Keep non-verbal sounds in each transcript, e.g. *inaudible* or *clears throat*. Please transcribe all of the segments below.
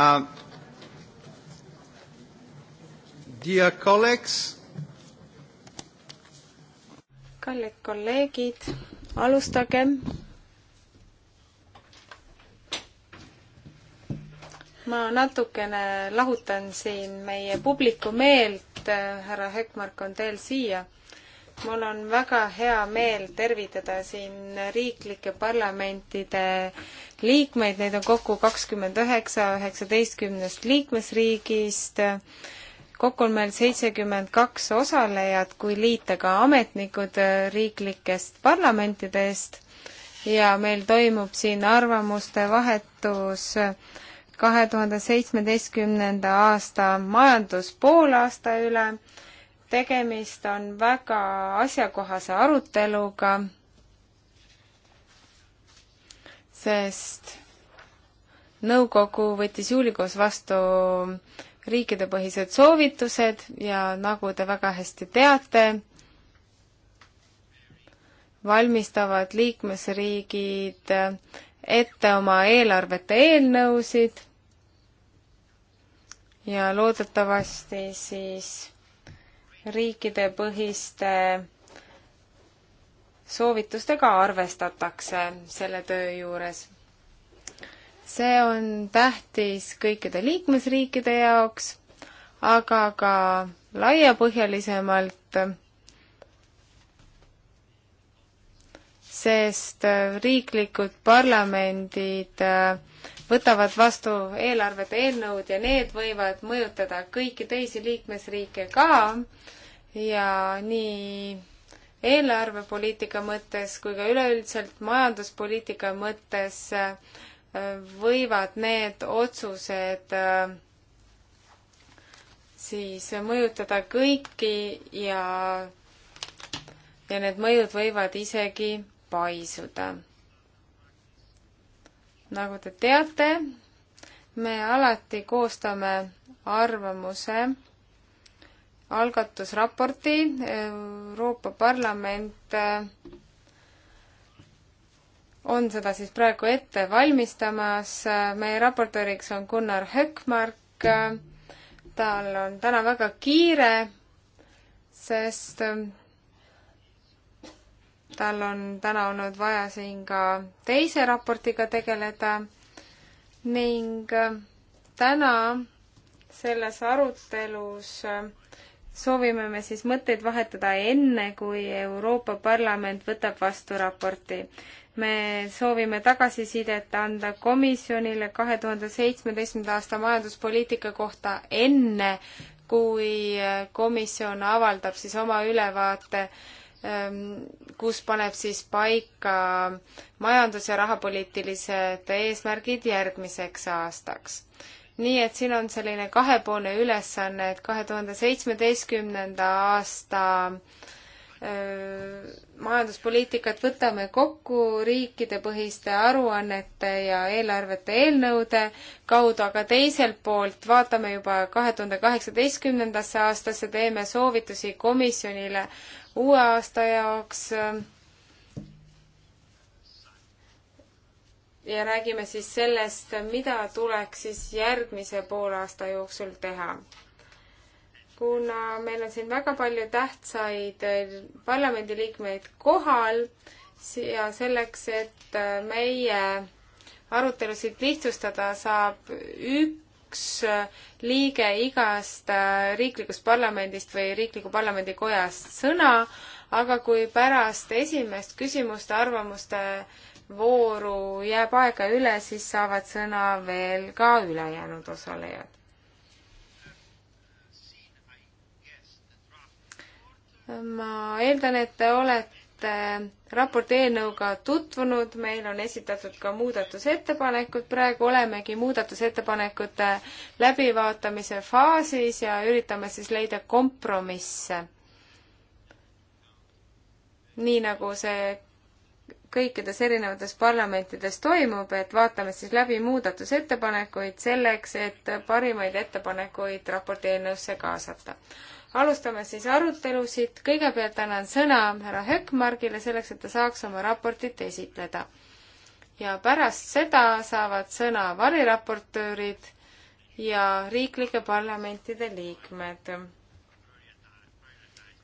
Uh, dear colleagues. kallid kolleegid, alustagem. ma natukene lahutan siin meie publiku meelt, härra Hekmark on teel siia mul on väga hea meel tervitada siin riiklike parlamentide liikmeid, neid on kokku kakskümmend üheksa üheksateistkümnest liikmesriigist. kokku on meil seitsekümmend kaks osalejat, kui liita ka ametnikud riiklikest parlamentidest ja meil toimub siin arvamuste vahetus kahe tuhande seitsmeteistkümnenda aasta majanduspoolaasta üle tegemist on väga asjakohase aruteluga, sest nõukogu võttis juulikuus vastu riikidepõhised soovitused ja nagu te väga hästi teate, valmistavad liikmesriigid ette oma eelarvete eelnõusid ja loodetavasti siis riikidepõhiste soovitustega arvestatakse selle töö juures. see on tähtis kõikide liikmesriikide jaoks, aga ka laiapõhjalisemalt, sest riiklikud parlamendid äh, võtavad vastu eelarvete eelnõud ja need võivad mõjutada kõiki teisi liikmesriike ka ja nii eelarvepoliitika mõttes kui ka üleüldiselt majanduspoliitika mõttes äh, võivad need otsused äh, siis mõjutada kõiki ja, ja need mõjud võivad isegi paisuda nagu te teate, me alati koostame arvamuse algatusraporti Euroopa Parlament eh, on seda siis praegu ette valmistamas. meie raportööriks on Gunnar Höckmark. tal on täna väga kiire, sest tal on täna olnud vaja siin ka teise raportiga tegeleda ning täna selles arutelus soovime me siis mõtteid vahetada enne, kui Euroopa Parlament võtab vastu raporti. me soovime tagasisidet anda komisjonile kahe tuhande seitsmeteistkümnenda aasta majanduspoliitika kohta enne, kui komisjon avaldab siis oma ülevaate äh, Ehm, kus paneb siis paika majandus- ja rahapoliitilised eesmärgid järgmiseks aastaks. nii et siin on selline kahepoolne ülesanne, et kahe tuhande seitsmeteistkümnenda aasta öö, ehm, majanduspoliitikat võtame kokku riikidepõhiste aruannete ja eelarvete eelnõude kaudu, aga teiselt poolt vaatame juba kahe tuhande kaheksateistkümnendasse aastasse, teeme soovitusi komisjonile uue aasta jaoks. ja räägime siis sellest, mida tuleks siis järgmise poolaasta jooksul teha kuna meil on siin väga palju tähtsaid parlamendiliikmeid kohal ja selleks, et meie arutelusid lihtsustada, saab üks üks äh, liige igast äh, riiklikust parlamendist või riikliku parlamendikojast sõna, aga kui pärast esimest küsimuste arvamuste vooru jääb aega üle, siis saavad sõna veel ka ülejäänud osalejad. ma eeldan, et te olete olete äh, raporti eelnõuga tutvunud, meil on esitatud ka muudatusettepanekud, praegu olemegi muudatusettepanekute läbivaatamise faasis ja üritame siis leida kompromisse. nii nagu see kõikides erinevates parlamentides toimub, et vaatame siis läbi muudatusettepanekuid selleks, et parimaid ettepanekuid raporti eelnõusse kaasata alustame siis arutelusid, kõigepealt annan sõna härra Höckmargile selleks, et ta saaks oma raportit esitleda. ja pärast seda saavad sõna variraportöörid ja riiklike parlamentide liikmed.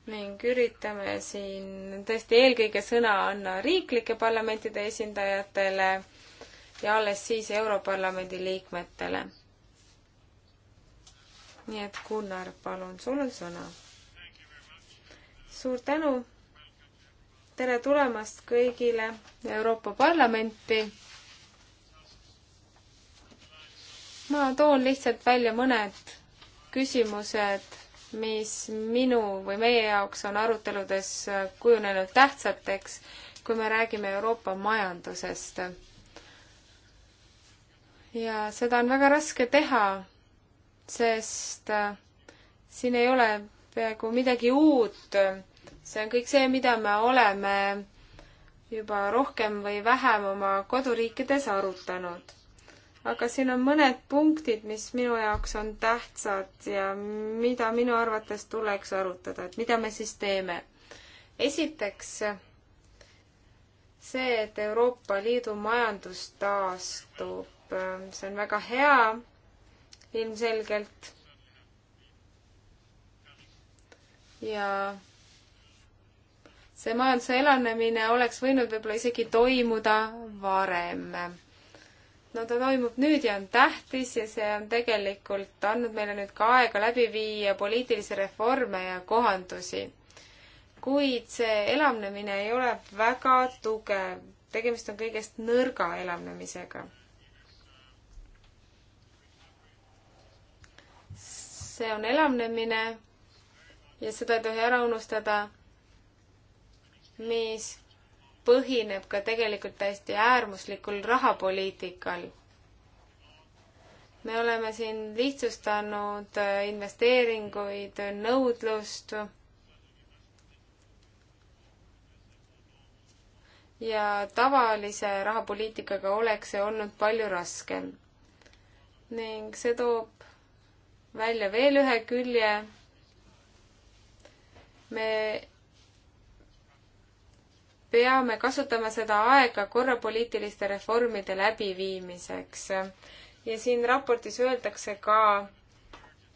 ning üritame siin tõesti eelkõige sõna anna riiklike parlamentide esindajatele ja alles siis Europarlamendi liikmetele nii et Gunnar, palun, sul on sõna. suur tänu. tere tulemast kõigile Euroopa Parlamenti. ma toon lihtsalt välja mõned küsimused, mis minu või meie jaoks on aruteludes kujunenud tähtsateks, kui me räägime Euroopa majandusest. ja seda on väga raske teha sest äh, siin ei ole peaaegu midagi uut. see on kõik see, mida me oleme juba rohkem või vähem oma koduriikides arutanud. aga siin on mõned punktid, mis minu jaoks on tähtsad ja mida minu arvates tuleks arutada, et mida me siis teeme. esiteks see, et Euroopa Liidu majandus taastub, äh, see on väga hea ilmselgelt. ja see majanduse elanemine oleks võinud võib-olla isegi toimuda varem. no ta toimub nüüd ja on tähtis ja see on tegelikult andnud meile nüüd ka aega läbi viia poliitilisi reforme ja kohandusi. kuid see elavnemine ei ole väga tugev, tegemist on kõigest nõrga elavnemisega. see on elavnemine ja seda ei tohi ära unustada, mis põhineb ka tegelikult täiesti äärmuslikul rahapoliitikal. me oleme siin lihtsustanud äh, investeeringuid, nõudlust ja tavalise rahapoliitikaga oleks see olnud palju raskem. ning see toob välja veel ühe külje. me peame kasutama seda aega korrapoliitiliste reformide läbiviimiseks. ja siin raportis öeldakse ka,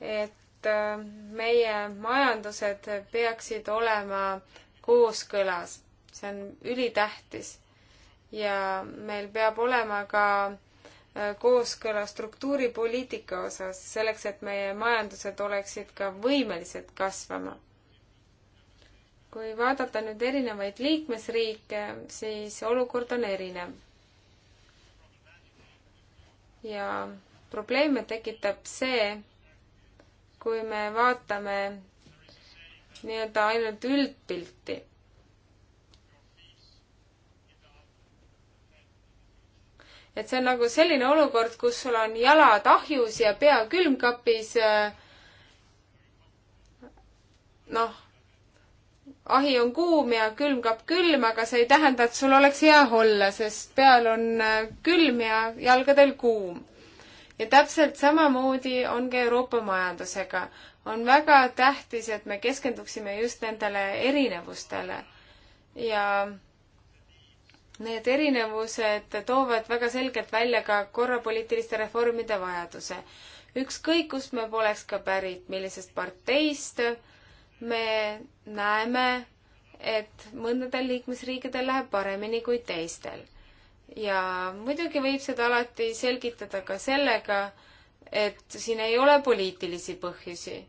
et äh, meie majandused peaksid olema kooskõlas, see on ülitähtis. ja meil peab olema ka kooskõla struktuuripoliitika osas, selleks et meie majandused oleksid ka võimelised kasvama. kui vaadata nüüd erinevaid liikmesriike, siis olukord on erinev. ja probleeme tekitab see, kui me vaatame nii-öelda ainult üldpilti et see on nagu selline olukord, kus sul on jalad ahjus ja pea külmkapis. Äh, noh, ahi on kuum ja külmkapp külm, aga see ei tähenda, et sul oleks hea olla, sest peal on äh, külm ja jalgadel kuum. ja täpselt samamoodi on ka Euroopa majandusega. on väga tähtis, et me keskenduksime just nendele erinevustele ja Need erinevused toovad väga selgelt välja ka korrapoliitiliste reformide vajaduse. ükskõik, kust me poleks ka pärit, millisest parteist, me näeme, et mõndadel liikmesriikidel läheb paremini kui teistel. ja muidugi võib seda alati selgitada ka sellega, et siin ei ole poliitilisi põhjusi.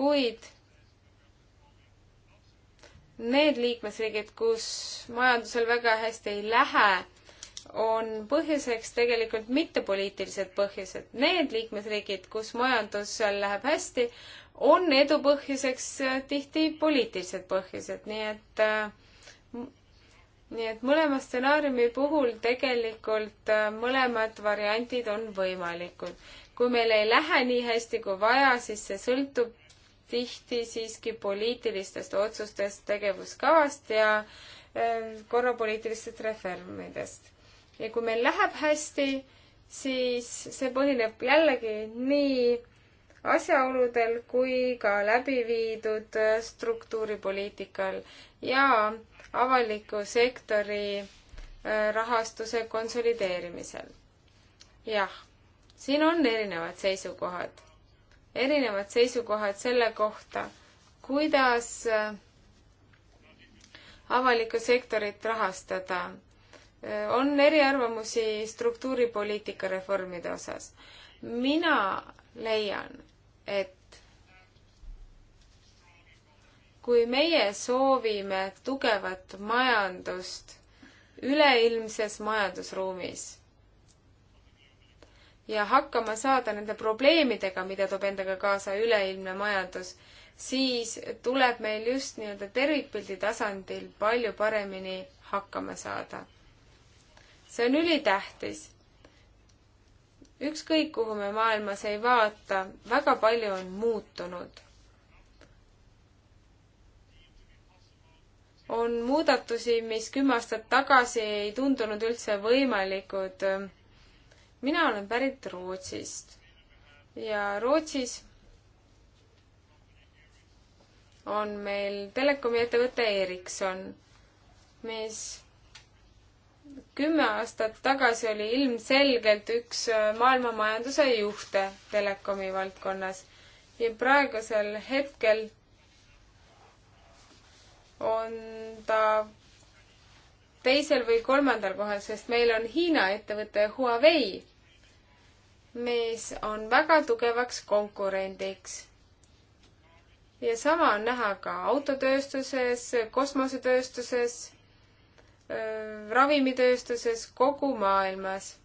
kuid need liikmesriigid, kus majandusel väga hästi ei lähe, on põhjuseks tegelikult mittepoliitilised põhjused. Need liikmesriigid, kus majandusel läheb hästi, on edu põhjuseks äh, tihti poliitilised põhjused, nii et äh, nii et mõlema stsenaariumi puhul tegelikult äh, mõlemad variandid on võimalikud. kui meil ei lähe nii hästi kui vaja, siis see sõltub tihti siiski poliitilistest otsustest, tegevuskavast ja ähm, korrapoliitilistest reformidest. ja kui meil läheb hästi, siis see põhineb jällegi nii asjaoludel kui ka läbi viidud äh, struktuuripoliitikal ja avaliku sektori äh, rahastuse konsolideerimisel. jah, siin on erinevad seisukohad erinevad seisukohad selle kohta, kuidas äh, avalikku sektorit rahastada. Äh, on eriarvamusi struktuuripoliitika reformide osas. mina leian, et kui meie soovime tugevat majandust üleilmses majandusruumis ja hakkama saada nende probleemidega, mida toob endaga kaasa üleilmne majandus, siis tuleb meil just nii-öelda tervikpildi tasandil palju paremini hakkama saada. see on ülitähtis. ükskõik, kuhu me maailmas ei vaata, väga palju on muutunud. on muudatusi, mis kümme aastat tagasi ei tundunud üldse võimalikud mina olen pärit Rootsist ja Rootsis on meil telekomi ettevõte Ericsson, mis kümme aastat tagasi oli ilmselgelt üks äh, maailma majanduse juhte telekomi valdkonnas ja praegusel hetkel on ta teisel või kolmandal kohal, sest meil on Hiina ettevõte Huawei mis on väga tugevaks konkurendiks. ja sama on näha ka autotööstuses, kosmosetööstuses, ravimitööstuses, kogu maailmas.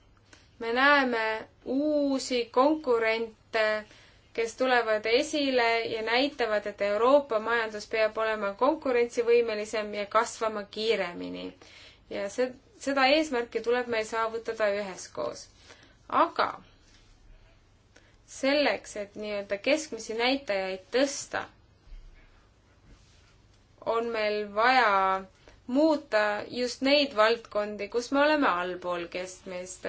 me näeme uusi konkurente, kes tulevad esile ja näitavad, et Euroopa majandus peab olema konkurentsivõimelisem ja kasvama kiiremini. ja see, seda eesmärki tuleb meil saavutada üheskoos. aga selleks, et nii-öelda keskmisi näitajaid tõsta, on meil vaja muuta just neid valdkondi, kus me oleme allpool keskmist.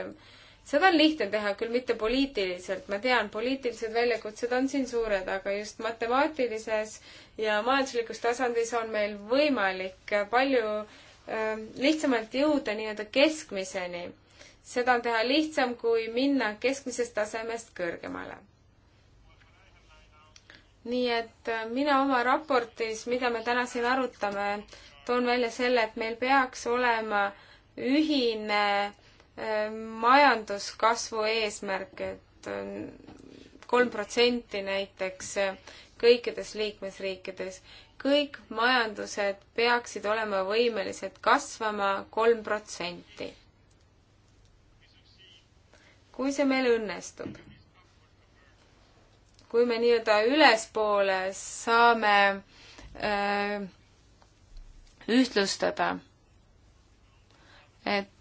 seda on lihtne teha, küll mitte poliitiliselt, ma tean, poliitilised väljakutsed on siin suured, aga just matemaatilises ja majanduslikus tasandis on meil võimalik palju äh, lihtsamalt jõuda nii-öelda keskmiseni seda on teha lihtsam, kui minna keskmisest tasemest kõrgemale. nii et äh, mina oma raportis, mida me täna siin arutame, toon välja selle, et meil peaks olema ühine äh, majanduskasvu eesmärk, et äh, kolm protsenti näiteks kõikides liikmesriikides. kõik majandused peaksid olema võimelised kasvama kolm protsenti kui see meil õnnestub, kui me nii-öelda ülespoole saame öö, äh, ühtlustada, et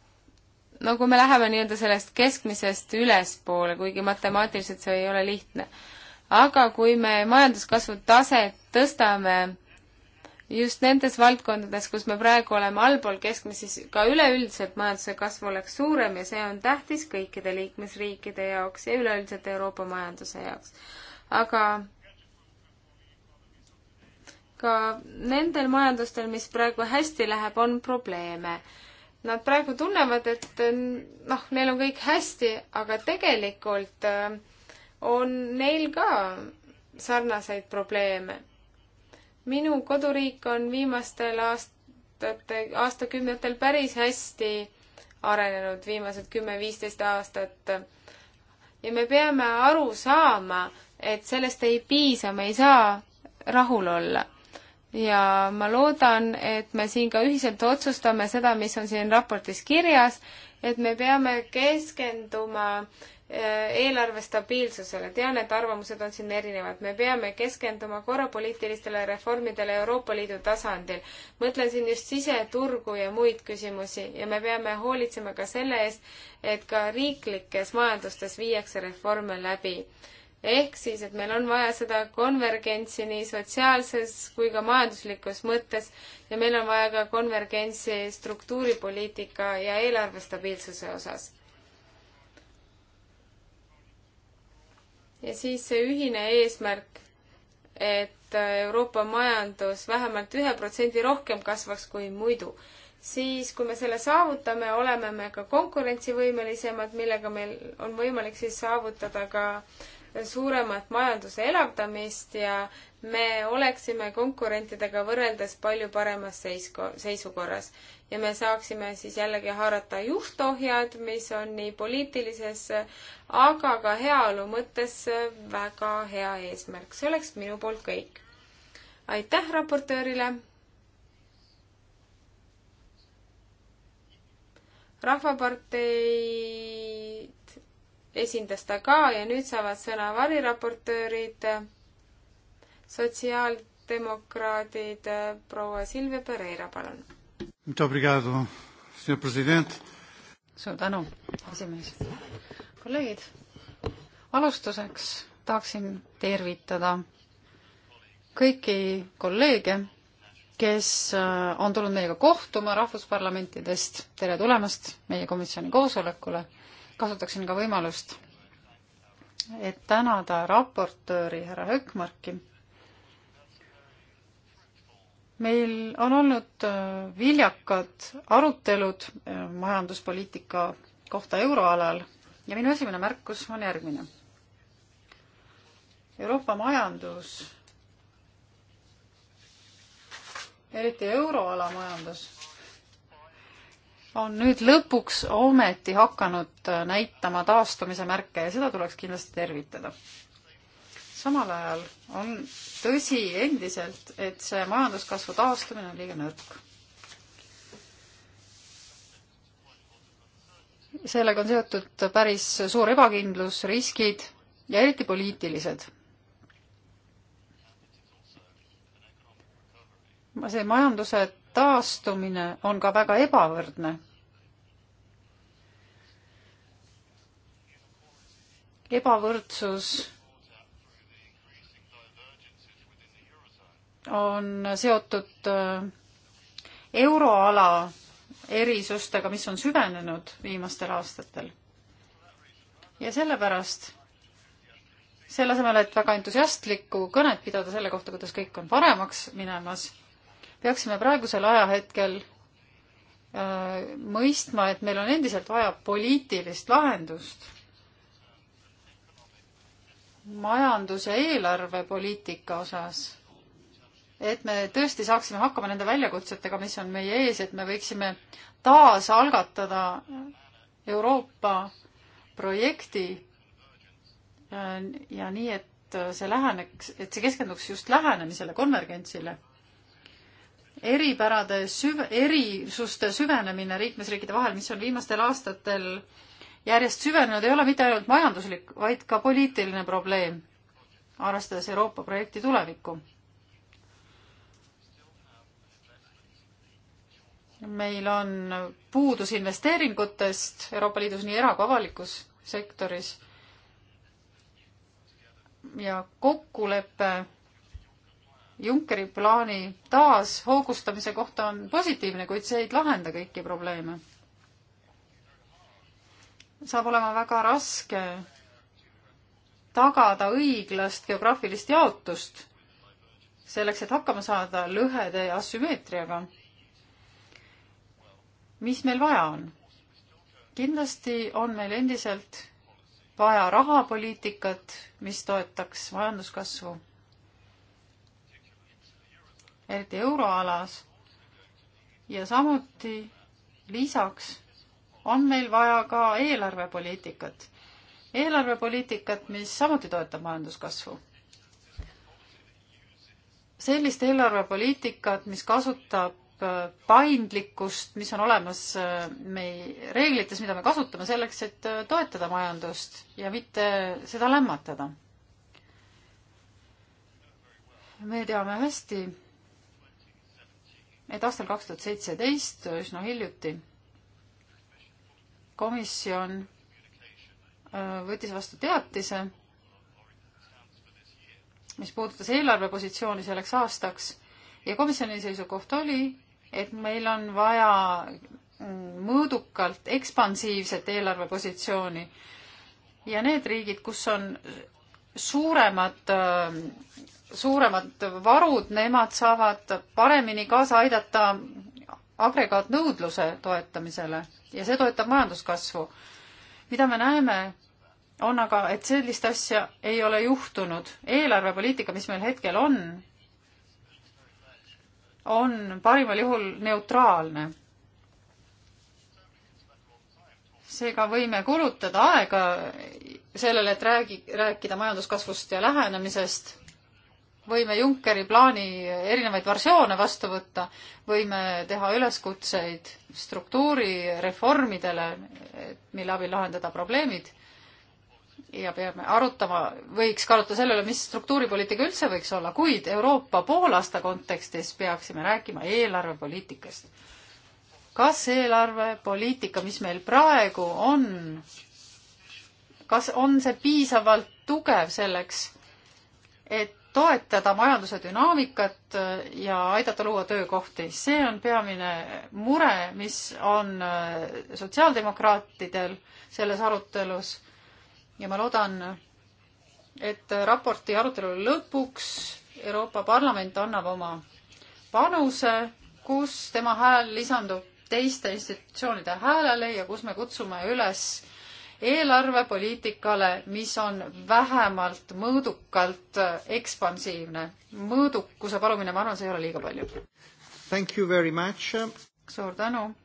no kui me läheme nii-öelda sellest keskmisest ülespoole, kuigi matemaatiliselt see ei ole lihtne, aga kui me majanduskasvu taset tõstame just nendes valdkondades, kus me praegu oleme allpool keskmist, siis ka üleüldiselt majanduse kasv oleks suurem ja see on tähtis kõikide liikmesriikide jaoks ja üleüldiselt Euroopa majanduse jaoks. aga ka nendel majandustel, mis praegu hästi läheb, on probleeme. Nad praegu tunnevad, et noh, neil on kõik hästi, aga tegelikult äh, on neil ka sarnaseid probleeme minu koduriik on viimastel aastate, aastakümnetel päris hästi arenenud, viimased kümme-viisteist aastat. ja me peame aru saama, et sellest ei piisa, me ei saa rahul olla. ja ma loodan, et me siin ka ühiselt otsustame seda, mis on siin raportis kirjas, et me peame keskenduma Eh, eelarve stabiilsusele. tean, et arvamused on siin erinevad. me peame keskenduma korrapoliitilistele reformidele Euroopa Liidu tasandil. mõtlen siin just siseturgu ja muid küsimusi ja me peame hoolitsema ka selle eest, et ka riiklikes majandustes viiakse reforme läbi. ehk siis, et meil on vaja seda konvergentsi nii sotsiaalses kui ka majanduslikus mõttes ja meil on vaja ka konvergentsi struktuuripoliitika ja eelarve stabiilsuse osas ja siis see ühine eesmärk, et Euroopa majandus vähemalt ühe protsendi rohkem kasvaks kui muidu, siis kui me selle saavutame, oleme me ka konkurentsivõimelisemad, millega meil on võimalik siis saavutada ka suuremat majanduse elavdamist ja me oleksime konkurentidega võrreldes palju paremas seisko, seisukorras ja me saaksime siis jällegi haarata juhtohjad, mis on nii poliitilises, aga ka heaolu mõttes väga hea eesmärk. see oleks minu poolt kõik. aitäh raportöörile. rahvaparteid esindas ta ka ja nüüd saavad sõna variraportöörid sotsiaaldemokraadid, äh, proua Silvia Pereira, palun. suur tänu, esimees. kolleegid, alustuseks tahaksin tervitada kõiki kolleege, kes äh, on tulnud meiega kohtuma rahvusparlamentidest. tere tulemast meie komisjoni koosolekule. kasutaksin ka võimalust, et tänada raportööri härra Hökmarki meil on olnud äh, viljakad arutelud äh, majanduspoliitika kohta euroalal ja minu esimene märkus on järgmine. Euroopa majandus, eriti euroala majandus, on nüüd lõpuks ometi hakanud äh, näitama taastumise märke ja seda tuleks kindlasti tervitada samal ajal on tõsi endiselt, et see majanduskasvu taastumine on liiga nõrk. sellega on seotud päris suur ebakindlus, riskid ja eriti poliitilised. see majanduse taastumine on ka väga ebavõrdne ebavõrdsus on seotud äh, euroala erisustega, mis on süvenenud viimastel aastatel. ja sellepärast, selle asemel, et väga entusiastlikku kõnet pidada selle kohta, kuidas kõik on paremaks minemas, peaksime praegusel ajahetkel öö, äh, mõistma, et meil on endiselt vaja poliitilist lahendust. majandus- ja eelarvepoliitika osas et me tõesti saaksime hakkama nende väljakutsetega, mis on meie ees, et me võiksime taasalgatada Euroopa projekti ja, ja nii, et see läheneks, et see keskenduks just lähenemisele, konvergentsile. eripärade süv-, erisuste süvenemine liikmesriikide vahel, mis on viimastel aastatel järjest süvenenud, ei ole mitte ainult majanduslik, vaid ka poliitiline probleem, arvestades Euroopa projekti tulevikku meil on puudus investeeringutest Euroopa Liidus nii era- kui avalikus sektoris ja kokkulepe Junckeri plaani taashoogustamise kohta on positiivne, kuid see ei lahenda kõiki probleeme. saab olema väga raske tagada õiglast geograafilist jaotust selleks, et hakkama saada lõhede ja asümmeetriaga mis meil vaja on? kindlasti on meil endiselt vaja rahapoliitikat, mis toetaks majanduskasvu. eriti euroalas. ja samuti lisaks on meil vaja ka eelarvepoliitikat. eelarvepoliitikat, mis samuti toetab majanduskasvu. sellist eelarvepoliitikat, mis kasutab Äh, paindlikkust, mis on olemas äh, meie reeglites, mida me kasutame selleks, et äh, toetada majandust ja mitte seda lämmatada. me teame hästi, et aastal kaks tuhat seitseteist, üsna hiljuti, komisjon võttis vastu teatise, mis puudutas eelarvepositsiooni selleks aastaks ja komisjoni seisukoht oli, et meil on vaja mõõdukalt ekspansiivset eelarvepositsiooni ja need riigid, kus on suuremad, suuremad varud, nemad saavad paremini kaasa aidata agregaatnõudluse toetamisele ja see toetab majanduskasvu. mida me näeme, on aga, et sellist asja ei ole juhtunud. eelarvepoliitika, mis meil hetkel on, on parimal juhul neutraalne. seega võime kulutada aega sellele, et räägi, rääkida majanduskasvust ja lähenemisest, võime Junckeri plaani erinevaid versioone vastu võtta, võime teha üleskutseid struktuurireformidele, mille abil lahendada probleemid ja peame arutama, võiks kaaluda selle üle, mis struktuuripoliitika üldse võiks olla, kuid Euroopa poolaasta kontekstis peaksime rääkima eelarvepoliitikast. kas eelarvepoliitika, mis meil praegu on, kas on see piisavalt tugev selleks, et toetada majanduse dünaamikat ja aidata luua töökohti. see on peamine mure, mis on sotsiaaldemokraatidel selles arutelus ja ma loodan, et raporti arutelu lõpuks Euroopa Parlament annab oma panuse, kus tema hääl lisandub teiste institutsioonide häälele ja kus me kutsume üles eelarvepoliitikale, mis on vähemalt mõõdukalt ekspansiivne. mõõdukuse palumine, ma arvan, see ei ole liiga palju. Thank you very much. suur tänu.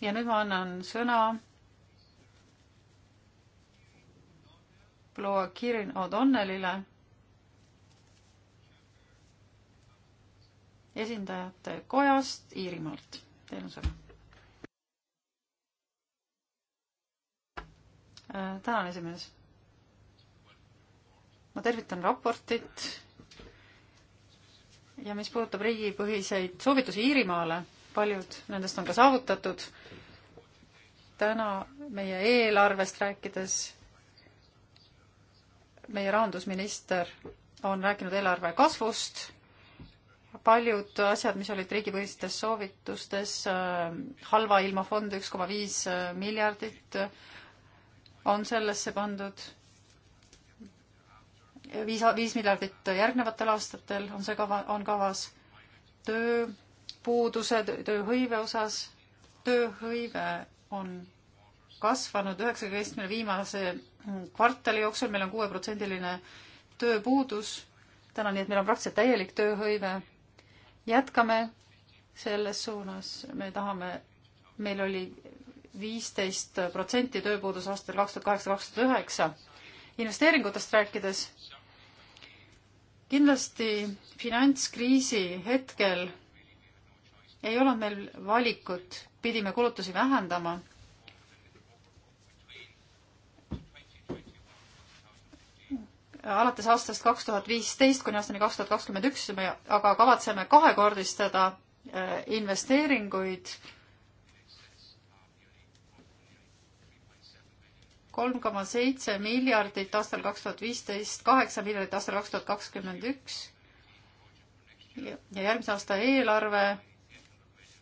ja nüüd ma annan sõna proua Kirin O'Donnellile, esindajate kojast Iirimaalt. Teil on sõna. Äh, tänan, esimees. ma tervitan raportit ja mis puudutab riigipõhiseid soovitusi Iirimaale, paljud nendest on ka saavutatud. täna meie eelarvest rääkides meie rahandusminister on rääkinud eelarve kasvust, paljud asjad, mis olid riigipõhistes soovitustes, äh, halva ilma fond üks koma viis äh, miljardit, äh, on sellesse pandud viis, viis miljardit järgnevatel aastatel on see kava, on kavas tööpuuduse, tööhõive osas. tööhõive on kasvanud üheksakümne viimase kvartali jooksul meil on kuueprotsendiline tööpuudus täna, nii et meil on praktiliselt täielik tööhõive. jätkame selles suunas, me tahame, meil oli viisteist protsenti tööpuudus aastatel kaks tuhat kaheksa, kaks tuhat üheksa. investeeringutest rääkides, kindlasti finantskriisi hetkel ei olnud meil valikut, pidime kulutusi vähendama alates aastast kaks tuhat viisteist kuni aastani kaks tuhat kakskümmend üks me aga kavatseme kahekordistada äh, investeeringuid kolm koma seitse miljardit aastal kaks tuhat viisteist, kaheksa miljardit aastal kaks tuhat kakskümmend üks ja järgmise aasta eelarve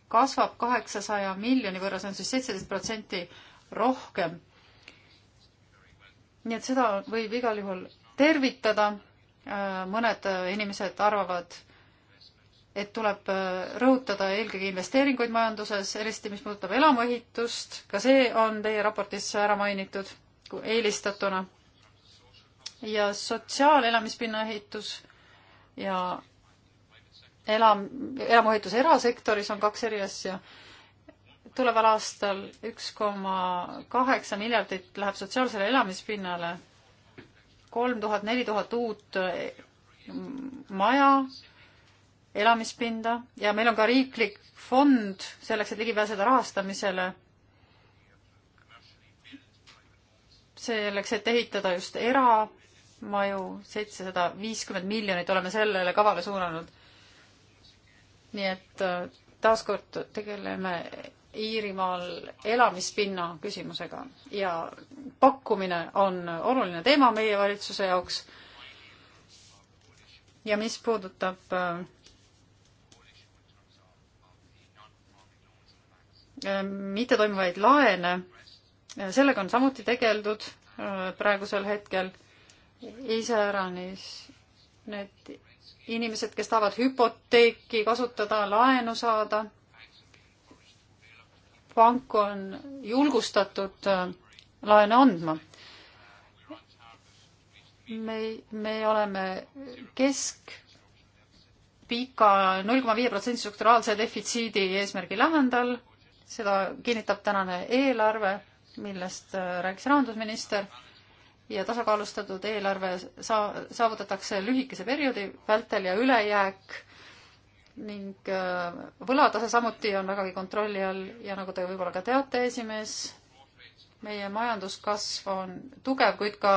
kasvab kaheksasaja miljoni võrra, see on siis seitseteist protsenti rohkem. nii et seda võib igal juhul tervitada. Äh, mõned äh, inimesed arvavad, et tuleb äh, rõhutada eelkõige investeeringuid majanduses, eriti mis puudutab elamuehitust, ka see on teie raportis ära mainitud eelistatuna. ja sotsiaalelamispinna ehitus ja elam, elamuehitus erasektoris on kaks eri asja. tuleval aastal üks koma kaheksa miljardit läheb sotsiaalsele elamispinnale kolm tuhat, neli tuhat uut mm, maja, elamispinda ja meil on ka riiklik fond selleks, et ligi pääseda rahastamisele. selleks, et ehitada just eramaju, seitsesada viiskümmend miljonit oleme sellele kavale suunanud. nii et äh, taaskord tegeleme Iirimaal elamispinna küsimusega ja pakkumine on oluline teema meie valitsuse jaoks. ja mis puudutab äh, äh, mittetoimivaid laene, äh, sellega on samuti tegeldud praegusel hetkel iseäranis need inimesed, kes tahavad hüpoteeki kasutada, laenu saada pank on julgustatud äh, laene andma. me, me oleme kesk pika null koma viie protsendi strukturaalse defitsiidi eesmärgi lähendal, seda kinnitab tänane eelarve, millest äh, rääkis rahandusminister, ja tasakaalustatud eelarve saa-, saavutatakse lühikese perioodi vältel ja ülejääk äh, ning äh, võlatase samuti on vägagi kontrolli all ja nagu te võib-olla ka teate, esimees, meie majanduskasv on tugev, kuid ka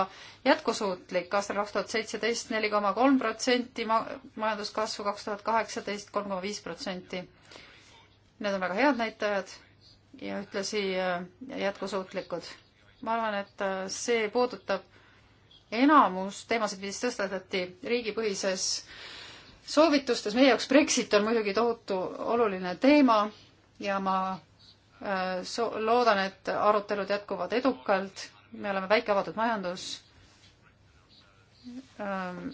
jätkusuutlik. aastal kaks tuhat seitseteist neli koma kolm protsenti, majanduskasvu kaks tuhat kaheksateist kolm koma viis protsenti. Need on väga head näitajad ja ühtlasi äh, jätkusuutlikud. ma arvan, et äh, see puudutab enamus teemasid, mis tõstatati riigipõhises äh, soovitustes, meie jaoks Brexit on muidugi tohutu oluline teema ja ma äh, so-, loodan, et arutelud jätkuvad edukalt, me oleme väike avatud majandus, ähm,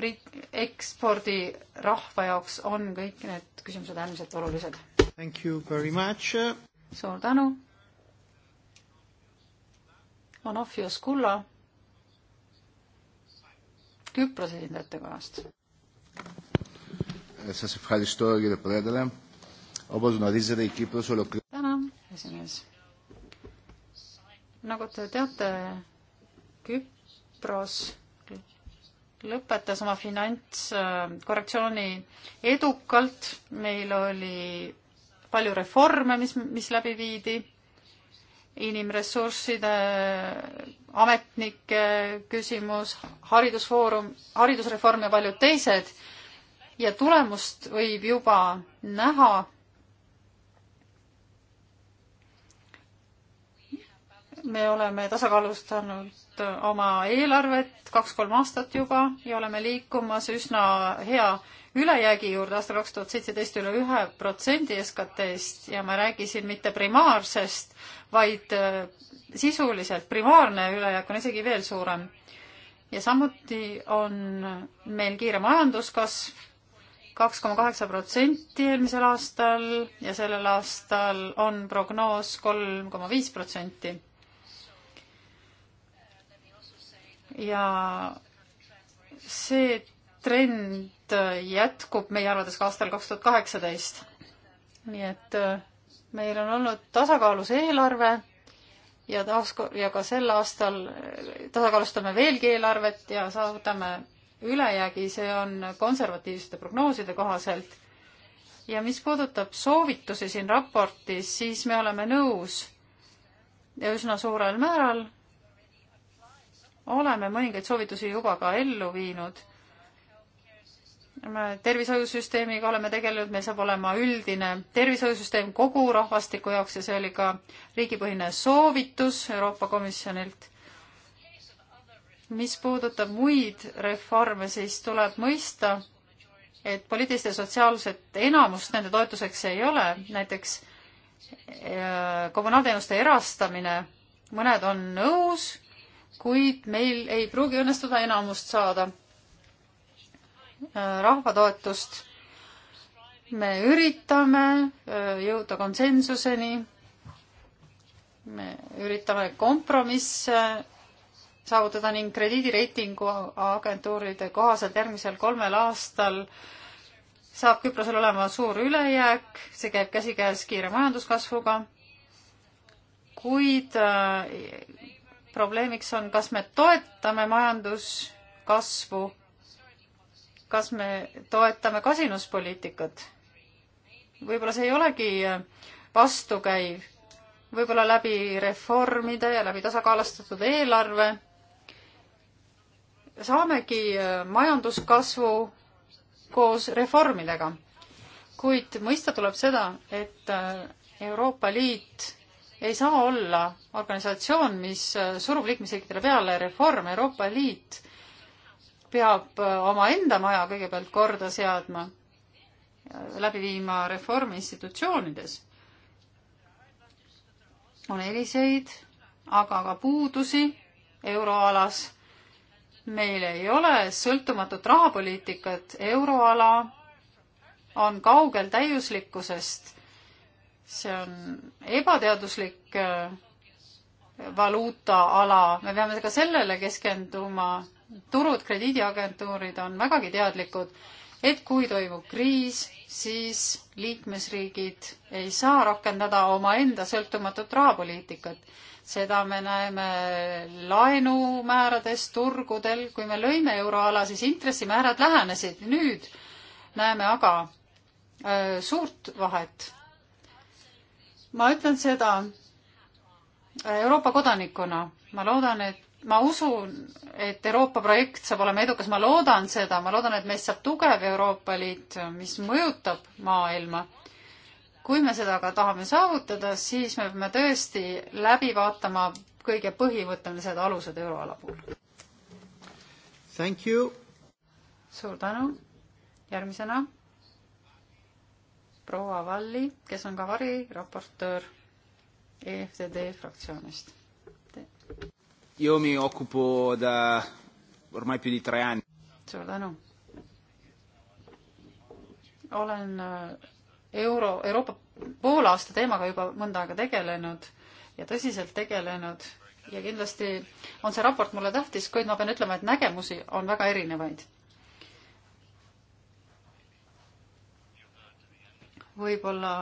Brit-, ekspordirahva jaoks on kõik need küsimused äärmiselt olulised. suur tänu! Onofios Kulla Küprose esindajate kohast. Σας ευχαριστώ κύριε Πρόεδρε. Όπως γνωρίζετε η Κύπρος ολοκλήρωσε... Tänan, esimees. Nagu te teate, Küpros lõpetas oma finantskorrektsiooni edukalt. Meil oli palju reforme, mis, mis läbi viidi. Inimressursside ametnike küsimus, haridusfoorum, haridusreform ja paljud teised. ja tulemust võib juba näha. me oleme tasakaalustanud oma eelarvet kaks-kolm aastat juba ja oleme liikumas üsna hea ülejäägi juurde aastal kaks tuhat seitseteist üle ühe protsendi SKT-st ja ma räägisin mitte primaarsest, vaid sisuliselt primaarne ülejääk on isegi veel suurem. ja samuti on meil kiire majanduskasv, kaks koma kaheksa protsenti eelmisel aastal ja sellel aastal on prognoos kolm koma viis protsenti. ja see trend jätkub meie arvates ka aastal kaks tuhat kaheksateist. nii et äh, meil on olnud tasakaalus eelarve ja taas ja ka sel aastal tasakaalustame veelgi eelarvet ja saavutame ülejäägi, see on konservatiivsete prognooside kohaselt. ja mis puudutab soovitusi siin raportis, siis me oleme nõus ja üsna suurel määral oleme mõningaid soovitusi juba ka ellu viinud tervishoiusüsteemiga oleme tegelenud, meil saab olema üldine tervishoiusüsteem kogu rahvastiku jaoks ja see oli ka riigipõhine soovitus Euroopa Komisjonilt. mis puudutab muid reforme, siis tuleb mõista, et poliitilist ja sotsiaalset enamust nende toetuseks ei ole, näiteks äh, kommunaalteenuste erastamine, mõned on nõus, kuid meil ei pruugi õnnestuda enamust saada Äh, rahva toetust. me üritame äh, jõuda konsensuseni. me üritame kompromisse saavutada ning krediidireitingu agentuuride kohaselt järgmisel kolmel aastal saab Küprosel olema suur ülejääk, see käib käsikäes kiire majanduskasvuga, kuid äh, probleemiks on, kas me toetame majanduskasvu kas me toetame kasinuspoliitikat? võib-olla see ei olegi äh, vastukäiv, võib-olla läbi reformide ja läbi tasakaalustatud eelarve saamegi äh, majanduskasvu koos reformidega. kuid mõista tuleb seda, et äh, Euroopa Liit ei saa olla organisatsioon, mis surub liikmesriikidele peale reforme. Euroopa Liit peab äh, omaenda maja kõigepealt korda seadma, läbi viima reformi institutsioonides. on eeliseid, aga ka puudusi euroalas. meil ei ole sõltumatut rahapoliitikat, euroala on kaugel täiuslikkusest. see on ebateaduslik äh, valuutaala, me peame ka sellele keskenduma turud, krediidiagentuurid on vägagi teadlikud, et kui toimub kriis, siis liikmesriigid ei saa rakendada omaenda sõltumatut rahapoliitikat. seda me näeme laenumäärades, turgudel, kui me lõime euroala, siis intressimäärad lähenesid, nüüd näeme aga äh, suurt vahet. ma ütlen seda Euroopa kodanikuna, ma loodan, et ma usun, et Euroopa projekt saab olema edukas, ma loodan seda, ma loodan, et meist saab tugev Euroopa Liit, mis mõjutab maailma. kui me seda aga tahame saavutada, siis me peame tõesti läbi vaatama kõige põhimõttelised alused euroala puhul. Thank you. suur tänu. järgmisena proua Valli, kes on ka variraportöör EFTD fraktsioonist. Io mi occupo da ormai più di tre anni. suur tänu. olen äh, euro, Euroopa poolaasta teemaga juba mõnda aega tegelenud ja tõsiselt tegelenud ja kindlasti on see raport mulle tähtis, kuid ma pean ütlema, et nägemusi on väga erinevaid. võib-olla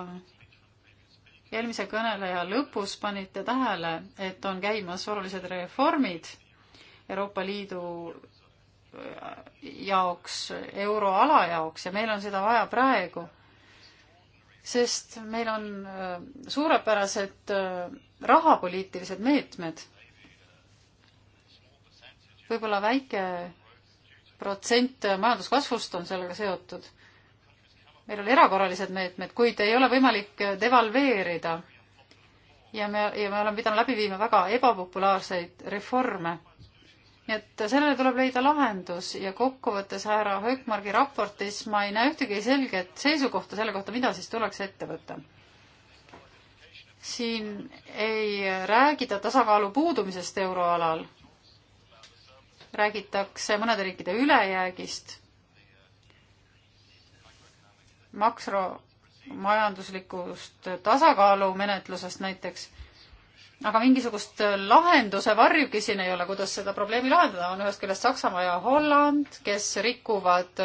eelmise kõneleja lõpus panite tähele, et on käimas olulised reformid Euroopa Liidu äh, jaoks, euroala jaoks ja meil on seda vaja praegu, sest meil on äh, suurepärased äh, rahapoliitilised meetmed. võib-olla väike protsent majanduskasvust on sellega seotud meil oli erakorralised meetmed, kuid ei ole võimalik devalveerida. ja me, ja me oleme pidanud läbi viima väga ebapopulaarseid reforme. nii et sellele tuleb leida lahendus ja kokkuvõttes härra Höökmargi raportis ma ei näe ühtegi selget seisukohta selle kohta, mida siis tuleks ette võtta. siin ei räägita tasakaalu puudumisest euroalal, räägitakse mõnede riikide ülejäägist makromajanduslikust tasakaalumenetlusest näiteks, aga mingisugust lahenduse varjugi siin ei ole, kuidas seda probleemi lahendada, on ühest küljest Saksamaa ja Holland, kes rikuvad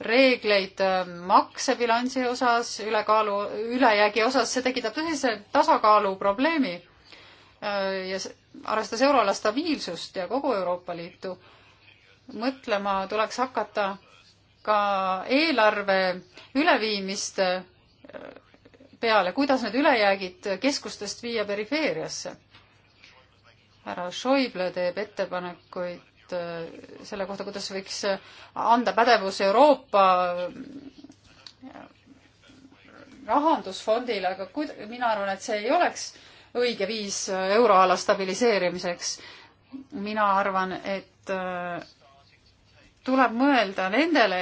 reegleid ähm, maksebilansi osas, ülekaalu, ülejäägi osas, see tekitab tõsise tasakaalu probleemi. Äh, ja arvestades euroala stabiilsust ja kogu Euroopa Liitu, mõtlema tuleks hakata ka eelarve üleviimist äh, peale, kuidas need ülejäägid keskustest viia perifeeriasse. härra Schäuble teeb ettepanekuid äh, selle kohta, kuidas võiks äh, anda pädevus Euroopa rahandusfondile, aga kuid-, mina arvan, et see ei oleks õige viis euroala stabiliseerimiseks. mina arvan, et tuleb mõelda nendele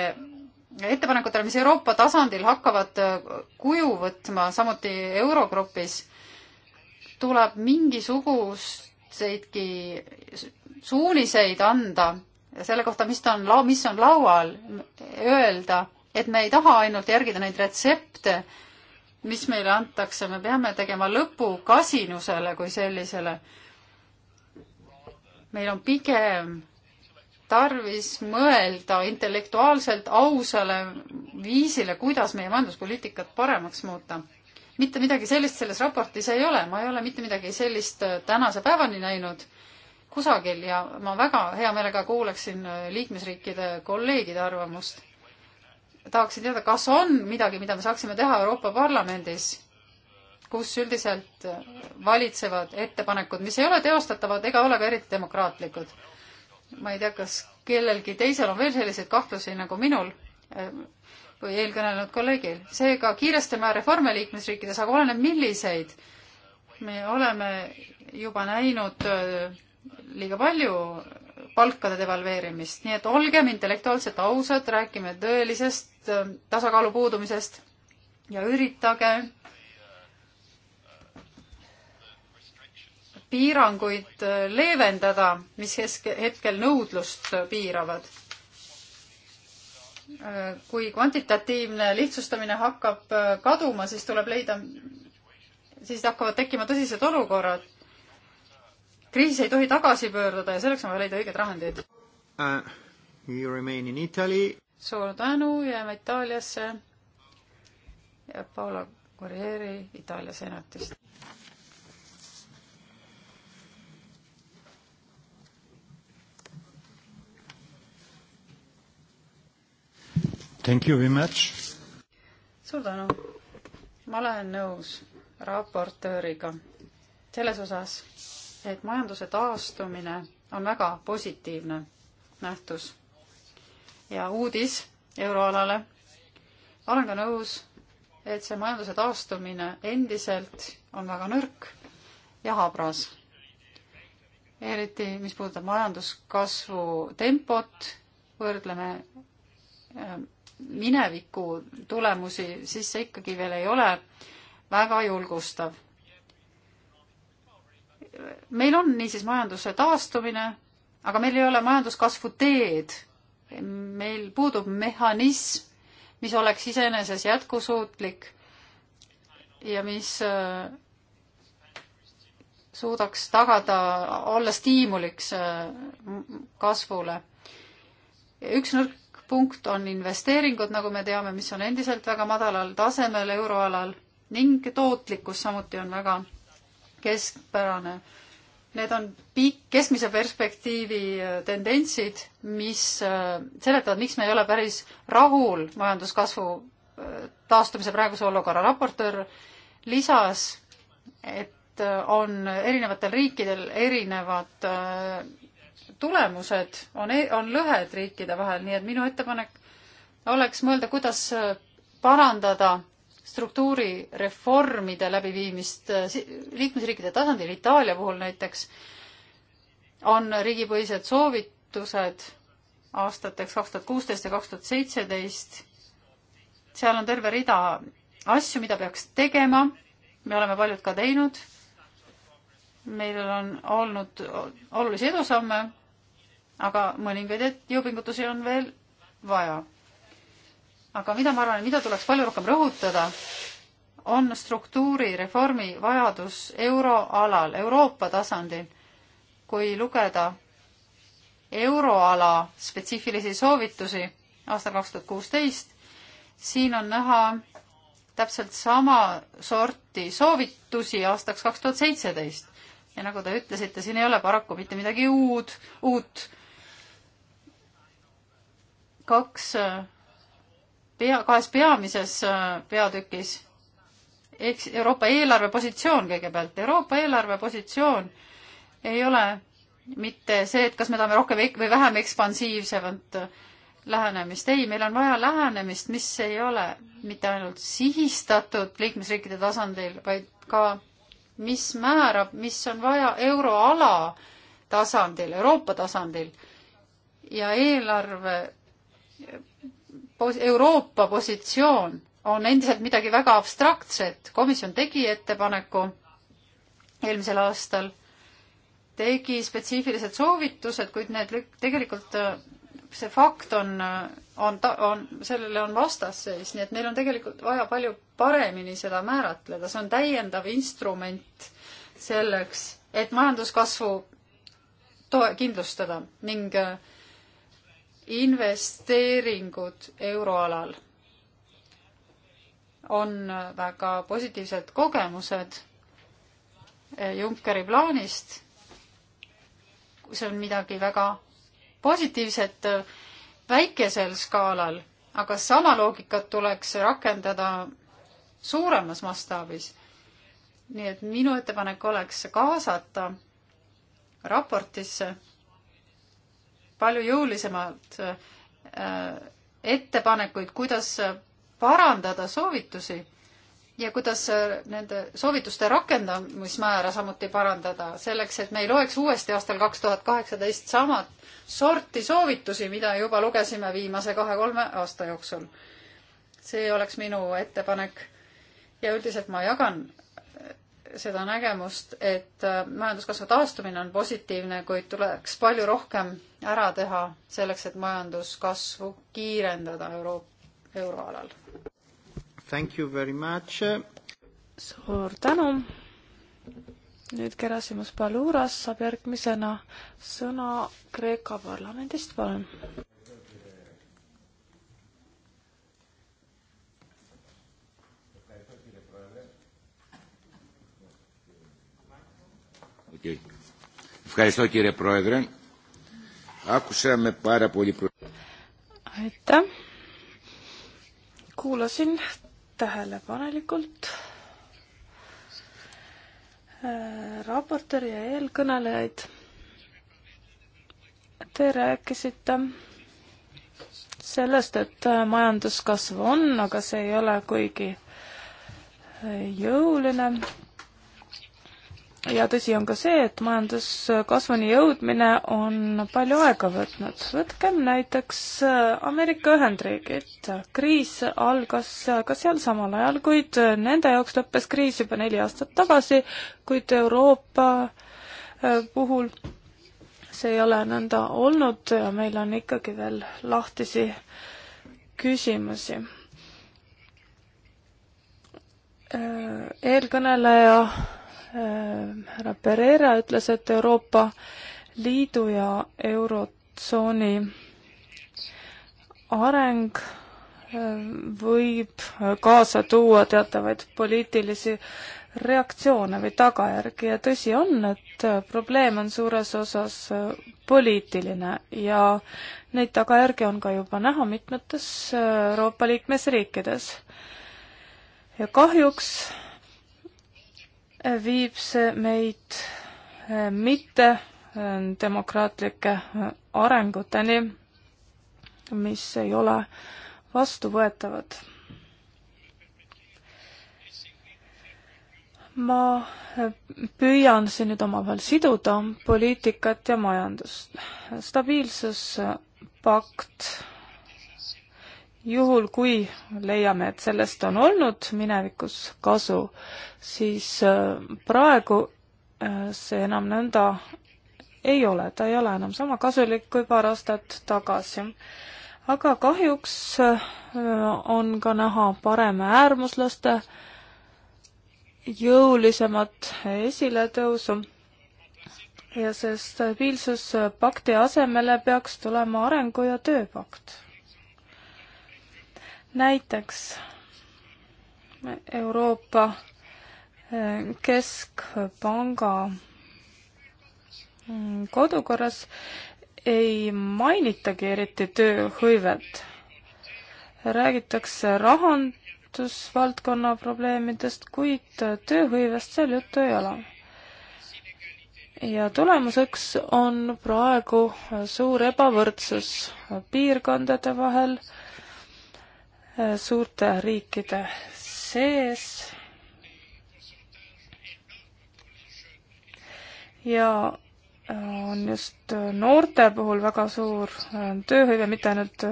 ettepanekutele, mis Euroopa tasandil hakkavad äh, kuju võtma, samuti Eurogrupis, tuleb mingisuguseidki suuniseid anda selle kohta, mis ta on, mis on laual, öelda, et me ei taha ainult järgida neid retsepte, mis meile antakse, me peame tegema lõpu kasinusele kui sellisele. meil on pigem tarvis mõelda intellektuaalselt ausale viisile, kuidas meie majanduspoliitikat paremaks muuta. mitte midagi sellist selles raportis ei ole, ma ei ole mitte midagi sellist äh, tänase päevani näinud kusagil ja ma väga hea meelega kuulaksin äh, liikmesriikide kolleegide arvamust. tahaksin teada, kas on midagi, mida me saaksime teha Euroopa Parlamendis, kus üldiselt äh, valitsevad ettepanekud, mis ei ole teostatavad ega ole ka eriti demokraatlikud ma ei tea, kas kellelgi teisel on veel selliseid kahtlusi nagu minul äh, või eelkõnelenud kolleegil. seega kiirestame reforme liikmesriikides, aga oleneb milliseid. me oleme juba näinud äh, liiga palju palkade devalveerimist, nii et olgem intellektuaalselt ausad, räägime tõelisest äh, tasakaalu puudumisest ja üritage piiranguid äh, leevendada, mis heske, hetkel nõudlust äh, piiravad. Äh, kui kvantitatiivne lihtsustamine hakkab kaduma, siis tuleb leida, siis hakkavad tekkima tõsised olukorrad. kriis ei tohi tagasi pöörduda ja selleks on vaja leida õiged vahendid uh,. You remain in Italy. suur tänu, jääme Itaaliasse. ja Paolo Corrieri Itaalia senatist. Thank you very much. suur tänu. ma olen nõus raportööriga selles osas, et majanduse taastumine on väga positiivne nähtus ja uudis euroalale. olen ka nõus, et see majanduse taastumine endiselt on väga nõrk ja habras. eriti, mis puudutab majanduskasvu tempot, võrdleme ähm, mineviku tulemusi, siis see ikkagi veel ei ole väga julgustav. meil on niisiis majanduse taastumine, aga meil ei ole majanduskasvu teed. meil puudub mehhanism, mis oleks iseenesest jätkusuutlik ja mis äh, suudaks tagada, olla stiimuliks äh, kasvule. üks nõrk punkt on investeeringud, nagu me teame, mis on endiselt väga madalal tasemel euroalal ning tootlikkus samuti on väga keskpärane. Need on pikk, keskmise perspektiivi äh, tendentsid, mis äh, seletavad, miks me ei ole päris rahul majanduskasvu äh, taastumise praeguse olukorra. raportöör lisas, et on erinevatel riikidel erinevad tulemused on, e-, on lõhed riikide vahel, nii et minu ettepanek oleks mõelda, kuidas äh, parandada struktuurireformide läbiviimist äh, liikmesriikide tasandil, Itaalia puhul näiteks on riigipõhised soovitused aastateks kaks tuhat kuusteist ja kaks tuhat seitseteist. seal on terve rida asju, mida peaks tegema, me oleme paljud ka teinud meil on olnud olulisi edusamme, aga mõningaid jõupingutusi on veel vaja. aga mida ma arvan, mida tuleks palju rohkem rõhutada, on struktuurireformi vajadus euroalal, Euroopa tasandil. kui lugeda euroala spetsiifilisi soovitusi aastal kaks tuhat kuusteist, siin on näha täpselt sama sorti soovitusi aastaks kaks tuhat seitseteist ja nagu te ütlesite, siin ei ole paraku mitte midagi uud, uut. kaks äh, pea, kahes peamises äh, peatükis ehk Euroopa eelarvepositsioon kõigepealt, Euroopa eelarvepositsioon ei ole mitte see, et kas me tahame rohkem või vähem ekspansiivsemat äh, lähenemist, ei, meil on vaja lähenemist, mis ei ole mitte ainult sihistatud liikmesriikide tasandil, vaid ka mis määrab, mis on vaja euroala tasandil, Euroopa tasandil ja eelarve Euroopa positsioon on endiselt midagi väga abstraktset. komisjon tegi ettepaneku eelmisel aastal, tegi spetsiifilised soovitused, kuid need tegelikult äh, see fakt on, äh, on, on, sellele on vastasseis, nii et meil on tegelikult vaja palju paremini seda määratleda, see on täiendav instrument selleks, et majanduskasvu toe-, kindlustada ning äh, investeeringud euroalal on äh, väga positiivsed kogemused äh, Junckeri plaanist. see on midagi väga positiivset väikesel skaalal, aga sama loogikat tuleks rakendada suuremas mastaabis. nii et minu ettepanek oleks kaasata raportisse palju jõulisemalt äh, ettepanekuid, kuidas parandada soovitusi ja kuidas äh, nende soovituste rakendamismäära samuti parandada, selleks et me ei loeks uuesti aastal kaks tuhat kaheksateist samat sorti soovitusi, mida juba lugesime viimase kahe-kolme aasta jooksul. see oleks minu ettepanek ja üldiselt ma jagan äh, seda nägemust, et äh, majanduskasvu taastumine on positiivne, kuid tuleks palju rohkem ära teha selleks, et majanduskasvu kiirendada euro, euroalal. Thank you very much. suur tänu. nüüd Gerasimus Paluras saab järgmisena sõna Kreeka parlamendist, palun. Ευχαριστώ κύριε Πρόεδρε. Άκουσα με πάρα πολύ Aitäh. Kuulasin tähelepanelikult äh, raportööri ja eelkõnelejaid. Te rääkisite sellest, et äh, majanduskasv on, aga see ei ole kuigi äh, jõuline ja tõsi on ka see, et majanduskasvuni jõudmine on palju aega võtnud. võtkem näiteks äh, Ameerika Ühendriigid. kriis algas äh, ka seal samal ajal, kuid äh, nende jaoks lõppes kriis juba neli aastat tagasi, kuid Euroopa puhul see ei ole nõnda olnud ja meil on ikkagi veel lahtisi küsimusi. eelkõneleja Äh, härra Pereira ütles, et Euroopa Liidu ja Eurotsooni areng äh, võib äh, kaasa tuua teatavaid poliitilisi reaktsioone või tagajärgi ja tõsi on, et probleem on suures osas poliitiline ja neid tagajärgi on ka juba näha mitmetes Euroopa liikmesriikides. ja kahjuks viib see meid eh, mitte eh, demokraatlike eh, arenguteni, mis ei ole vastuvõetavad. ma püüan siin nüüd omavahel siduda poliitikat ja majandust. stabiilsuspakt juhul, kui leiame, et sellest on olnud minevikus kasu, siis äh, praegu äh, see enam nõnda ei ole, ta ei ole enam sama kasulik kui paar aastat tagasi. aga kahjuks äh, on ka näha parem äärmuslaste jõulisemat esiletõusu ja see stabiilsuspakti asemele peaks tulema arengu- ja tööpakt näiteks Euroopa eh, Keskpanga mm, kodukorras ei mainitagi eriti tööhõivet. räägitakse rahandusvaldkonna probleemidest, kuid tööhõivest seal juttu ei ole. ja tulemuseks on praegu suur ebavõrdsus piirkondade vahel äh,, Äh, suurte riikide sees ja äh, on just äh, noorte puhul väga suur tööhõive, mitte ainult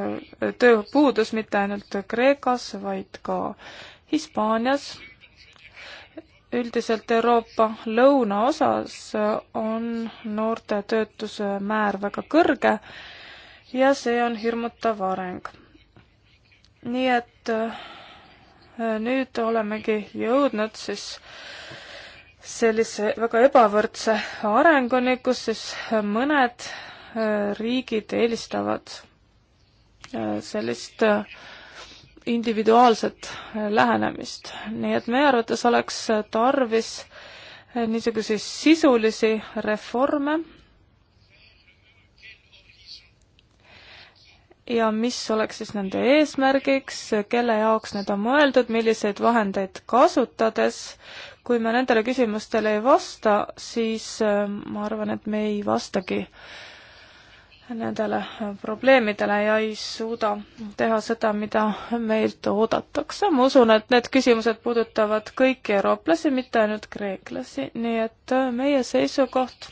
tööpuudus, mitte ainult Kreekas, vaid ka Hispaanias. üldiselt Euroopa lõunaosas on noorte töötuse määr väga kõrge ja see on hirmutav areng nii et äh, nüüd olemegi jõudnud siis sellise väga ebavõrdse arenguni, kus siis mõned äh, riigid eelistavad äh, sellist individuaalset lähenemist. nii et meie arvates oleks tarvis niisuguseid sisulisi reforme ja mis oleks siis nende eesmärgiks, kelle jaoks need on mõeldud, milliseid vahendeid kasutades. kui me nendele küsimustele ei vasta, siis äh, ma arvan, et me ei vastagi nendele äh, probleemidele ja ei suuda teha seda, mida meilt oodatakse. ma usun, et need küsimused puudutavad kõiki eurooplasi, mitte ainult kreeklasi, nii et äh, meie seisukoht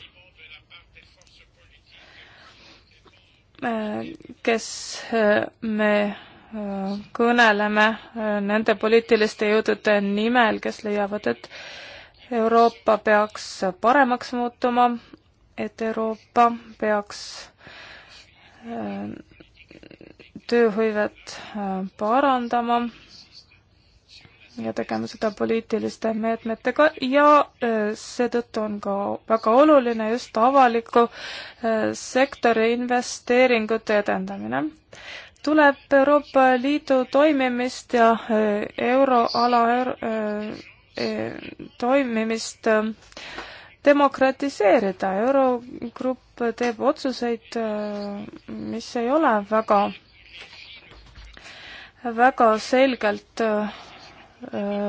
kes äh, me äh, kõneleme äh, nende poliitiliste jõudude nimel, kes leiavad, et Euroopa peaks paremaks muutuma, et Euroopa peaks tööhõivet parandama ja tegema seda poliitiliste meetmetega ja äh, seetõttu on ka väga oluline just avaliku äh, sektori investeeringute edendamine. tuleb Euroopa Liidu toimimist ja äh, euroala euro, e-, toimimist demokratiseerida. eurogrupp teeb otsuseid, mis ei ole väga väga selgelt äh,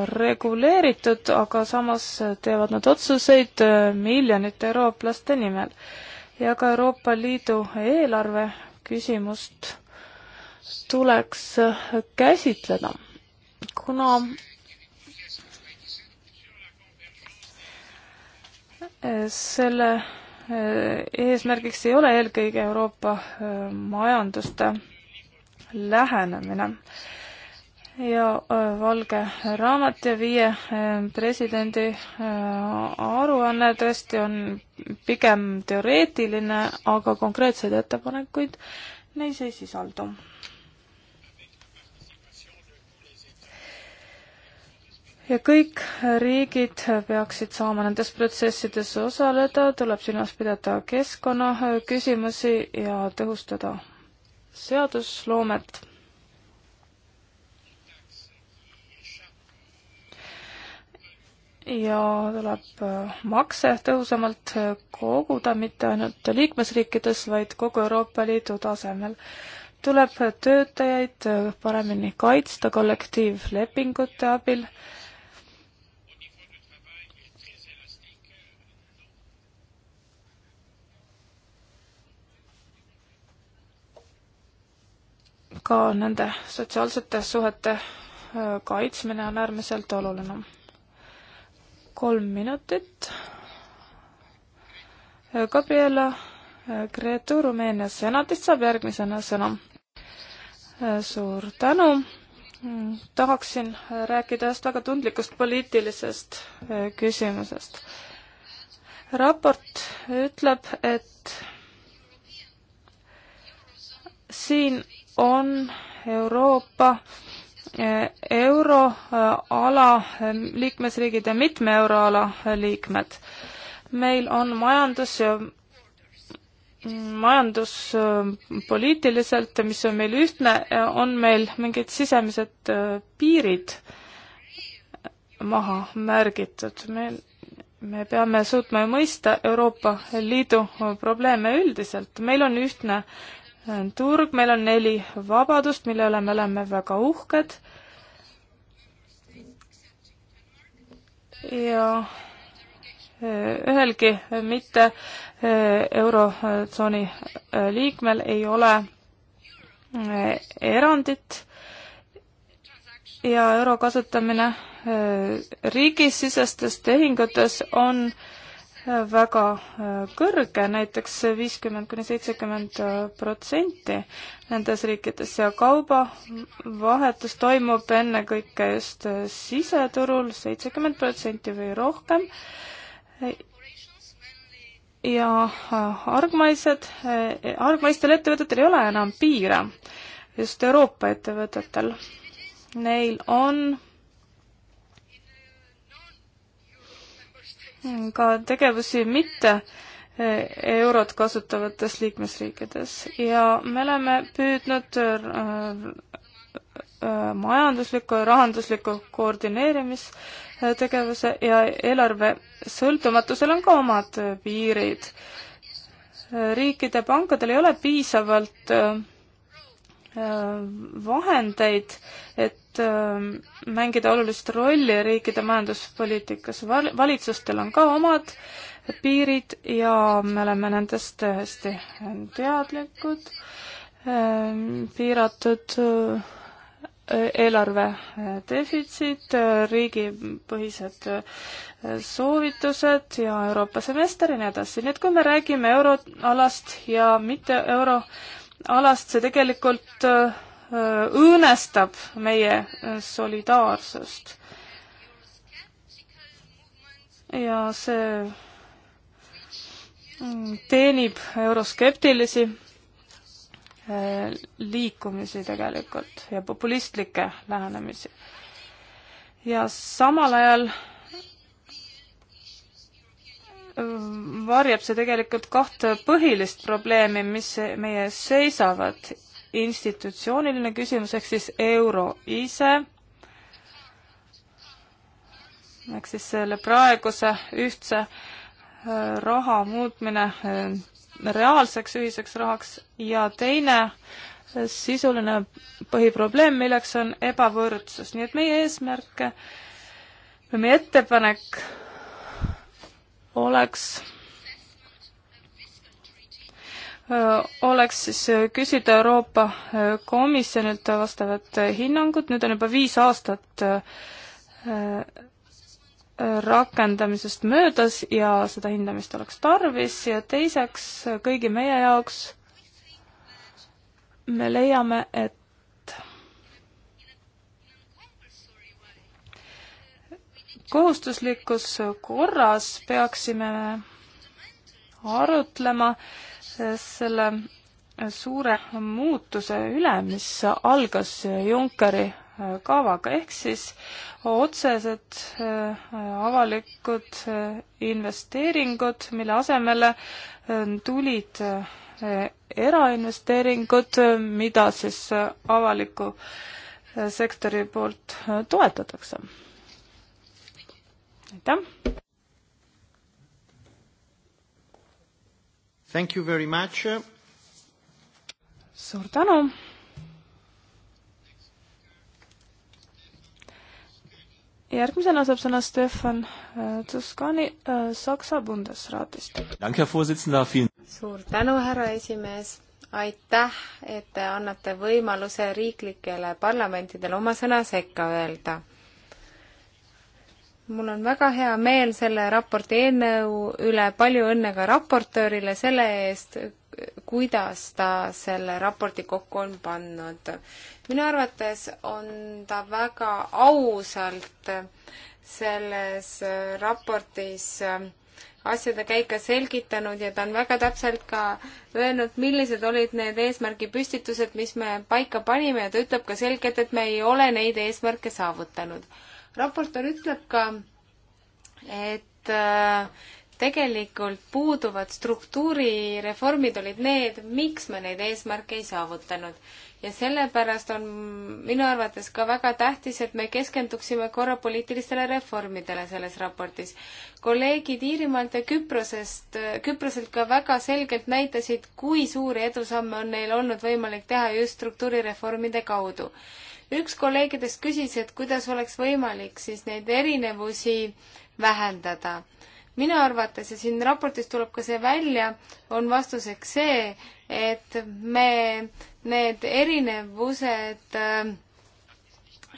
reguleeritud, aga samas teevad nad otsuseid äh, miljonite eurooplaste nimel. ja ka Euroopa Liidu eelarve küsimust tuleks äh, käsitleda, kuna äh, selle eesmärgiks ei ole eelkõige Euroopa majanduste lähenemine ja äh, valge raamat ja viie äh, presidendi äh, aruanne tõesti on pigem teoreetiline, aga konkreetseid ettepanekuid neis ei sisaldu. ja kõik riigid peaksid saama nendes protsessides osaleda, tuleb silmas pidada keskkonnaküsimusi ja tõhustada seadusloomet ja tuleb äh, makse tõhusamalt äh, koguda mitte ainult liikmesriikides, vaid kogu Euroopa Liidu tasemel. tuleb töötajaid äh, paremini kaitsta kollektiivlepingute abil ka nende sotsiaalsete suhete kaitsmine on äärmiselt oluline kolm minutit. Gabriela äh, Gretu Rumeenia senatist saab järgmisena sõna. Äh, suur tänu. Mm, tahaksin rääkida ühest väga tundlikust poliitilisest äh, küsimusest. raport ütleb, et siin on Euroopa äh, euroala liikmesriigid ja mitme euroala liikmed. meil on majandus ja majanduspoliitiliselt, mis on meil ühtne, on meil mingid sisemised äh, piirid maha märgitud. meil, me peame suutma mõista Euroopa Liidu probleeme üldiselt. meil on ühtne äh, turg, meil on neli vabadust, mille üle me oleme väga uhked. ja eh, ühelgi mitte eh, eurotsooni eh, liikmel ei ole erandit ja euro kasutamine riigisisestes tehingutes on äh, väga äh, kõrge, näiteks viiskümmend kuni seitsekümmend äh, protsenti nendes riikides ja kaubavahetus toimub ennekõike just äh, siseturul seitsekümmend protsenti või rohkem. ja argmaised, argmaistel ettevõtetel ei ole enam piire, just Euroopa ettevõtetel. Neil on ka tegevusi mitte eh, eurot kasutavates liikmesriikides ja me oleme püüdnud eh, eh, majandusliku ja rahandusliku koordineerimistegevuse ja eelarve sõltumatusel on ka omad piirid. riikide pankadel ei ole piisavalt vahendeid, et Äh, mängida olulist rolli riikide majanduspoliitikas. val-, valitsustel on ka omad piirid ja me oleme nendest hästi teadlikud, ähm, piiratud äh, eelarve äh, defitsiit, riigipõhised soovitused ja Euroopa semester ja nii edasi, nii et kui me räägime euroalast ja mitte euroalast, see tegelikult äh, Äh, õõnestab meie äh, solidaarsust. ja see mm, teenib euroskeptilisi äh, liikumisi tegelikult ja populistlikke lähenemisi. ja samal ajal varjab see tegelikult kahte põhilist probleemi, mis meie ees seisavad institutsiooniline küsimus, ehk siis euro ise, ehk siis selle praeguse ühtse äh, raha muutmine äh, reaalseks ühiseks rahaks ja teine äh, sisuline põhiprobleem, milleks on ebavõrdsus, nii et meie eesmärk või meie ettepanek oleks oleks siis küsida Euroopa Komisjonilt vastavat hinnangut, nüüd on juba viis aastat rakendamisest möödas ja seda hindamist oleks tarvis ja teiseks kõigi meie jaoks me leiame, et kohustuslikus korras peaksime arutlema äh, selle suure muutuse üle, mis algas Junckeri äh, kavaga, ehk siis otsesed äh, avalikud äh, investeeringud, mille asemele tulid erainvesteeringud, mida siis avaliku sektori poolt toetatakse. aitäh! Thank you very much. suur tänu. järgmisena saab sõna Stefan äh, Tuskani äh, Saksa Bundesratist. suur tänu, härra esimees aitäh, et te annate võimaluse riiklikele parlamentidele oma sõna sekka öelda mul on väga hea meel selle raporti eelnõu üle, palju õnne ka raportöörile selle eest, kuidas ta selle raporti kokku on pannud. minu arvates on ta väga ausalt selles raportis asjade käika selgitanud ja ta on väga täpselt ka öelnud, millised olid need eesmärgipüstitused, mis me paika panime ja ta ütleb ka selgelt, et me ei ole neid eesmärke saavutanud raportöör ütleb ka, et äh, tegelikult puuduvad struktuurireformid olid need, miks me neid eesmärke ei saavutanud. ja sellepärast on minu arvates ka väga tähtis, et me keskenduksime korra poliitilistele reformidele selles raportis. kolleegid Iirimaalt ja Küprosest, Küproselt ka väga selgelt näitasid, kui suuri edusamme on neil olnud võimalik teha just struktuurireformide kaudu üks kolleegidest küsis, et kuidas oleks võimalik siis neid erinevusi vähendada. minu arvates ja siin raportis tuleb ka see välja, on vastuseks see, et me need erinevused äh,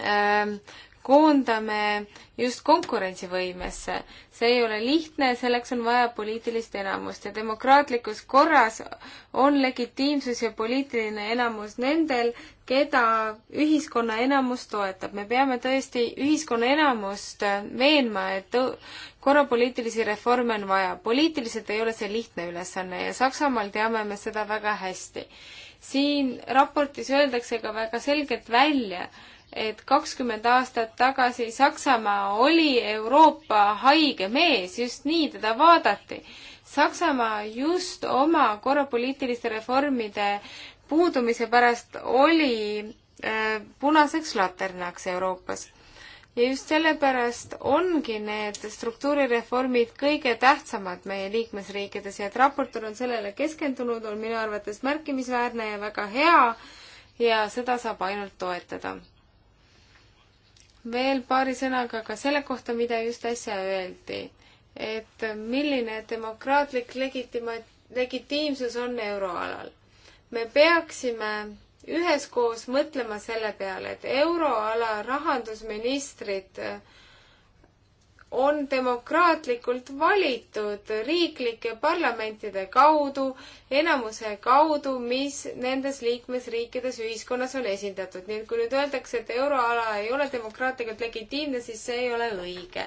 äh, koondame just konkurentsivõimesse. see ei ole lihtne, selleks on vaja poliitilist enamust ja demokraatlikus korras on legitiimsus ja poliitiline enamus nendel, keda ühiskonna enamus toetab. me peame tõesti ühiskonna enamust veenma, et korra poliitilisi reforme on vaja. poliitiliselt ei ole see lihtne ülesanne ja Saksamaal teame me seda väga hästi. siin raportis öeldakse ka väga selgelt välja, et kakskümmend aastat tagasi Saksamaa oli Euroopa haige mees, just nii teda vaadati. Saksamaa just oma korrapoliitiliste reformide puudumise pärast oli äh, punaseks laternaks Euroopas. ja just sellepärast ongi need struktuurireformid kõige tähtsamad meie liikmesriikides ja et raportor on sellele keskendunud, on minu arvates märkimisväärne ja väga hea ja seda saab ainult toetada veel paari sõnaga ka selle kohta, mida just äsja öeldi. et milline demokraatlik legitima-, legitiimsus on euroalal. me peaksime üheskoos mõtlema selle peale, et euroala rahandusministrid äh, on demokraatlikult valitud riiklike parlamentide kaudu, enamuse kaudu, mis nendes liikmesriikides ühiskonnas on esindatud. nii et kui nüüd öeldakse, et euroala ei ole demokraatlikult legitiimne, siis see ei ole õige.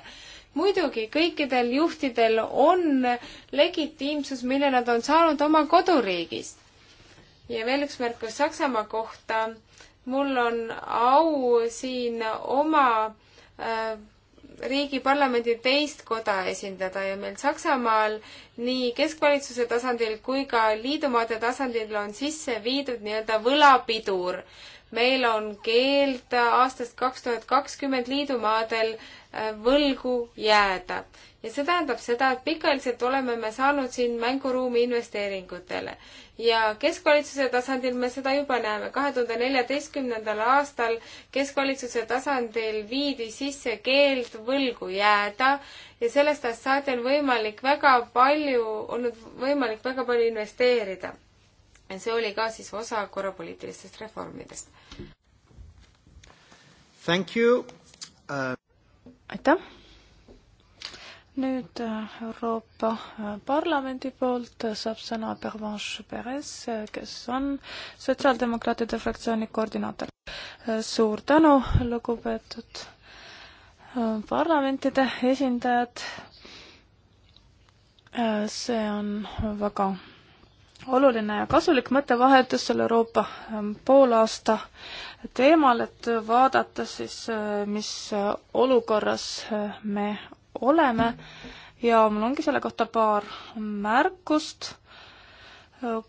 muidugi kõikidel juhtidel on legitiimsus, mille nad on saanud oma koduriigist. ja veel üks märkus Saksamaa kohta. mul on au siin oma äh, riigi parlamendi teist koda esindada ja meil Saksamaal nii keskvalitsuse tasandil kui ka liidumaade tasandil on sisse viidud nii-öelda võlapidur. meil on keeld aastast kaks tuhat kakskümmend liidumaadel äh, võlgu jääda ja see tähendab seda, et pikaajaliselt oleme me saanud siin mänguruumi investeeringutele. ja keskvalitsuse tasandil me seda juba näeme. kahe tuhande neljateistkümnendal aastal keskvalitsuse tasandil viidi sisse keeld võlgu jääda ja sellest ajast saati on võimalik väga palju, olnud võimalik väga palju investeerida. see oli ka siis osa korrapoliitilistest reformidest. Thank you uh.... aitäh nüüd äh, Euroopa äh, Parlamendi poolt äh, saab sõna Pervenche Perez, kes on Sotsiaaldemokraatide fraktsiooni koordinaator. suur tänu, lugupeetud parlamentide esindajad. see on väga oluline ja kasulik mõttevahetus selle Euroopa poolaasta teemal, et vaadata siis, mis olukorras me oleme ja mul ongi selle kohta paar märkust,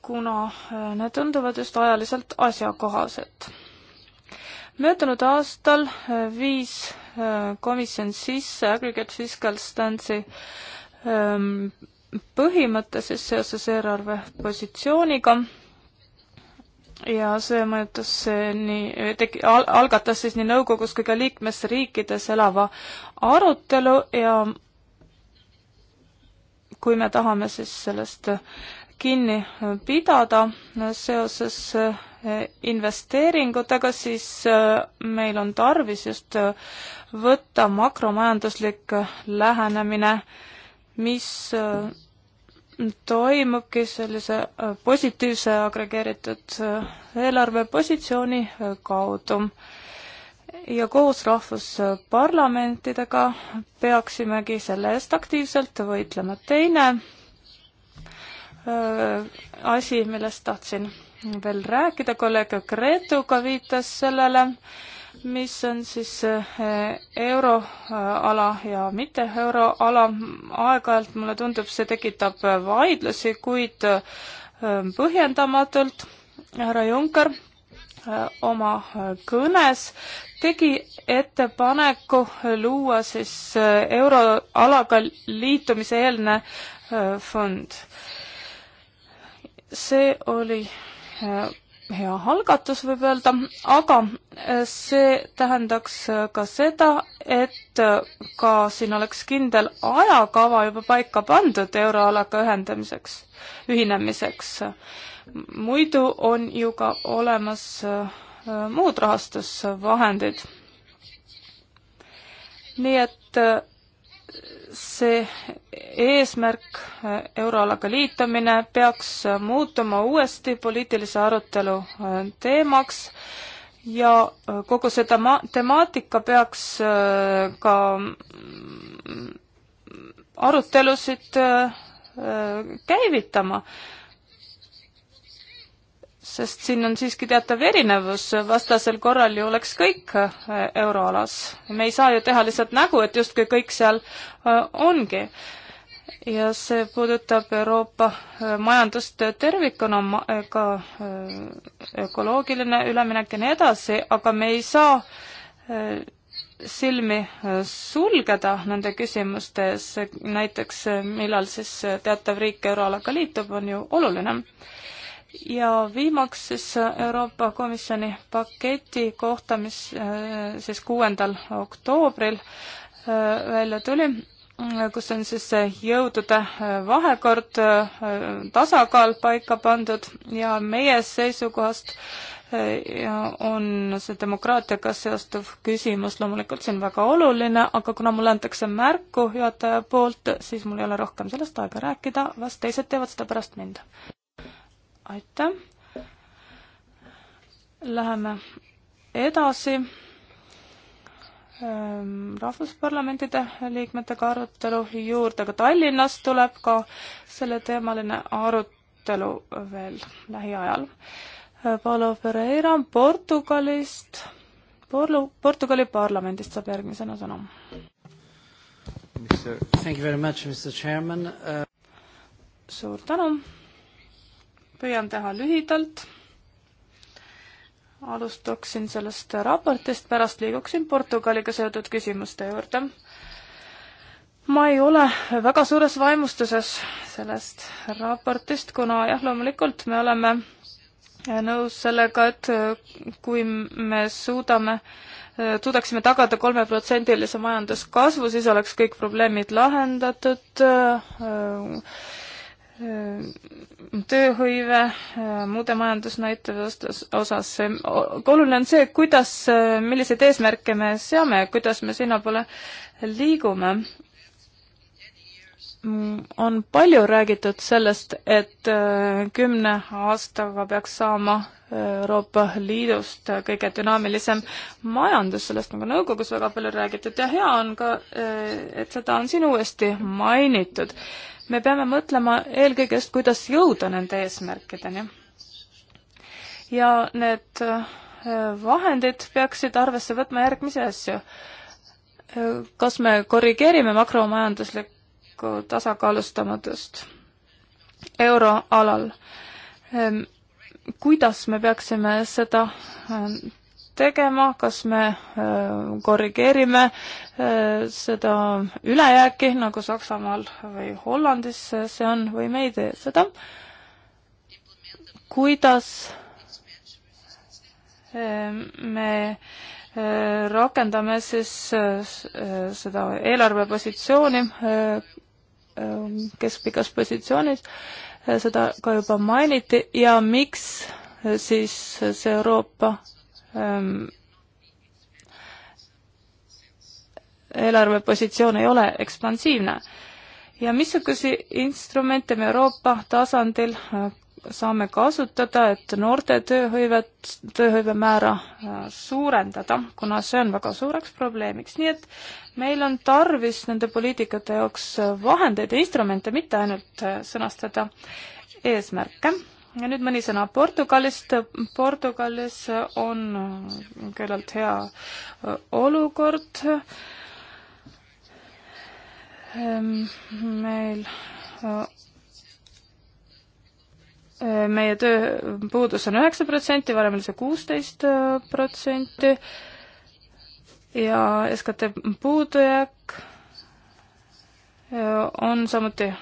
kuna äh, need tunduvad just ajaliselt asjakohased. möödunud aastal äh, viis äh, komisjon sisse aggregate fiscal stance'i ähm, põhimõte siis seoses eelarvepositsiooniga ja see mõjutas nii, tegi, algatas siis nii nõukogus kui ka liikmesriikides elava arutelu ja kui me tahame siis sellest kinni pidada seoses eh, investeeringutega, siis eh, meil on tarvis just eh, võtta makromajanduslik lähenemine, mis toimubki sellise äh, positiivse agregeeritud äh, eelarvepositsiooni äh, kaudu. ja koos rahvusparlamentidega peaksimegi selle eest aktiivselt võitlema. teine asi, millest tahtsin veel rääkida, kolleeg Gretuga viitas sellele, mis on siis eh, euroala ja mitte euroala. aeg-ajalt mulle tundub, see tekitab vaidlusi, kuid eh, põhjendamatult härra Juncker eh, oma kõnes tegi ettepaneku luua siis euroalaga liitumise eelne fond. see oli hea algatus, võib öelda, aga äh, see tähendaks äh, ka seda, et äh, ka siin oleks kindel ajakava juba paika pandud euroalaga ühendamiseks, ühinemiseks. muidu on ju ka olemas muud rahastusvahendid. nii et see eesmärk, euroalaga liitumine, peaks muutuma uuesti poliitilise arutelu äh, teemaks ja äh, kogu see tema-, temaatika peaks äh, ka mm, arutelusid käivitama sest siin on siiski teatav erinevus, vastasel korral ju oleks kõik äh, euroalas. me ei saa ju teha lihtsalt nägu, et justkui kõik seal äh, ongi. ja see puudutab Euroopa äh, majandust tervikuna, ka ökoloogiline üleminek ja nii edasi, aga me ei saa silmi sulgeda nende küsimuste ees, näiteks millal siis teatav riik euroalaga liitub, on ju oluline ja viimaks siis Euroopa Komisjoni paketi kohta, mis äh, siis kuuendal oktoobril äh, välja tuli, äh, kus on siis see jõudude vahekord, tasakaal paika pandud ja meie seisukohast ja on see demokraatiaga seostuv küsimus loomulikult siin väga oluline, aga kuna mulle antakse märku juhataja poolt, siis mul ei ole rohkem sellest aega rääkida, vast teised teevad seda pärast mind aitäh. Läheme edasi ehm, rahvusparlamentide liikmetega arutelu juurde, aga Tallinnas tuleb ka selleteemaline arutelu veel lähiajal. Ehm, Paulo Pereira Portugalist, Porlu-, Portugali parlamendist saab järgmisena sõna. Uh, suur tänu püüan teha lühidalt. alustaksin sellest raportist, pärast liiguksin Portugaliga seotud küsimuste juurde. ma ei ole väga suures vaimustuses sellest raportist, kuna jah, loomulikult me oleme nõus sellega, et kui me suudame suudaksime tagada kolmeprotsendilise majanduskasvu, siis oleks kõik probleemid lahendatud, Äh, tööhõive, äh, muude majandusnäitajate osas. Äh, oluline on see, kuidas, milliseid eesmärke me seame, kuidas me sinnapoole liigume. on palju räägitud sellest, et kümne aastaga peaks saama Euroopa Liidust kõige dünaamilisem majandus, sellest on ka nõukogus väga palju räägitud ja hea on ka, et seda on siin uuesti mainitud me peame mõtlema eelkõige just, kuidas jõuda nende eesmärkideni. ja need äh, vahendid peaksid arvesse võtma järgmisi asju. Äh, kas me korrigeerime makromajanduslikku tasakaalustamatust euroalal? Äh, kuidas me peaksime seda tegema, kas me äh, korrigeerime äh, seda ülejääki, nagu Saksamaal või Hollandis äh, see on, või me ei tee seda. kuidas me rakendame siis seda eelarvepositsiooni keskpikas positsioonis, seda ka juba mainiti ja miks siis see Euroopa eelarvepositsioon ei ole ekspansiivne. ja missuguseid instrumente me Euroopa tasandil äh, saame kasutada, et noorte tööhõivet, tööhõive määra äh, suurendada, kuna see on väga suureks probleemiks, nii et meil on tarvis nende poliitikate jaoks äh, vahendeid ja instrumente, mitte ainult sõnastada eesmärke ja nüüd mõni sõna Portugalist. Portugalis on küllalt hea äh, olukord. Ehm, meil äh, äh, meie tööpuudus on üheksa protsenti, varem oli see kuusteist protsenti ja SKT puudujääk Äh, on samuti äh,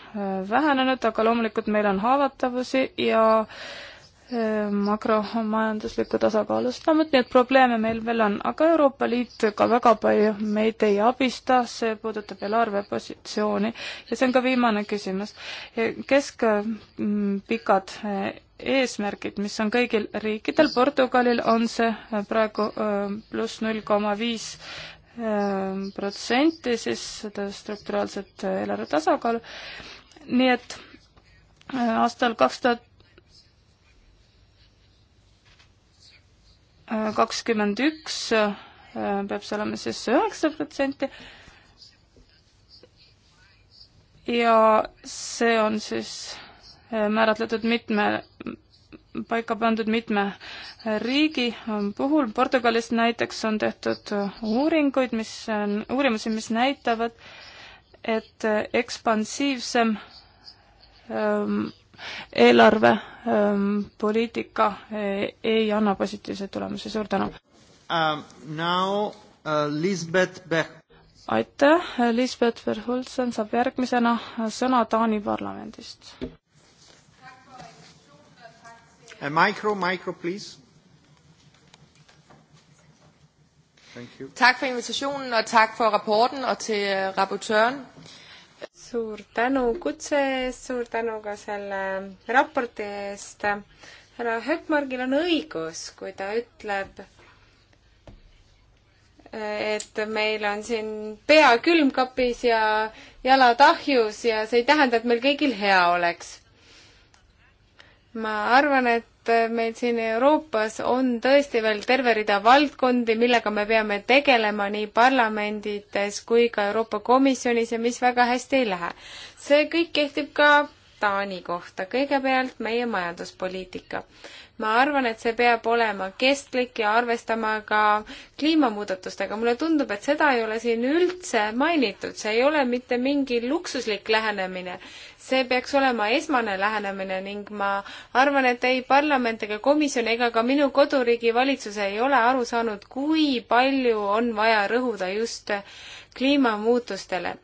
vähenenud, aga loomulikult meil on haavatavusi ja äh, makromajanduslikku tasakaalustamist, nii et probleeme meil veel on, aga Euroopa Liit ka väga palju meid ei abista, see puudutab jälle arvepositsiooni ja see on ka viimane küsimus. keskpikad mm, eesmärgid, mis on kõigil riikidel, Portugalil on see praegu pluss null koma viis Ehm, protsenti siis seda strukturaalset äh, eelarve tasakaalu. nii et äh, aastal kaks tuhat äh, kakskümmend üks peab see olema siis üheksa protsenti. ja see on siis määratletud mitme paika pandud mitme riigi puhul. Portugalis näiteks on tehtud uuringuid, mis, uurimusi, mis näitavad, et ekspansiivsem ähm, eelarvepoliitika ähm, äh, ei anna positiivseid tulemusi. suur tänu um,! Now uh, Lisbeth Beck. aitäh, Lisbeth Verhulsen saab järgmisena sõna Taani parlamendist A micro, micro, please. Thank you. Tak for invitationen, og tak for rapporten, og til øh, rapportøren. suur tänu kutse eest, suur tänu ka selle äh, raporti eest. härra Höppmargil on õigus, kui ta ütleb, äh, et meil on siin pea külmkapis ja jalad ahjus ja see ei tähenda, et meil kõigil hea oleks. ma arvan, et meil siin Euroopas on tõesti veel terve rida valdkondi, millega me peame tegelema nii parlamendites kui ka Euroopa Komisjonis ja mis väga hästi ei lähe. see kõik kehtib ka Taani kohta, kõigepealt meie majanduspoliitika. ma arvan, et see peab olema kestlik ja arvestama ka kliimamuudatustega, mulle tundub, et seda ei ole siin üldse mainitud, see ei ole mitte mingi luksuslik lähenemine see peaks olema esmane lähenemine ning ma arvan, et ei parlament ega komisjon ega ka minu koduriigi valitsus ei ole aru saanud, kui palju on vaja rõhuda just kliimamuutustele.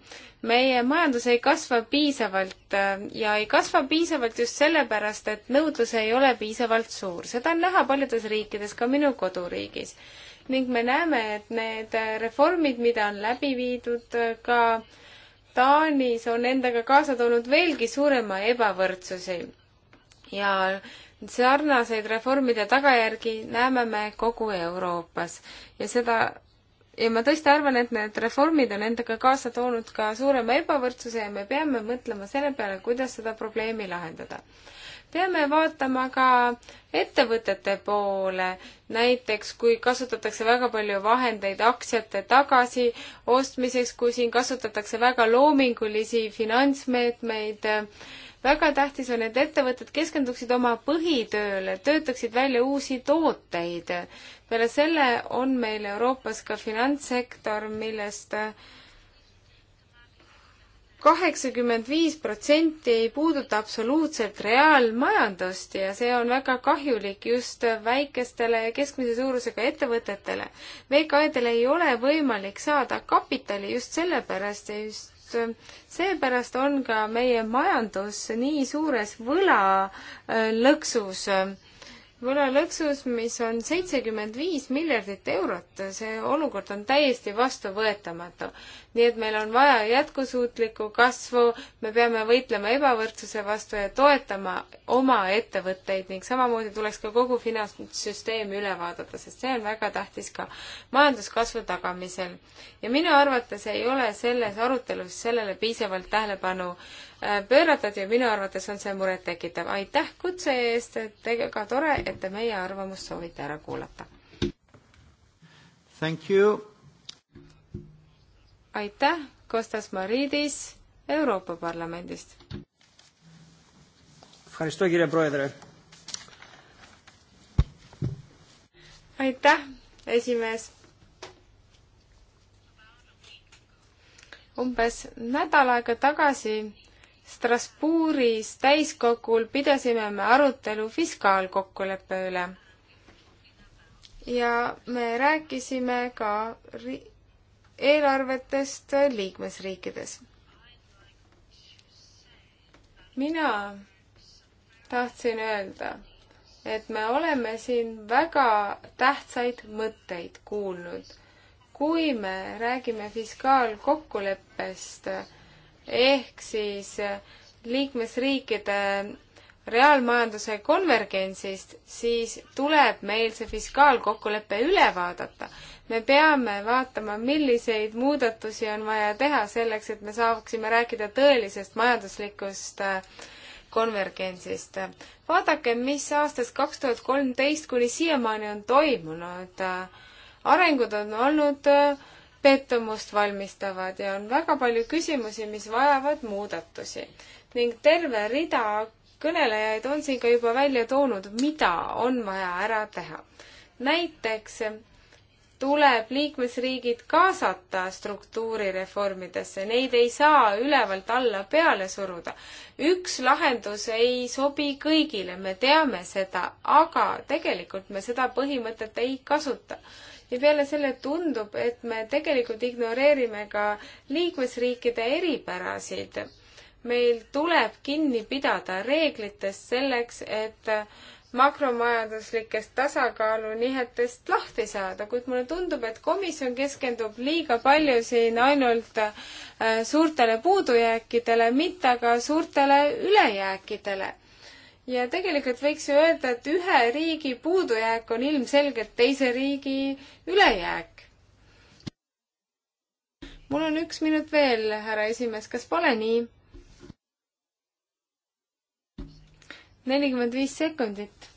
meie majandus ei kasva piisavalt äh, ja ei kasva piisavalt just sellepärast, et nõudlus ei ole piisavalt suur. seda on näha paljudes riikides, ka minu koduriigis. ning me näeme, et need reformid, mida on läbi viidud äh, ka äh, Taanis on endaga kaasa toonud veelgi suurema ebavõrdsusi ja sarnaseid reformide tagajärgi näeme me kogu Euroopas ja seda ja ma tõesti arvan, et need reformid on endaga kaasa toonud ka suurema ebavõrdsuse ja me peame mõtlema selle peale, kuidas seda probleemi lahendada peame vaatama ka ettevõtete poole, näiteks kui kasutatakse väga palju vahendeid aktsiate tagasiostmiseks, kui siin kasutatakse väga loomingulisi finantsmeetmeid, väga tähtis on, et ettevõtted keskenduksid oma põhitööle, töötaksid välja uusi tooteid. peale selle on meil Euroopas ka finantssektor, millest äh, kaheksakümmend viis protsenti ei puuduta absoluutselt reaalmajandust ja see on väga kahjulik just väikestele ja keskmise suurusega ettevõtetele. VKE-del ei ole võimalik saada kapitali just sellepärast ja just äh, seepärast on ka meie majandus nii suures võlalõksus äh, äh võlalõksus, mis on seitsekümmend viis miljardit eurot, see olukord on täiesti vastuvõetamatu. nii et meil on vaja jätkusuutlikku kasvu, me peame võitlema ebavõrdsuse vastu ja toetama oma ettevõtteid ning samamoodi tuleks ka kogu finantssüsteem üle vaadata, sest see on väga tähtis ka majanduskasvu tagamisel. ja minu arvates ei ole selles arutelus sellele piisavalt tähelepanu äh, Äh, pööratud ja minu arvates on see murettekitav. aitäh kutse eest, et väga tore, et te meie arvamust soovite ära kuulata. Thank you. aitäh, Kostas Maridis Euroopa Parlamendist. aitäh, esimees umbes nädal aega tagasi Strasbourgis täiskogul pidasime me arutelu fiskaalkokkuleppe üle. ja me rääkisime ka eelarvetest liikmesriikides. mina tahtsin öelda, et me oleme siin väga tähtsaid mõtteid kuulnud. kui me räägime fiskaalkokkuleppest, ehk siis äh, liikmesriikide reaalmajanduse konvergentsist, siis tuleb meil see fiskaalkokkulepe üle vaadata. me peame vaatama, milliseid muudatusi on vaja teha selleks, et me saaksime rääkida tõelisest majanduslikust äh, konvergentsist. vaadake, mis aastast kaks tuhat kolmteist kuni siiamaani on toimunud. Äh, arengud on olnud äh, pettumust valmistavad ja on väga palju küsimusi, mis vajavad muudatusi. ning terve rida kõnelejaid on siin ka juba välja toonud, mida on vaja ära teha. näiteks tuleb liikmesriigid kaasata struktuurireformidesse, neid ei saa ülevalt alla peale suruda. üks lahendus ei sobi kõigile, me teame seda, aga tegelikult me seda põhimõtet ei kasuta ja peale selle tundub, et me tegelikult ignoreerime ka liikmesriikide eripärasid. meil tuleb kinni pidada reeglitest selleks, et makromajanduslikest tasakaalunihetest lahti saada, kuid mulle tundub, et komisjon keskendub liiga palju siin ainult äh, suurtele puudujääkidele, mitte aga suurtele ülejääkidele ja tegelikult võiks ju öelda, et ühe riigi puudujääk on ilmselgelt teise riigi ülejääk. mul on üks minut veel, härra esimees, kas pole nii? nelikümmend viis sekundit.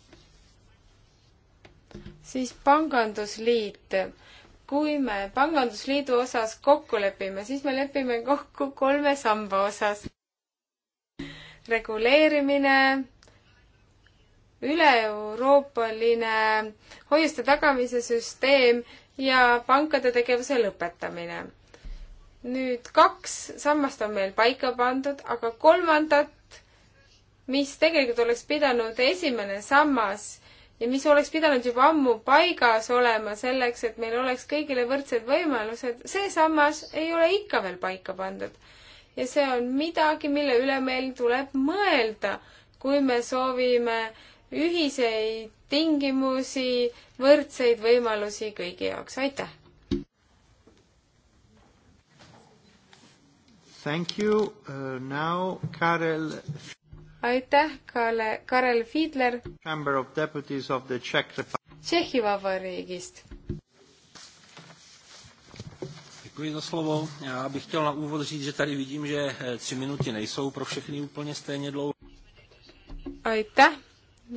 siis pangandusliit. kui me pangandusliidu osas kokku lepime, siis me lepime kokku kolme samba osas. reguleerimine üle-euroopaline hoiuste tagamise süsteem ja pankade tegevuse lõpetamine. nüüd kaks sammast on meil paika pandud, aga kolmandat, mis tegelikult oleks pidanud esimene sammas ja mis oleks pidanud juba ammu paigas olema selleks, et meil oleks kõigile võrdsed võimalused, see sammas ei ole ikka veel paika pandud. ja see on midagi, mille üle meil tuleb mõelda, kui me soovime äh, ühiseid tingimusi, võrdseid võimalusi kõigi jaoks, aitäh! Thank you uh,, now Karel. aitäh, Kale, Karel Fiedler. Chamber of Deputies of the Czech Republic. Tšehhi Vabariigist. Děkuji za slovo. Já bych chtěl na úvod říct, že tady vidím, že eh, tři minuty nejsou pro všechny úplně stejně dlouho. Aitäh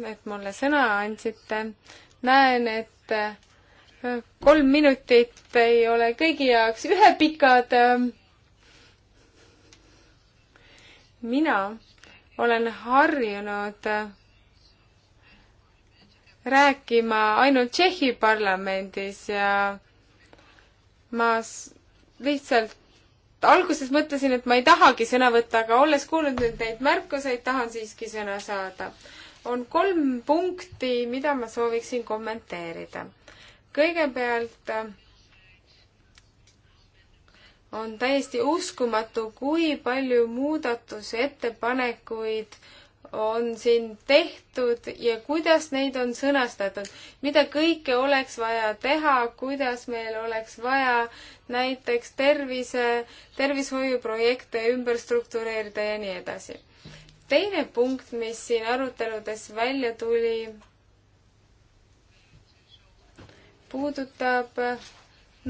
et mulle sõna andsite. näen, et äh, kolm minutit ei ole kõigi jaoks ühepikad. Äh. mina olen harjunud äh, rääkima ainult Tšehhi parlamendis ja ma lihtsalt alguses mõtlesin, et ma ei tahagi sõna võtta, aga olles kuulnud nüüd neid märkuseid, tahan siiski sõna saada on kolm punkti, mida ma sooviksin kommenteerida. kõigepealt äh, on täiesti uskumatu, kui palju muudatusettepanekuid on siin tehtud ja kuidas neid on sõnastatud, mida kõike oleks vaja teha, kuidas meil oleks vaja näiteks tervise, tervishoiuprojekte ümber struktureerida ja nii edasi teine punkt, mis siin aruteludes välja tuli, puudutab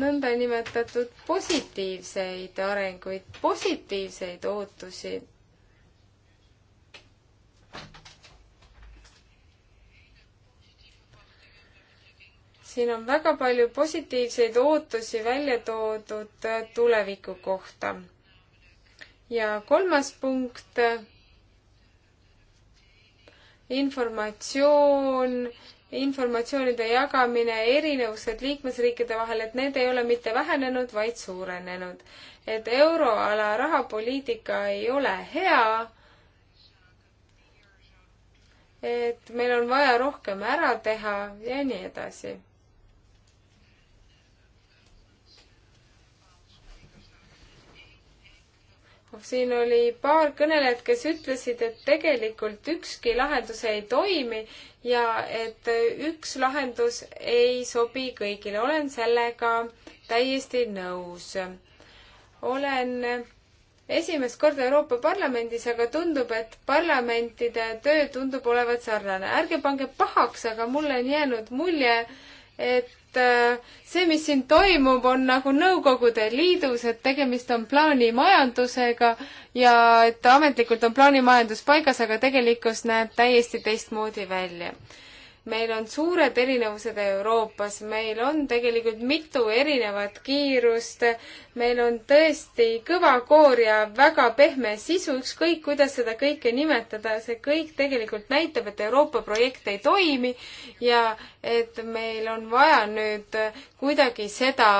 nõndanimetatud positiivseid arenguid, positiivseid ootusi. siin on väga palju positiivseid ootusi välja toodud tuleviku kohta. ja kolmas punkt informatsioon, informatsioonide jagamine, erinevused liikmesriikide vahel, et need ei ole mitte vähenenud, vaid suurenenud. et euroala rahapoliitika ei ole hea. et meil on vaja rohkem ära teha ja nii edasi siin oli paar kõnelejat, kes ütlesid, et tegelikult ükski lahendus ei toimi ja et üks lahendus ei sobi kõigile. olen sellega täiesti nõus. olen esimest korda Euroopa Parlamendis, aga tundub, et parlamentide töö tundub olevat sarnane. ärge pange pahaks, aga mulle on jäänud mulje, et Äh, see, mis siin toimub, on nagu Nõukogude Liidus, et tegemist on plaanimajandusega ja et ametlikult on plaanimajandus paigas, aga tegelikkus näeb täiesti teistmoodi välja meil on suured erinevused Euroopas, meil on tegelikult mitu erinevat kiirust, meil on tõesti kõva koor ja väga pehme sisu, ükskõik kuidas seda kõike nimetada, see kõik tegelikult näitab, et Euroopa projekt ei toimi ja et meil on vaja nüüd kuidagi seda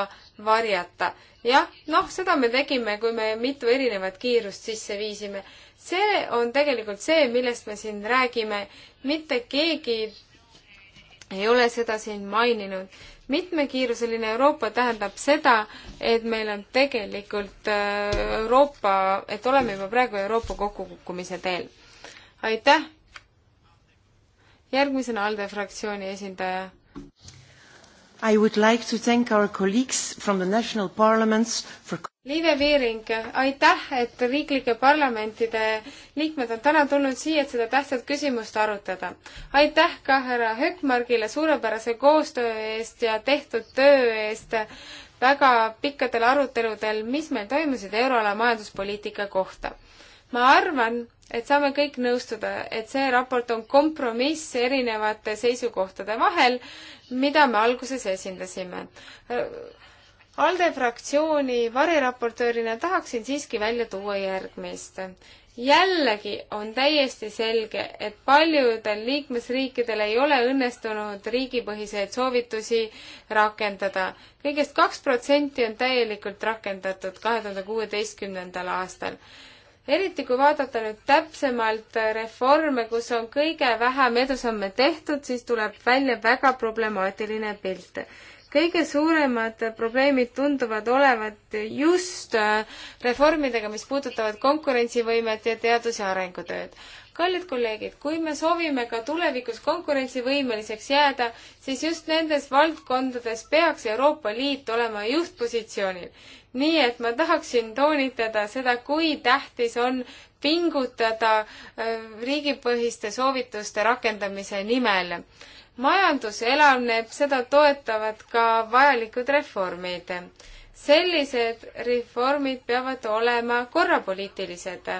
varjata. jah, noh, seda me tegime, kui me mitu erinevat kiirust sisse viisime. see on tegelikult see, millest me siin räägime. mitte keegi ei ole seda siin maininud. mitmekiiruseline Euroopa tähendab seda, et meil on tegelikult äh, Euroopa, et oleme juba praegu Euroopa kokkukukkumise teel. aitäh! järgmisena ALDE fraktsiooni esindaja. I would like to thank our colleagues from the national parliaments for Liive Veering, aitäh, et riiklike parlamentide liikmed on täna tulnud siia, et seda tähtsat küsimust arutada. aitäh ka härra Hökmargile suurepärase koostöö eest ja tehtud töö eest väga pikkadel aruteludel, mis meil toimusid euroala majanduspoliitika kohta. ma arvan, et saame kõik nõustuda, et see raport on kompromiss erinevate seisukohtade vahel, mida me alguses esindasime. ALDE fraktsiooni variraportöörina tahaksin siiski välja tuua järgmist. jällegi on täiesti selge, et paljudel liikmesriikidel ei ole õnnestunud riigipõhiseid soovitusi rakendada kõigest. kõigest kaks protsenti on täielikult rakendatud kahe tuhande kuueteistkümnendal aastal eriti kui vaadata nüüd täpsemalt reforme, kus on kõige vähem edusamme tehtud, siis tuleb välja väga problemaatiline pilt. kõige suuremad probleemid tunduvad olevat just reformidega, mis puudutavad konkurentsivõimet ja teadus- ja arengutööd kallid kolleegid, kui me soovime ka tulevikus konkurentsivõimeliseks jääda, siis just nendes valdkondades peaks Euroopa Liit olema juhtpositsioonil. nii et ma tahaksin toonitada seda, kui tähtis on pingutada äh, riigipõhiste soovituste rakendamise nimel. majandus elavneb, seda toetavad ka vajalikud reformid sellised reformid peavad olema korrapoliitilised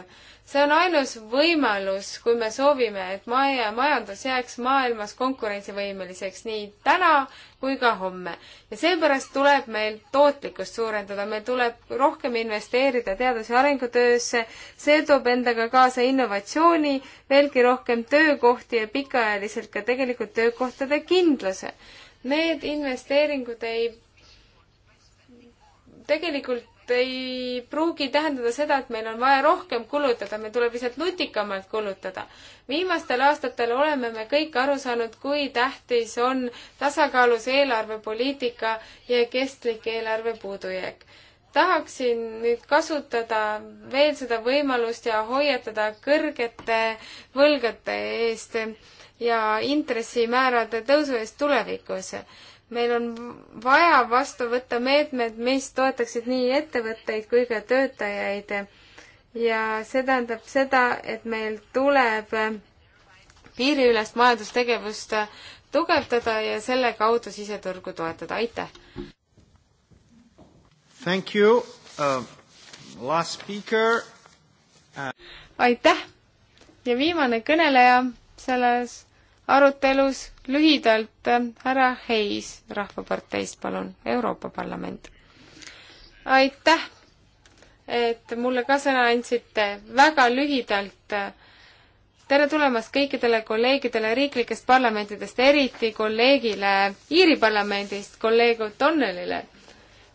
see on ainus võimalus, kui me soovime, et maja, majandus jääks maailmas konkurentsivõimeliseks nii täna kui ka homme. ja seepärast tuleb meil tootlikkust suurendada, meil tuleb rohkem investeerida teadus- ja arengutöösse, see toob endaga kaasa innovatsiooni, veelgi rohkem töökohti ja pikaajaliselt ka tegelikult töökohtade kindluse. Need investeeringud ei tegelikult ei pruugi tähendada seda, et meil on vaja rohkem kulutada, meil tuleb lihtsalt nutikamalt kulutada. viimastel aastatel oleme me kõik aru saanud, kui tähtis on tasakaalus eelarvepoliitika ja kestlik eelarve puudujääk. tahaksin nüüd kasutada veel seda võimalust ja hoiatada kõrgete võlgade eest ja intressimäärade tõusu eest tulevikus meil on vaja vastu võtta meetmed, mis toetaksid nii ettevõtteid kui ka töötajaid. ja see tähendab seda, et meil tuleb piiriülest majandustegevust tugevdada ja selle kaudu siseturgu toetada, aitäh! Thank you uh,, last speaker uh.... aitäh ja viimane kõneleja selles arutelus lühidalt äh, härra Heis Rahvaparteist, palun, Euroopa Parlament. aitäh, et mulle ka sõna andsite, väga lühidalt. Äh, tere tulemast kõikidele kolleegidele riiklikest parlamentidest, eriti kolleegile Iiri parlamendist, kolleeg O'Donnellile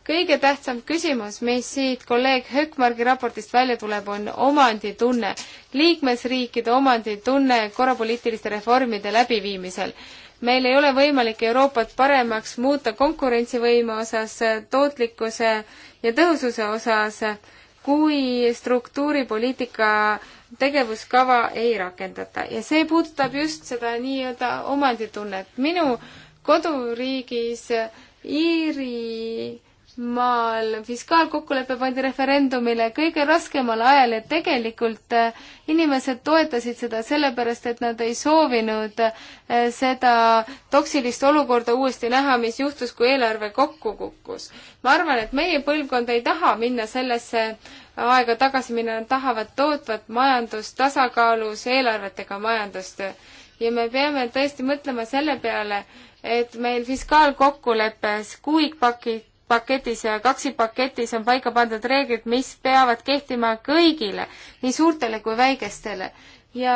kõige tähtsam küsimus, mis siit kolleeg Hökmargi raportist välja tuleb, on omanditunne, liikmesriikide omanditunne korrapoliitiliste reformide läbiviimisel. meil ei ole võimalik Euroopat paremaks muuta konkurentsivõime osas, tootlikkuse ja tõhususe osas, kui struktuuripoliitika tegevuskava ei rakendata ja see puudutab just seda nii-öelda omanditunnet. minu koduriigis Iiri maal fiskaalkokkulepe pandi referendumile kõige raskemal ajal ja tegelikult äh, inimesed toetasid seda sellepärast, et nad ei soovinud äh, seda toksilist olukorda uuesti näha, mis juhtus, kui eelarve kokku kukkus. ma arvan, et meie põlvkond ei taha minna sellesse aega tagasi, minna nad tahavad tootvat majandust, tasakaalus eelarvetega majandust. ja me peame tõesti mõtlema selle peale, et meil fiskaalkokkuleppes kuigpakid paketis ja kaksi paketis on paika pandud reeglid, mis peavad kehtima kõigile, nii suurtele kui väikestele. ja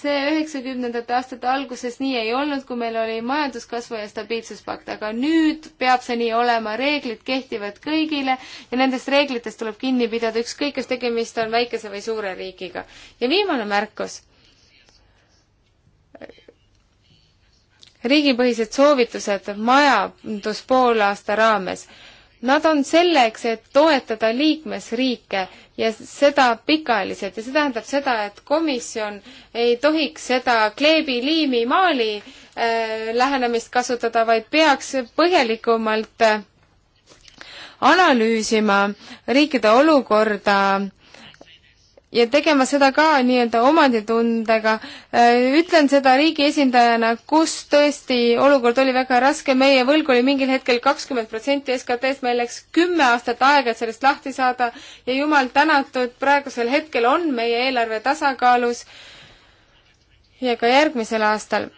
see üheksakümnendate aastate alguses nii ei olnud, kui meil oli majanduskasvu ja stabiilsuspakt, aga nüüd peab see nii olema, reeglid kehtivad kõigile ja nendest reeglitest tuleb kinni pidada, ükskõik kas tegemist on väikese või suure riigiga. ja viimane märkus riigipõhised soovitused majandus poolaasta raames. Nad on selleks, et toetada liikmesriike ja seda pikaajaliselt ja see tähendab seda, et komisjon ei tohiks seda kleebi-liimi maali äh, lähenemist kasutada, vaid peaks põhjalikumalt äh, analüüsima riikide olukorda ja tegema seda ka nii-öelda omanditundega. Äh, ütlen seda riigi esindajana, kus tõesti olukord oli väga raske, meie võlg oli mingil hetkel kakskümmend protsenti SKT-st, meil läks kümme aastat aega, et sellest lahti saada ja jumal tänatud, praegusel hetkel on meie eelarve tasakaalus ja ka järgmisel aastal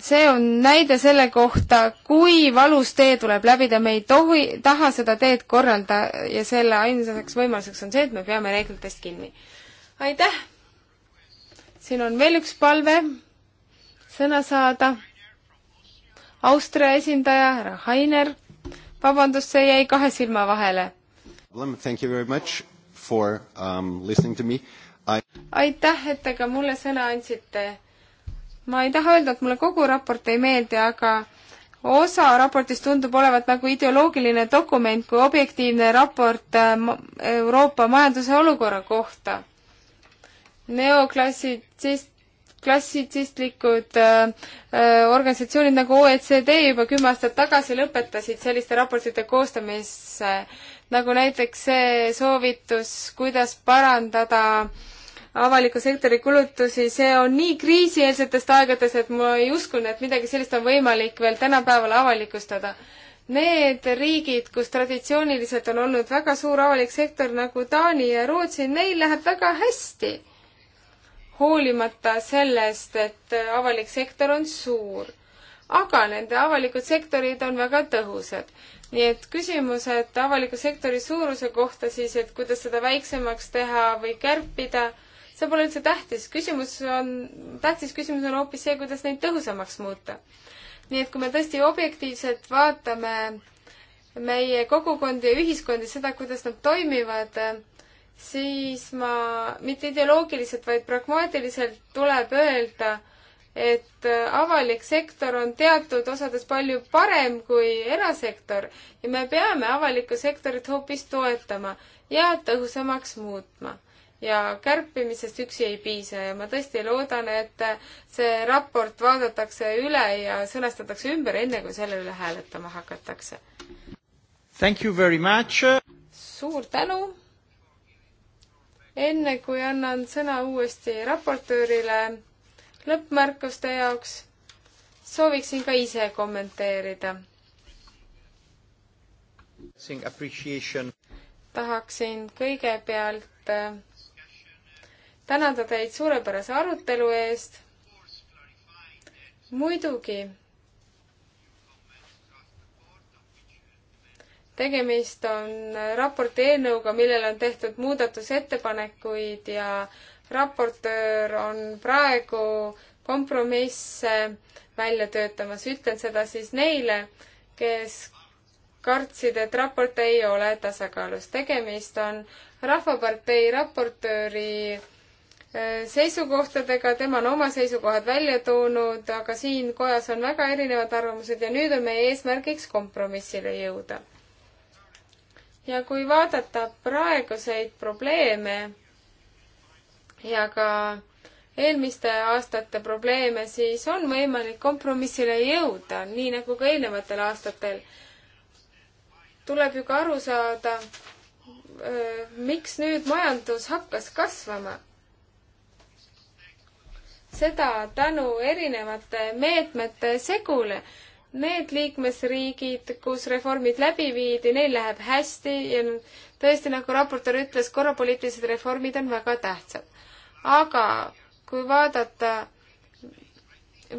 see on näide selle kohta, kui valus tee tuleb läbida, me ei tohi, taha seda teed korralda ja selle ainsaks võimaluseks on see, et me peame reeglitest kinni aitäh! siin on veel üks palve sõna saada. Austria esindaja härra Hainer, vabandust, see jäi kahe silma vahele. Thank you very much for um, listening to me I.... aitäh, et te ka mulle sõna andsite. ma ei taha öelda, et mulle kogu raport ei meeldi, aga osa raportist tundub olevat nagu ideoloogiline dokument kui objektiivne raport äh, Euroopa majanduse olukorra kohta neoklassitsist, klassitsistlikud äh, äh, organisatsioonid nagu OECD juba kümme aastat tagasi lõpetasid selliste raportite koostamise äh,, nagu näiteks see soovitus, kuidas parandada avaliku sektori kulutusi, see on nii kriisieelsetest aegadest, et ma ei uskunud, et midagi sellist on võimalik veel tänapäeval avalikustada need riigid, kus traditsiooniliselt on olnud väga suur avalik sektor nagu Taani ja Rootsi, neil läheb väga hästi hoolimata sellest, et avalik sektor on suur. aga nende avalikud sektorid on väga tõhusad. nii et küsimused avaliku sektori suuruse kohta siis, et kuidas seda väiksemaks teha või kärpida, see pole üldse tähtis. küsimus on, tähtis küsimus on hoopis see, kuidas neid tõhusamaks muuta. nii et kui me tõesti objektiivselt vaatame meie kogukondi ja ühiskondi, seda, kuidas nad toimivad, siis ma mitte ideoloogiliselt, vaid pragmaatiliselt tuleb öelda, et äh, avalik sektor on teatud osades palju parem kui erasektor ja me peame avalikku sektorit hoopis toetama ja tõhusamaks muutma. ja kärpimisest üksi ei piisa ja ma tõesti loodan, et äh, see raport vaadatakse üle ja sõnastatakse ümber, enne kui selle üle hääletama hakatakse. Thank you very much! suur tänu! enne kui annan sõna uuesti raportöörile lõppmärkuste jaoks, sooviksin ka ise kommenteerida. tahaksin kõigepealt äh, tänada teid suurepärase arutelu eest. muidugi tegemist on raporti eelnõuga, millele on tehtud muudatusettepanekuid ja raportöör on praegu kompromisse välja töötamas. ütlen seda siis neile, kes kartsid, et raport ei ole tasakaalus. tegemist on Rahvapartei raportööri äh, seisukohtadega, tema on oma seisukohad välja toonud, aga siin kojas on väga erinevad arvamused ja nüüd on meie eesmärgiks kompromissile jõuda ja kui vaadata praeguseid probleeme ja ka eelmiste aastate probleeme, siis on võimalik kompromissile jõuda, nii nagu ka eelnevatel aastatel. tuleb ju ka aru saada, miks nüüd majandus hakkas kasvama. seda tänu erinevate meetmete segule need liikmesriigid, kus reformid läbi viidi, neil läheb hästi ja tõesti, nagu raportöör ütles, korrapoliitilised reformid on väga tähtsad. aga kui vaadata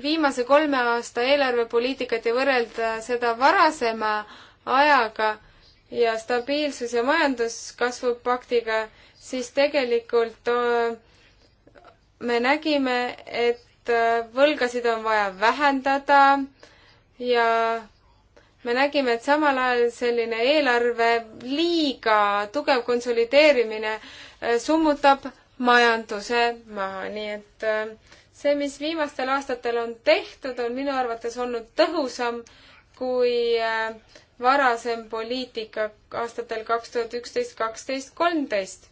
viimase kolme aasta eelarvepoliitikat ja võrrelda seda varasema ajaga ja stabiilsus- ja majanduskasvu paktiga, siis tegelikult äh, me nägime, et äh, võlgasid on vaja vähendada, ja me nägime, et samal ajal selline eelarve liiga tugev konsolideerimine äh, summutab majanduse maha, nii et äh, see, mis viimastel aastatel on tehtud, on minu arvates olnud tõhusam kui äh, varasem poliitika aastatel kaks tuhat üksteist, kaksteist, kolmteist.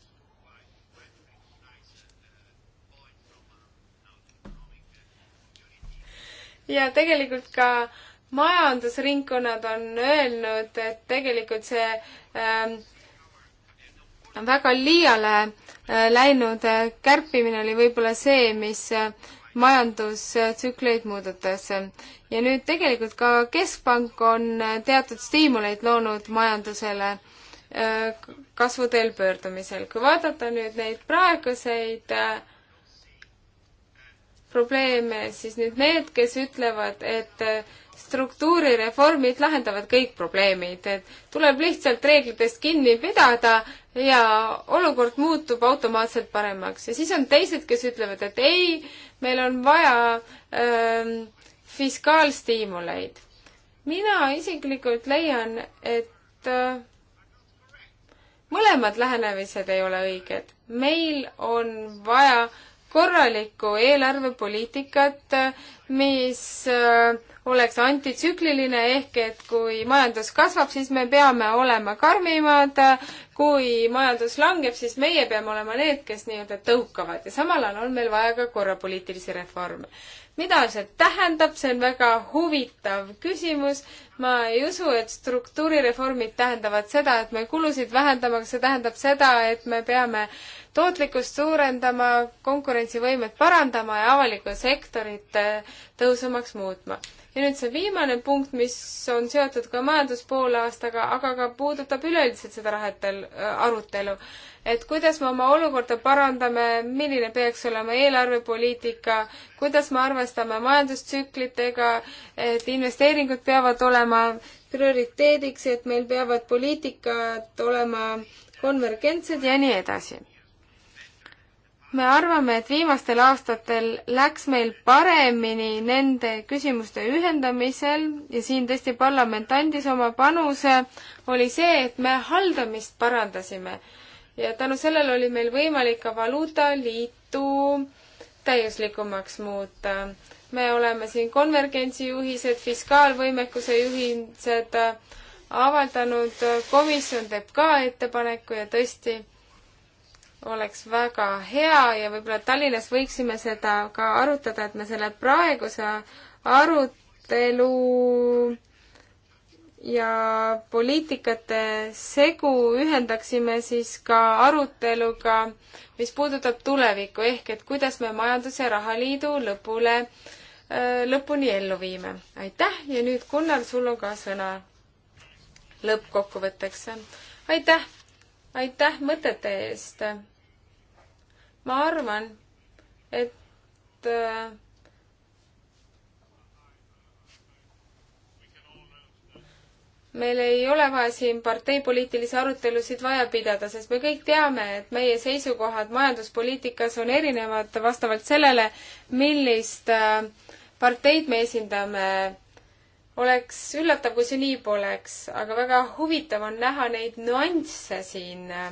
ja tegelikult ka äh, majandusringkonnad on öelnud, et tegelikult see ähm, väga liiale äh, läinud äh, kärpimine oli võib-olla see, mis äh, majandustsükleid muudetas. ja nüüd tegelikult ka Keskpank on äh, teatud stiimuleid loonud majandusele äh, kasvuteel pöördumisel. kui vaadata nüüd neid praeguseid äh, probleeme, siis nüüd need, kes ütlevad, et struktuurireformid lahendavad kõik probleemid, et tuleb lihtsalt reeglitest kinni pidada ja olukord muutub automaatselt paremaks ja siis on teised, kes ütlevad, et ei, meil on vaja ähm, fiskaalstiimuleid. mina isiklikult leian, et äh, mõlemad lähenemised ei ole õiged. meil on vaja korralikku eelarvepoliitikat, mis äh, oleks antitsükliline, ehk et kui majandus kasvab, siis me peame olema karmimad, kui majandus langeb, siis meie peame olema need, kes nii-öelda tõukavad ja samal ajal on meil vaja ka korrapoliitilisi reforme. mida see tähendab, see on väga huvitav küsimus. ma ei usu, et struktuurireformid tähendavad seda, et me kulusid vähendame, aga see tähendab seda, et me peame tootlikkust suurendama, konkurentsivõimet parandama ja avalikku sektorit äh, tõhusamaks muutma ja nüüd see viimane punkt, mis on seotud ka majanduspoolaastaga, aga ka puudutab üleüldiselt seda rahetel, äh, arutelu. et kuidas me oma olukorda parandame, milline peaks olema eelarvepoliitika, kuidas me arvestame majandustsüklitega, et investeeringud peavad olema prioriteediks, et meil peavad poliitikad olema konvergentsed ja nii edasi me arvame, et viimastel aastatel läks meil paremini nende küsimuste ühendamisel ja siin tõesti parlament andis oma panuse, oli see, et me haldamist parandasime. ja tänu sellele oli meil võimalik ka valuutaliitu täiuslikumaks muuta. me oleme siin konvergentsi juhised, fiskaalvõimekuse juhised avaldanud, komisjon teeb ka ettepaneku ja tõesti oleks väga hea ja võib-olla Tallinnas võiksime seda ka arutada, et me selle praeguse arutelu ja poliitikate segu ühendaksime siis ka aruteluga, mis puudutab tulevikku, ehk et kuidas me Majandus- ja Rahaliidu lõpule, äh, lõpuni ellu viime. aitäh ja nüüd Gunnar, sul on ka sõna lõppkokkuvõtteks. aitäh! aitäh mõtete eest. ma arvan, et äh, meil ei ole vaja siin parteipoliitilisi arutelusid vaja pidada, sest me kõik teame, et meie seisukohad majanduspoliitikas on erinevad vastavalt sellele, millist äh, parteid me esindame oleks üllatav, kui see nii poleks, aga väga huvitav on näha neid nüansse siin äh,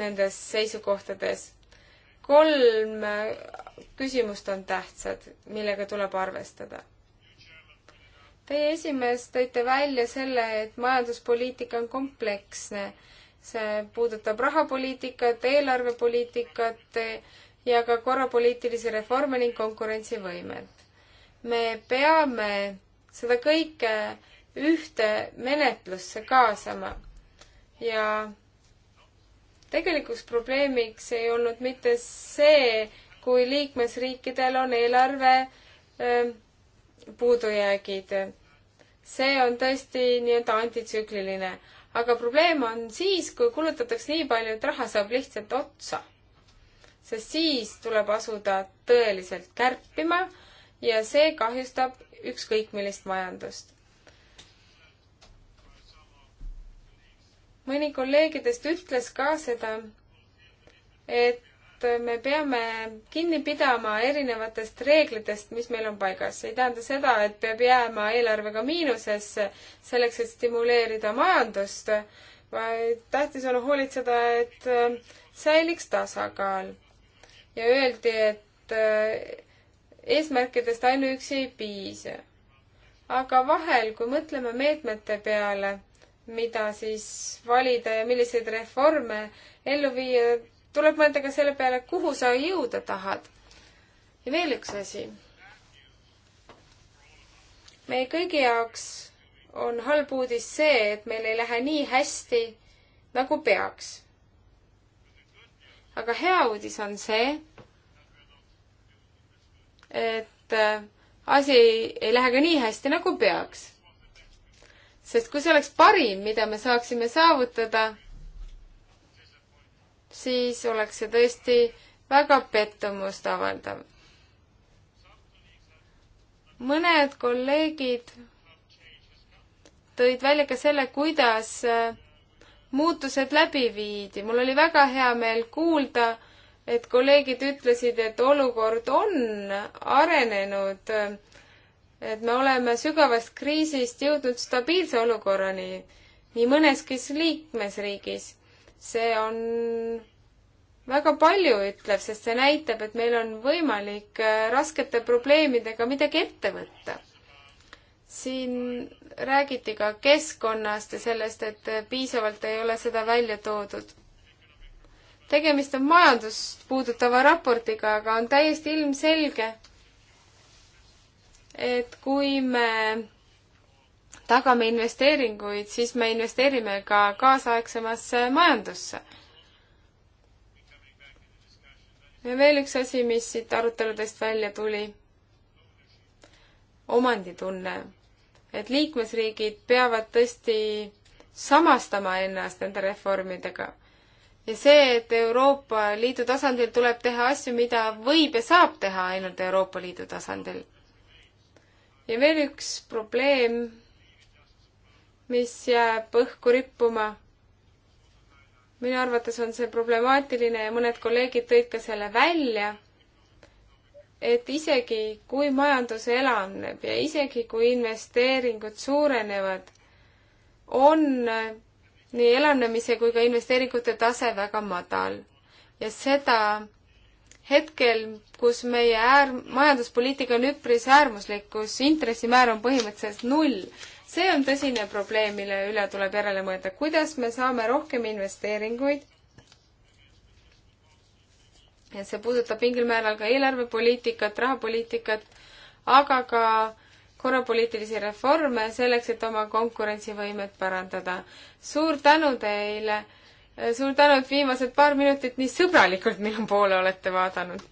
nendes seisukohtades. kolm äh, küsimust on tähtsad, millega tuleb arvestada. Teie esimees tõite välja selle, et majanduspoliitika on kompleksne. see puudutab rahapoliitikat, eelarvepoliitikat ja ka korrapoliitilisi reforme ning konkurentsivõimet. me peame seda kõike ühte menetlusse kaasama. ja tegelikuks probleemiks ei olnud mitte see, kui liikmesriikidel on eelarve öö, ähm, puudujäägid. see on tõesti nii-öelda antitsükliline. aga probleem on siis, kui kulutatakse nii palju, et raha saab lihtsalt otsa. sest siis tuleb asuda tõeliselt kärpima ja see kahjustab ükskõik millist majandust. mõni kolleegidest ütles ka seda, et me peame kinni pidama erinevatest reeglitest, mis meil on paigas. see ei tähenda seda, et peab jääma eelarvega miinusesse selleks, et stimuleerida majandust, vaid tähtis on hoolitseda, et äh, säiliks tasakaal. ja öeldi, et äh, eesmärkidest ainuüksi ei piisa. aga vahel, kui mõtleme meetmete peale, mida siis valida ja milliseid reforme ellu viia, tuleb mõelda ka selle peale, kuhu sa jõuda tahad. ja veel üks asi. meie kõigi jaoks on halb uudis see, et meil ei lähe nii hästi, nagu peaks. aga hea uudis on see, et äh, asi ei lähe ka nii hästi, nagu peaks. sest kui see oleks parim, mida me saaksime saavutada, siis oleks see tõesti väga pettumust avaldav. mõned kolleegid tõid välja ka selle, kuidas äh, muutused läbi viidi. mul oli väga hea meel kuulda, et kolleegid ütlesid, et olukord on arenenud, et me oleme sügavast kriisist jõudnud stabiilse olukorrani nii mõneski liikmesriigis. see on väga palju ütlev, sest see näitab, et meil on võimalik äh, raskete probleemidega midagi ette võtta. siin räägiti ka keskkonnast ja sellest, et äh, piisavalt ei ole seda välja toodud tegemist on majandust puudutava raportiga, aga on täiesti ilmselge, et kui me tagame investeeringuid, siis me investeerime ka kaasaegsemasse majandusse. ja veel üks asi, mis siit aruteludest välja tuli. omanditunne. et liikmesriigid peavad tõesti samastama ennast nende reformidega ja see, et Euroopa Liidu tasandil tuleb teha asju, mida võib ja saab teha ainult Euroopa Liidu tasandil. ja veel üks probleem, mis jääb õhku rippuma. minu arvates on see problemaatiline ja mõned kolleegid tõid ka selle välja, et isegi kui majandus elavneb ja isegi kui investeeringud suurenevad, on nii elanemise kui ka investeeringute tase väga madal. ja seda hetkel, kus meie äär-, majanduspoliitika on üpris äärmuslik, kus intressimäär on põhimõtteliselt null, see on tõsine probleem, mille üle tuleb järele mõelda, kuidas me saame rohkem investeeringuid ja see puudutab mingil määral ka eelarvepoliitikat, rahapoliitikat, aga ka korrapoliitilisi reforme selleks, et oma konkurentsivõimet parandada. suur tänu teile, suur tänu, et viimased paar minutit nii sõbralikult minu poole olete vaadanud.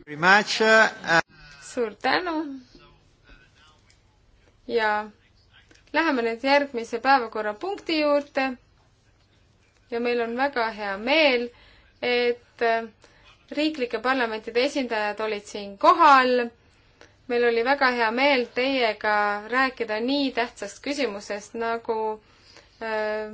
Uh, uh, suur tänu ja läheme nüüd järgmise päevakorrapunkti juurde ja meil on väga hea meel, et uh, riiklike parlamentide esindajad olid siin kohal meil oli väga hea meel teiega rääkida nii tähtsast küsimusest nagu äh,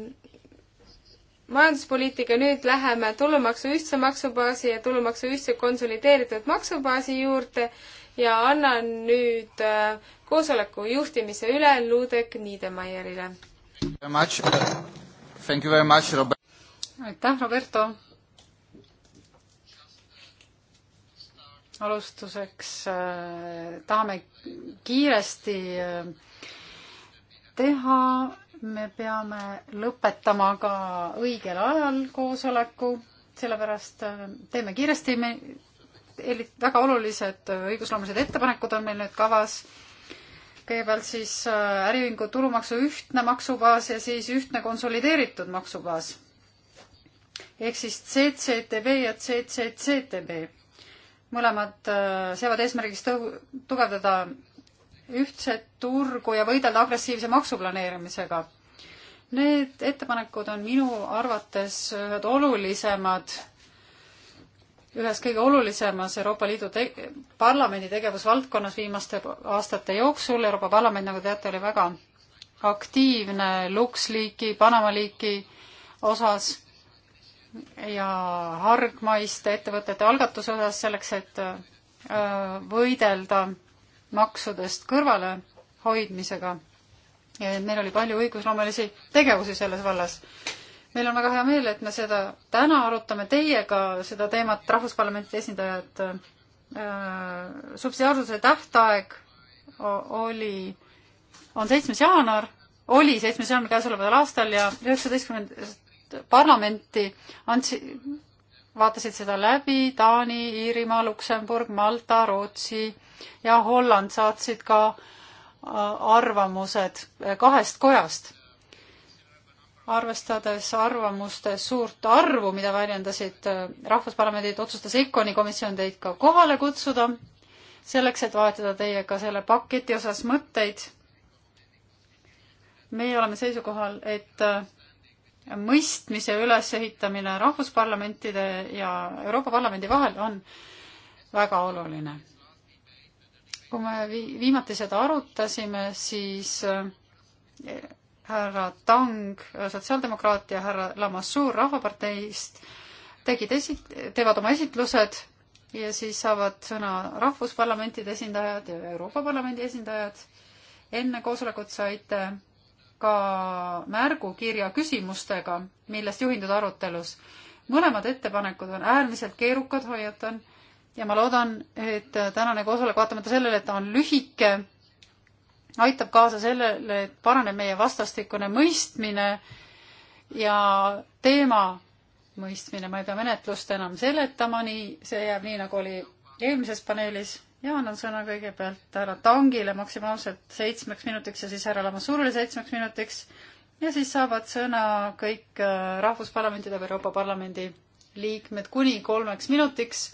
majanduspoliitika, nüüd läheme tulumaksu ühtse maksubaasi ja tulumaksu ühtse konsolideeritud maksubaasi juurde ja annan nüüd äh, koosoleku juhtimise üle Ludek Niedermayerile. aitäh, Roberto! alustuseks äh, tahame kiiresti äh, teha, me peame lõpetama ka õigel ajal koosoleku, sellepärast äh, teeme kiiresti, me, väga olulised õigusloomulised ettepanekud on meil nüüd kavas. kõigepealt siis äriühingu tulumaksu ühtne maksubaas ja siis ühtne konsolideeritud maksubaas ehk siis CCTV ja CCCTV mõlemad äh, seavad eesmärgiks tõu-, tugevdada ühtset turgu ja võidelda agressiivse maksuplaneerimisega. Need ettepanekud on minu arvates ühed olulisemad, ühes kõige olulisemas Euroopa Liidu te-, parlamendi tegevusvaldkonnas viimaste aastate jooksul. Euroopa Parlament, nagu teate, oli väga aktiivne Lux liiki, Panama liiki osas ja hargmaiste ettevõtete algatuse osas selleks, et äh, võidelda maksudest kõrvalehoidmisega. ja et meil oli palju õigusloomelisi tegevusi selles vallas. meil on väga hea meel, et me seda täna arutame teiega, seda teemat, Rahvusparlamenti esindajad äh,. subsidiaarsuse tähtaeg oli, on seitsmes jaanuar, oli seitsmes jaanuar käesoleval aastal ja üheksateistkümnendast parlamenti, andsi-, vaatasid seda läbi Taani, Iirimaa, Luksemburg, Malta, Rootsi ja Holland saatsid ka äh, arvamused äh, kahest kojast. arvestades arvamuste suurt arvu, mida väljendasid äh, Rahvusparlamendid, otsustas ICONi komisjon teid ka kohale kutsuda, selleks, et vahetada teiega selle paketi osas mõtteid. meie oleme seisukohal, et mõistmise ülesehitamine rahvusparlamentide ja Euroopa Parlamendi vahel on väga oluline. kui me viimati seda arutasime, siis eh, härra Tang, sotsiaaldemokraat ja härra Lamassoor Rahvaparteist tegid esi-, teevad oma esitlused ja siis saavad sõna rahvusparlamentide esindajad ja Euroopa Parlamendi esindajad. enne koosolekut saite ka märgukirja küsimustega, millest juhindud arutelus. mõlemad ettepanekud on äärmiselt keerukad, hoiatan, ja ma loodan, et tänane koosolek, vaatamata sellele, et ta on lühike, aitab kaasa sellele, et paraneb meie vastastikune mõistmine ja teema mõistmine, ma ei pea menetlust enam seletama, nii see jääb nii, nagu oli eelmises paneelis ja annan sõna kõigepealt härra Tangile maksimaalselt seitsmeks minutiks ja siis härra Lamassurule seitsmeks minutiks ja siis saavad sõna kõik äh, rahvusparlamentide või Euroopa Parlamendi liikmed kuni kolmeks minutiks.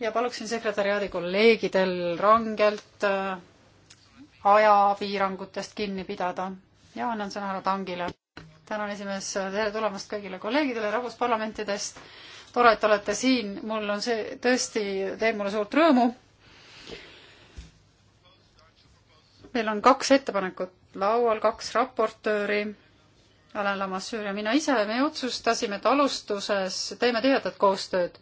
ja paluksin sekretäriaadi kolleegidel rangelt äh, ajapiirangutest kinni pidada ja annan sõna härra Tangile. tänan esimees, tere tulemast kõigile kolleegidele rahvusparlamentidest tore, et olete siin, mul on see tõesti, teeb mulle suurt rõõmu meil on kaks ettepanekut laual, kaks raportööri, Alan Lamassüür ja mina ise, me otsustasime, et alustuses teeme tihedat koostööd,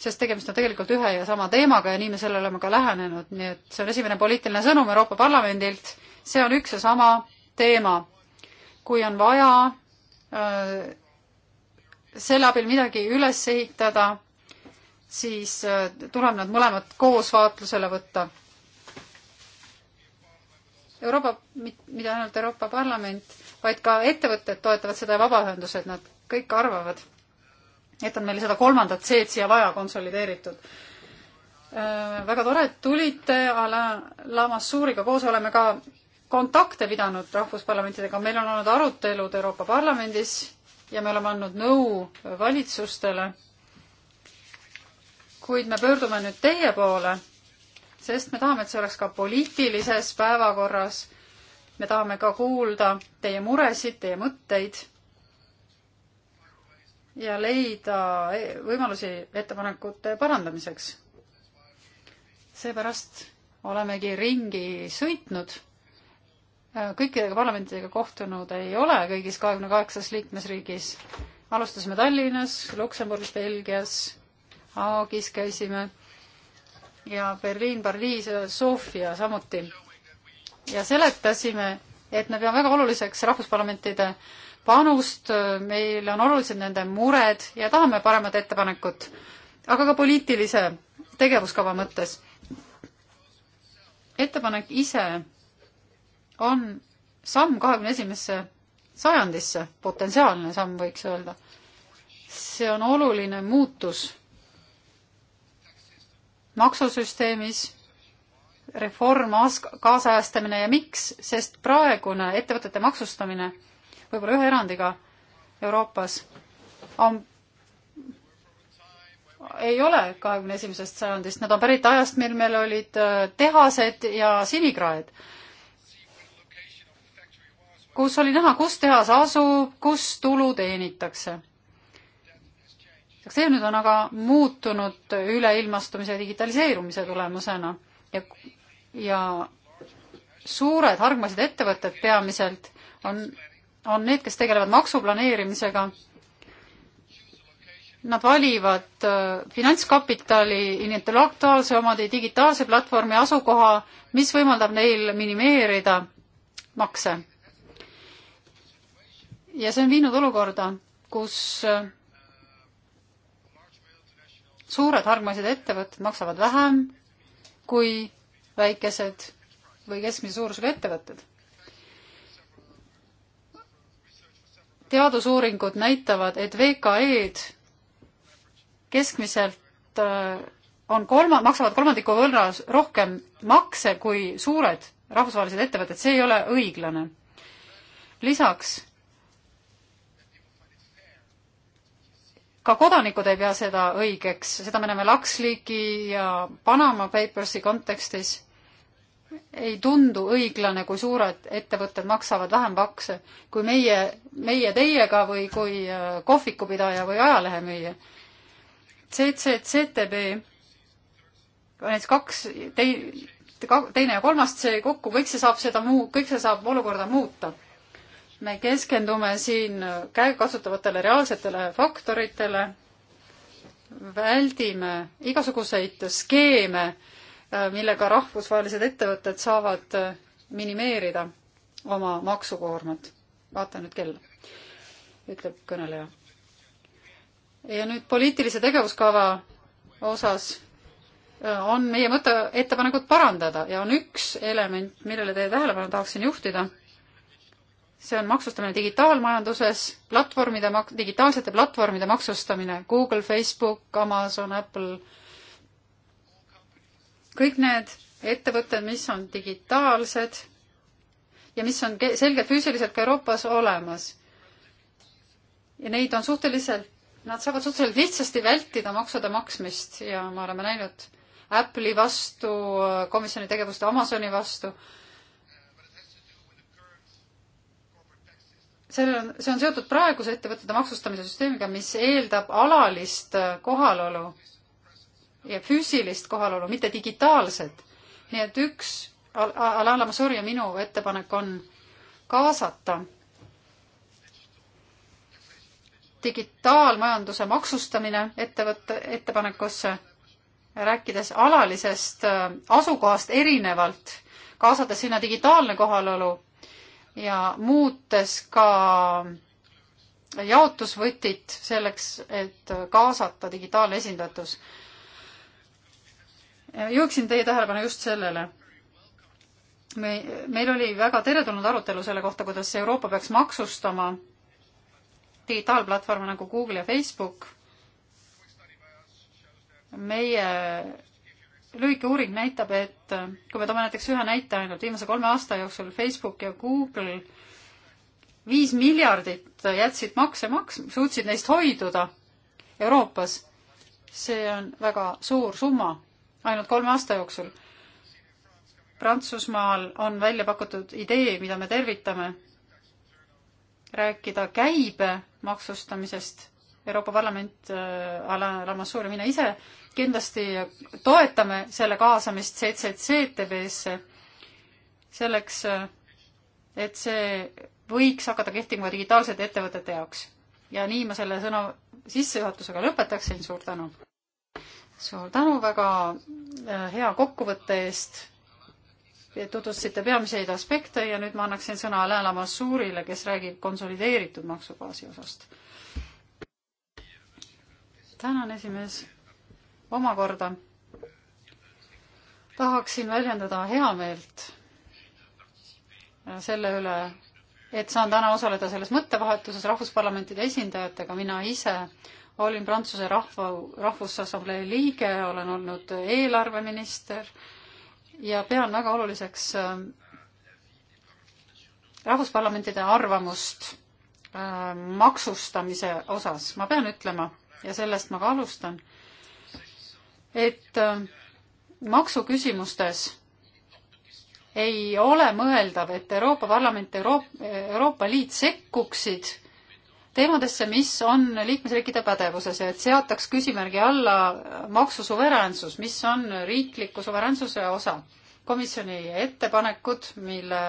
sest tegemist on tegelikult ühe ja sama teemaga ja nii me sellele oleme ka lähenenud, nii et see on esimene poliitiline sõnum Euroopa Parlamendilt, see on üks ja sama teema. kui on vaja äh, selle abil midagi üles ehitada, siis äh, tuleb nad mõlemad koos vaatlusele võtta Euroopa, mida ainult Euroopa Parlament, vaid ka ettevõtted toetavad seda ja vabaühendused, nad kõik arvavad, et on meil seda kolmandat C-d siia vaja konsolideeritud. Äh, väga tore, et tulite, Alain Lamassouriga koos oleme ka kontakte pidanud rahvusparlamentidega, meil on olnud arutelud Euroopa Parlamendis ja me oleme andnud nõu valitsustele. kuid me pöördume nüüd teie poole sest me tahame, et see oleks ka poliitilises päevakorras. me tahame ka kuulda teie muresid, teie mõtteid ja leida e-, võimalusi ettepanekute parandamiseks. seepärast olemegi ringi sõitnud. kõikidega parlamentidega kohtunud ei ole kõigis kahekümne kaheksas liikmesriigis. alustasime Tallinnas, Luksemburgis, Belgias, Haagis käisime ja Berliin, Pariis, Sofia samuti. ja seletasime, et me peame väga oluliseks rahvusparlamentide panust, meile on olulised nende mured ja tahame paremat ettepanekut, aga ka poliitilise tegevuskava mõttes. ettepanek ise on samm kahekümne esimesse sajandisse, potentsiaalne samm, võiks öelda. see on oluline muutus maksusüsteemis, reform, kaasajastamine ja miks, sest praegune ettevõtete maksustamine, võib-olla ühe erandiga Euroopas, on, ei ole kahekümne esimesest sajandist, nad on pärit ajast, mil meil olid äh, tehased ja sinikraed, kus oli näha, kus tehas asub, kus tulu teenitakse see nüüd on aga muutunud üleilmastumise ja digitaliseerumise tulemusena ja, ja suured hargmaised ettevõtted peamiselt on, on need, kes tegelevad maksuplaneerimisega. Nad valivad äh, finantskapitali, intellektuaalse omandi, digitaalse platvormi asukoha, mis võimaldab neil minimeerida makse. ja see on viinud olukorda, kus äh, suured hargmaised ettevõtted maksavad vähem kui väikesed või keskmise suurusega ettevõtted. teadusuuringud näitavad, et VKE-d keskmiselt äh, on kolma, maksavad kolmandiku võrra rohkem makse kui suured rahvusvahelised ettevõtted, see ei ole õiglane. lisaks ka kodanikud ei pea seda õigeks, seda me näeme LuxLeaki ja Panama Papersi kontekstis. ei tundu õiglane, kui suured ettevõtted maksavad vähem makse kui meie, meie teiega või kui äh, kohvikupidaja või ajalehemüüja. CCCTB, näiteks kaks, tei-, teine ja kolmas, see kokku, kõik see saab seda muu, kõik see saab olukorda muuta me keskendume siin käegakasutavatele reaalsetele faktoritele, väldime igasuguseid skeeme, millega rahvusvahelised ettevõtted saavad minimeerida oma maksukoormat. vaata nüüd kella, ütleb kõneleja. ja nüüd poliitilise tegevuskava osas äh, on meie mõte ettepanekut parandada ja on üks element, millele teie tähelepanu tahaksin juhtida see on maksustamine digitaalmajanduses, platvormide mak-, digitaalsete platvormide maksustamine, Google, Facebook, Amazon, Apple, kõik need ettevõtted, mis on digitaalsed ja mis on selgelt füüsiliselt ka Euroopas olemas. ja neid on suhteliselt, nad saavad suhteliselt lihtsasti vältida maksude maksmist ja me ma oleme näinud Apple'i vastu, komisjoni tegevuste Amazoni vastu sellel on, see on seotud praeguse ettevõtete maksustamise süsteemiga, mis eeldab alalist äh, kohalolu ja füüsilist kohalolu, mitte digitaalset. nii et üks Alain Lamassoori ja minu ettepanek on kaasata digitaalmajanduse maksustamine ettevõtte, ettepanekusse, rääkides alalisest äh, asukohast erinevalt, kaasata sinna digitaalne kohalolu ja muutes ka jaotusvõtit selleks, et kaasata digitaalne esindatus. jõuaksin teie tähelepanu just sellele. me, meil oli väga teretulnud arutelu selle kohta, kuidas Euroopa peaks maksustama digitaalplatvorme nagu Google ja Facebook. meie lühike uuring näitab, et kui me toome näiteks ühe näite ainult viimase kolme aasta jooksul Facebook ja Google viis miljardit jätsid makse maks-, suutsid neist hoiduda Euroopas. see on väga suur summa ainult kolme aasta jooksul. Prantsusmaal on välja pakutud idee, mida me tervitame, rääkida käibe maksustamisest Euroopa Parlament, äh, Alain Lamassoor ja mina ise kindlasti toetame selle kaasamist CCCTV-sse selleks, äh, et see võiks hakata kehtima digitaalsete ettevõtete jaoks. ja nii ma selle sõna sissejuhatusega lõpetaksin, suur tänu! suur tänu väga äh, hea kokkuvõtte eest! tutvustasite peamiseid aspekte ja nüüd ma annaksin sõna Alain Lamassuurile, kes räägib konsolideeritud maksubaasi osast tänan, esimees. omakorda tahaksin väljendada heameelt selle üle, et saan täna osaleda selles mõttevahetuses rahvusparlamentide esindajatega, mina ise olin Prantsuse rahva, Rahvusassamblee liige, olen olnud eelarveminister ja pean väga oluliseks äh, rahvusparlamentide arvamust äh, maksustamise osas. ma pean ütlema, ja sellest ma ka alustan, et äh, maksuküsimustes ei ole mõeldav, et Euroopa Parlament, Euroop-, Euroopa Liit sekkuksid teemadesse, mis on liikmesriikide pädevuses ja et seataks küsimärgi alla maksusuveräänsus, mis on riikliku suveräänsuse osa. komisjoni ettepanekud, mille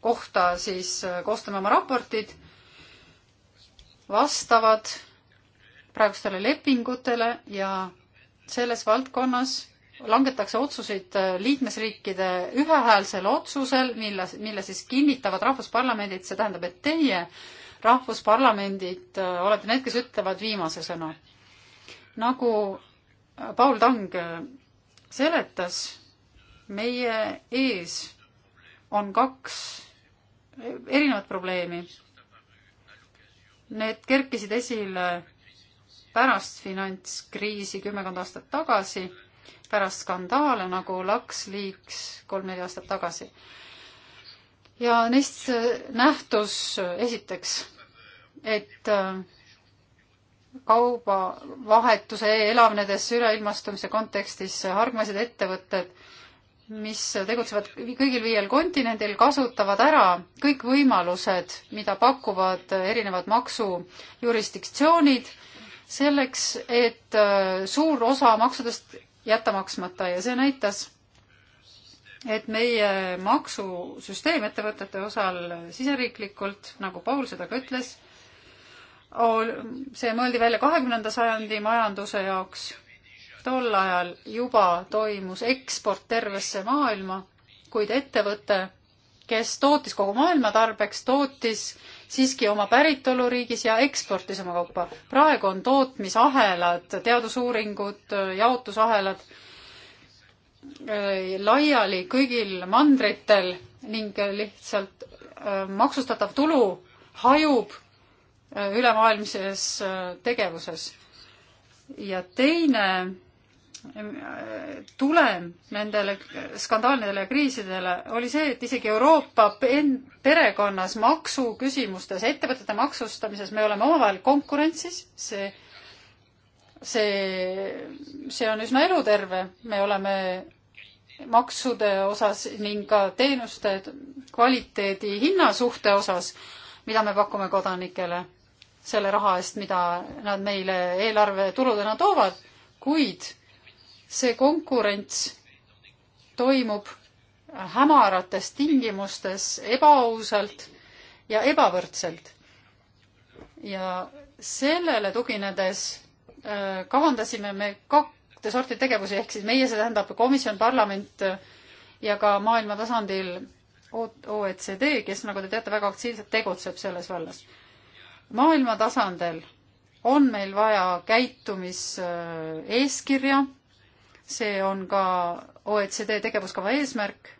kohta siis äh, koostame oma raportid, vastavad praegustele lepingutele ja selles valdkonnas langetakse otsuseid äh, liikmesriikide ühehäälsel otsusel, mille, mille siis kinnitavad rahvusparlamendid, see tähendab, et teie rahvusparlamendid äh, olete need, kes ütlevad viimase sõna. nagu äh, Paul Tang seletas, meie ees on kaks erinevat probleemi. Need kerkisid esile pärast finantskriisi kümmekond aastat tagasi, pärast skandaale nagu LuxLeaks kolm-neli aastat tagasi. ja neist nähtus esiteks, et äh, kaubavahetuse elavnedes üleilmastumise kontekstis hargmaised ettevõtted, mis tegutsevad kõigil viiel kontinendil, kasutavad ära kõik võimalused, mida pakuvad erinevad maksujurisdiktsioonid selleks, et äh, suur osa maksudest jätta maksmata ja see näitas, et meie maksusüsteem ettevõtete osal siseriiklikult, nagu Paul seda ka ütles, see mõeldi välja kahekümnenda sajandi majanduse jaoks. tol ajal juba toimus eksport tervesse maailma, kuid ettevõte, kes tootis kogu maailma tarbeks, tootis äh, siiski oma päritoluriigis ja eksportis oma kaupa. praegu on tootmisahelad, teadusuuringud, jaotusahelad äh, laiali kõigil mandritel ning lihtsalt äh, maksustatav tulu hajub äh, ülemaailmses tegevuses. ja teine tulem nendele skandaalidele ja kriisidele oli see, et isegi Euroopa perekonnas maksuküsimustes, ettevõtete maksustamises me oleme omavahel konkurentsis, see, see, see on üsna eluterve, me oleme maksude osas ning ka teenuste kvaliteedi hinnasuhte osas, mida me pakume kodanikele selle raha eest, mida nad meile eelarve tuludena toovad, kuid see konkurents toimub hämarates tingimustes ebaausalt ja ebavõrdselt. ja sellele tuginedes äh, kavandasime me kahte sorti tegevusi, ehk siis meie, see tähendab komisjon, parlament ja ka maailma tasandil OECD, kes, nagu te teate, väga aktiivselt tegutseb selles vallas. maailma tasandil on meil vaja käitumiseeskirja see on ka OECD tegevuskava eesmärk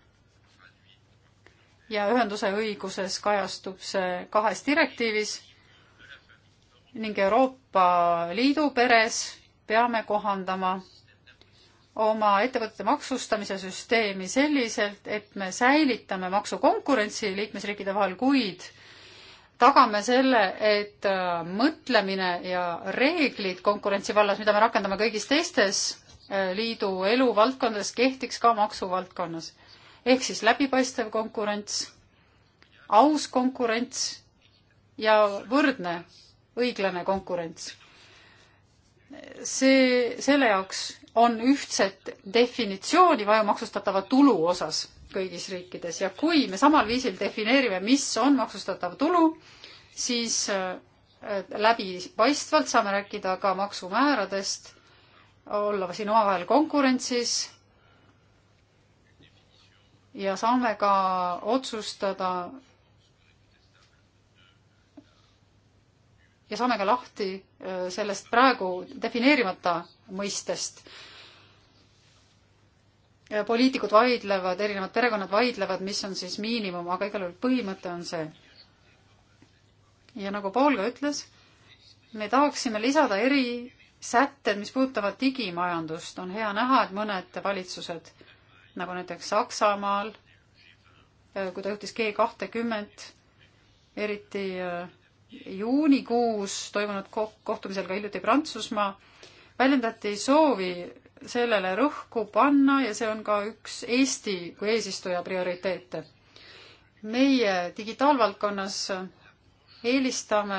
ja ühenduse õiguses kajastub see kahes direktiivis ning Euroopa Liidu peres peame kohandama oma ettevõtete maksustamise süsteemi selliselt, et me säilitame maksukonkurentsi liikmesriikide vahel, kuid tagame selle, et äh, mõtlemine ja reeglid konkurentsi vallas, mida me rakendame kõigis teistes Liidu eluvaldkondades kehtiks ka maksuvaldkonnas. ehk siis läbipaistev konkurents, aus konkurents ja võrdne õiglane konkurents. see, selle jaoks on ühtset definitsiooni vaja maksustatava tulu osas kõigis riikides ja kui me samal viisil defineerime, mis on maksustatav tulu, siis äh, läbipaistvalt saame rääkida ka maksumääradest olla siin omavahel konkurentsis ja saame ka otsustada ja saame ka lahti äh, sellest praegu defineerimata mõistest. poliitikud vaidlevad, erinevad perekonnad vaidlevad, mis on siis miinimum, aga igal juhul põhimõte on see. ja nagu Paul ka ütles, me tahaksime lisada eri sätted, mis puudutavad digimajandust, on hea näha, et mõned valitsused, nagu näiteks Saksamaal, äh, kui ta juhtis G kahtekümmet, eriti äh, juunikuus toimunud kohtumisel ka hiljuti Prantsusmaa, väljendati soovi sellele rõhku panna ja see on ka üks Eesti kui eesistuja prioriteete. meie digitaalvaldkonnas eelistame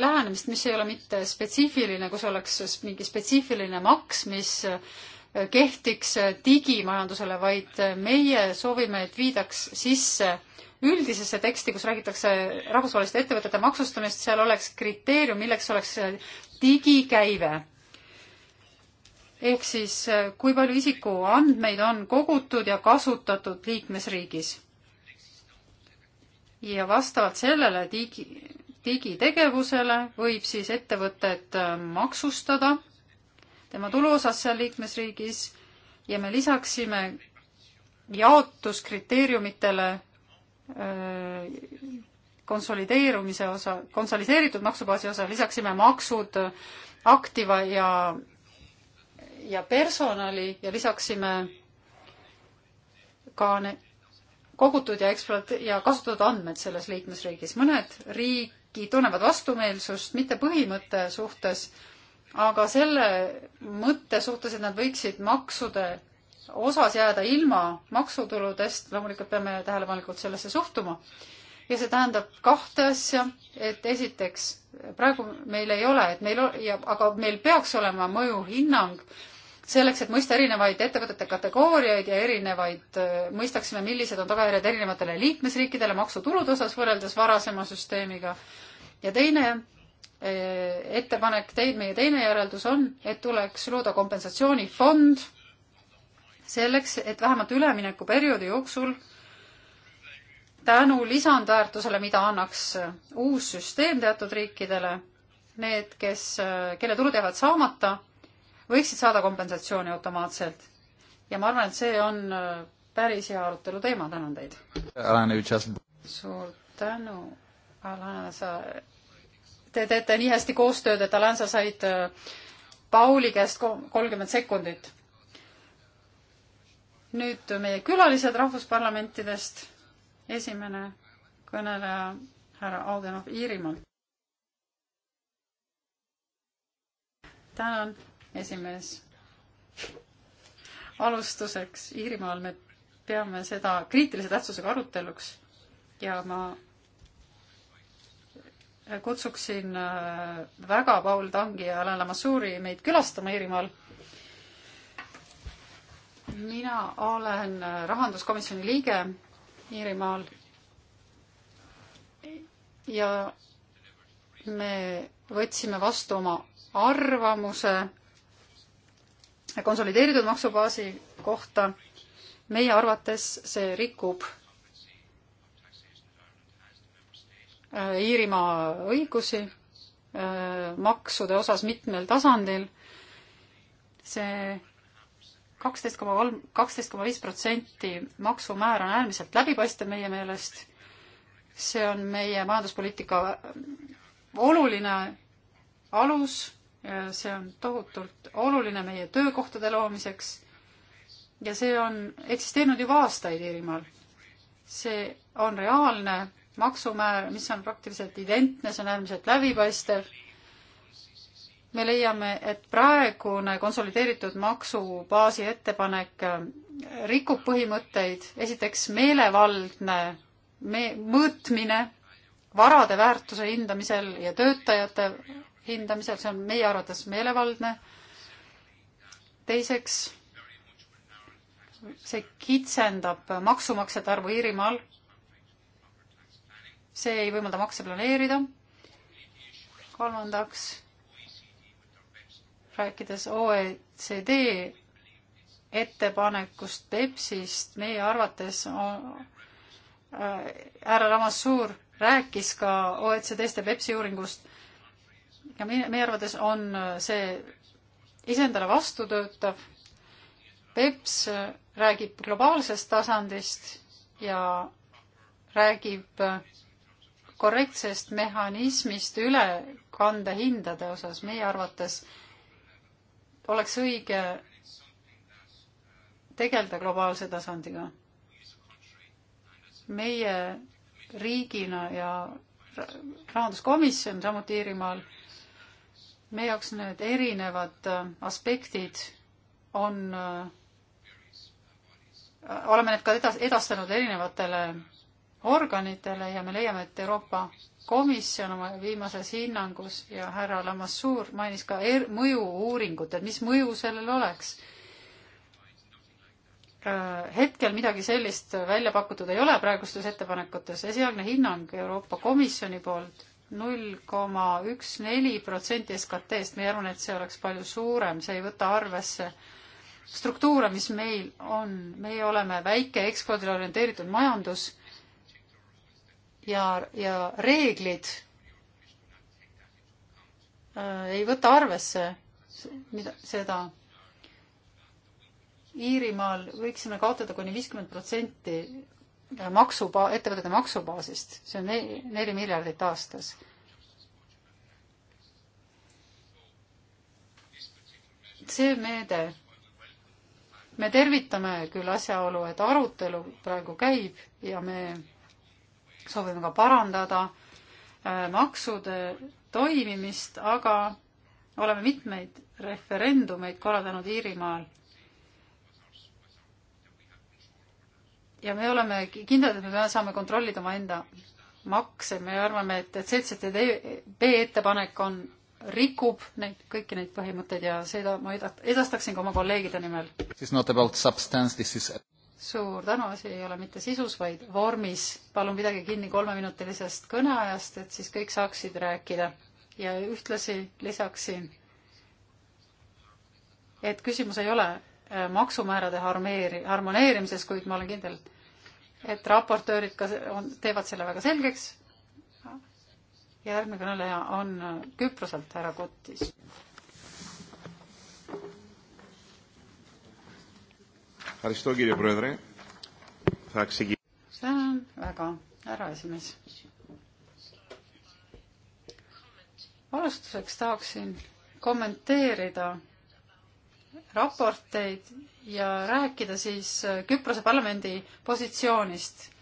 lähenemist, mis ei ole mitte spetsiifiline, kus oleks mingi spetsiifiline maks, mis äh, kehtiks äh, digimajandusele, vaid äh, meie soovime, et viidaks sisse üldisesse teksti, kus räägitakse rahvusvaheliste ettevõtete maksustamist, seal oleks kriteerium, milleks oleks digikäive. ehk siis, kui palju isikuandmeid on kogutud ja kasutatud liikmesriigis. ja vastavalt sellele digi, digitegevusele võib siis ettevõtet äh, maksustada tema tuluosas seal liikmesriigis ja me lisaksime jaotuskriteeriumitele äh, konsolideerumise osa, konsolideeritud maksubaasi osa, lisaksime maksud, äh, aktiva ja, ja personali ja lisaksime ka ne-, kogutud ja ekspluat- ja kasutatud andmed selles liikmesriigis. mõned riik, äkki tunnevad vastumeelsust, mitte põhimõtte suhtes, aga selle mõtte suhtes, et nad võiksid maksude osas jääda ilma maksutuludest, loomulikult peame tähelepanelikult sellesse suhtuma. ja see tähendab kahte asja, et esiteks praegu meil ei ole, et meil, aga meil peaks olema mõjuhinnang selleks, et mõista erinevaid ettevõtete kategooriaid ja erinevaid, äh, mõistaksime, millised on tagajärjed erinevatele liikmesriikidele maksutulude osas võrreldes varasema süsteemiga. ja teine äh, ettepanek, teid, meie teine järeldus on, et tuleks luuda kompensatsioonifond selleks, et vähemalt üleminekuperioodi jooksul tänu lisandväärtusele, mida annaks äh, uus süsteem teatud riikidele, need, kes, kelle tulud jäävad saamata, võiksid saada kompensatsiooni automaatselt. ja ma arvan, et see on äh, päris hea arutelu teema, tänan teid. suur tänu, Alana, sa, te teete nii hästi koostööd, et Alan, sa said äh, Pauli käest kolmkümmend sekundit. nüüd meie külalised rahvusparlamentidest. esimene kõneleja, härra Audenov Iirimaalt. tänan esimees. alustuseks Iirimaal me peame seda kriitilise tähtsusega aruteluks ja ma kutsuksin äh, väga Paul Tangi ja Alan Lamassuuri meid külastama Iirimaal. mina olen äh, rahanduskomisjoni liige Iirimaal. ja me võtsime vastu oma arvamuse konsolideeritud maksubaasi kohta. meie arvates see rikub äh, Iirimaa õigusi äh, maksude osas mitmel tasandil. see kaksteist koma kolm, kaksteist koma viis protsenti maksumäär on äärmiselt läbipaistev meie meelest. see on meie majanduspoliitika oluline alus Äh, see on tohutult oluline meie töökohtade loomiseks ja see on eksisteerinud juba aastaid Iirimaal. see on reaalne maksumäär, mis on praktiliselt identne, see on äärmiselt läbipaistev. me leiame, et praegune konsolideeritud maksubaasi ettepanek äh, rikub põhimõtteid, esiteks meelevaldne me-, mõõtmine varade väärtuse hindamisel ja töötajate hindamisel, see on meie arvates meelevaldne. teiseks, see kitsendab maksumaksjate arvu Iirimaal. see ei võimalda makse planeerida. kolmandaks, rääkides OECD ettepanekust Pepsist, meie arvates äh, härra Lamassuur rääkis ka OECD-st ja Pepsi uuringust ja meie, meie arvates on äh, see iseendale vastutöötav. Peps äh, räägib globaalsest tasandist ja räägib äh, korrektsest mehhanismist ülekandehindade osas. meie arvates oleks õige tegeleda globaalse tasandiga. meie riigina ja rahanduskomisjon samuti Iirimaal meie jaoks need erinevad äh, aspektid on, äh, oleme need ka edas-, edastanud erinevatele organitele ja me leiame, et Euroopa Komisjon oma viimases hinnangus ja härra Lamassuur mainis ka er-, mõju-uuringut, et mis mõju sellel oleks äh, hetkel midagi sellist välja pakutud ei ole praegustes ettepanekutes. esialgne hinnang Euroopa Komisjoni poolt null koma üks neli protsenti SKT-st, meie arvame, et see oleks palju suurem, see ei võta arvesse struktuure, mis meil on, meie oleme väike ekspordile orienteeritud majandus ja, ja reeglid äh, ei võta arvesse mida, seda. Iirimaal võiksime kaotada kuni viiskümmend protsenti maksuba-, ettevõtete maksubaasist, see on neli miljardit aastas. see meede, me tervitame küll asjaolu, et arutelu praegu käib ja me soovime ka parandada äh, maksude toimimist, aga oleme mitmeid referendumeid korraldanud Iirimaal ja me oleme kindlad, et me saame kontrollida omaenda makse, me arvame, et, et CCTB ettepanek on, rikub neid, kõiki neid põhimõtteid ja seda ma edastaksin ka oma kolleegide nimel. Is... suur tänu, asi ei ole mitte sisus, vaid vormis. palun pidage kinni kolmeminutilisest kõneajast, et siis kõik saaksid rääkida. ja ühtlasi lisaksin, et küsimus ei ole äh, maksumäärade harmeeri-, harmoneerimises, kuid ma olen kindel, et et raportöörid ka on, teevad selle väga selgeks. järgmine kõneleja on Küproselt härra Kottis. tänan väga, härra esimees. alustuseks tahaksin kommenteerida raporteid ja rääkida siis äh, Küprose parlamendi positsioonist.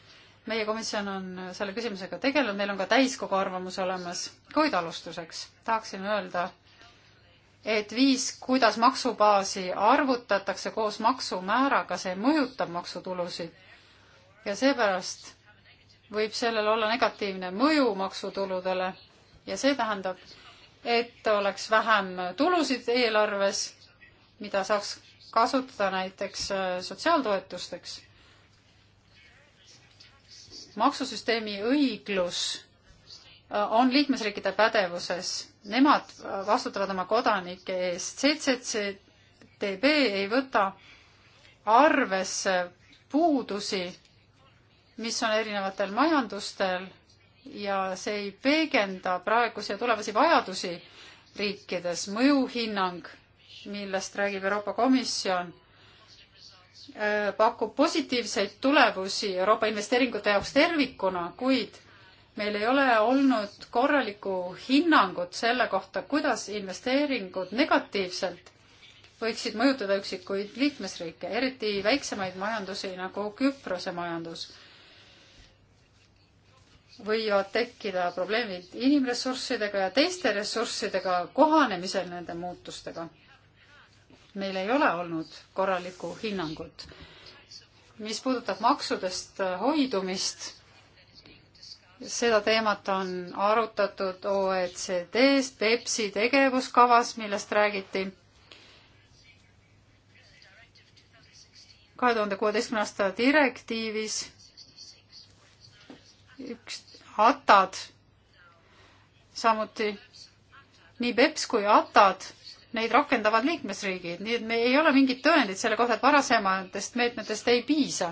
meie komisjon on selle küsimusega tegelenud, meil on ka täiskogu arvamus olemas, kuid alustuseks tahaksin öelda, et viis, kuidas maksubaasi arvutatakse koos maksumääraga, see mõjutab maksutulusid ja seepärast võib sellel olla negatiivne mõju maksutuludele ja see tähendab, et oleks vähem tulusid eelarves mida saaks kasutada näiteks äh, sotsiaaltoetusteks. maksusüsteemi õiglus äh, on liikmesriikide pädevuses, nemad äh, vastutavad oma kodanike eest, CCCTB ei võta arvesse puudusi, mis on erinevatel majandustel ja see ei peegenda praegusi ja tulevasi vajadusi riikides, mõjuhinnang millest räägib Euroopa Komisjon, äh, pakub positiivseid tulemusi Euroopa investeeringute jaoks tervikuna, kuid meil ei ole olnud korralikku hinnangut selle kohta, kuidas investeeringud negatiivselt võiksid mõjutada üksikuid liikmesriike, eriti väiksemaid majandusi nagu Küprose majandus. võivad tekkida probleemid inimressurssidega ja teiste ressurssidega kohanemisel nende muutustega meil ei ole olnud korralikku hinnangut. mis puudutab maksudest äh, hoidumist, seda teemat on arutatud OECD-s, Pepsi tegevuskavas, millest räägiti. kahe tuhande kuueteistkümne aasta direktiivis üks ATAD, samuti nii BEPS kui ATAD neid rakendavad liikmesriigid, nii et me ei ole mingit tõendit selle kohta, et varasematest meetmetest ei piisa.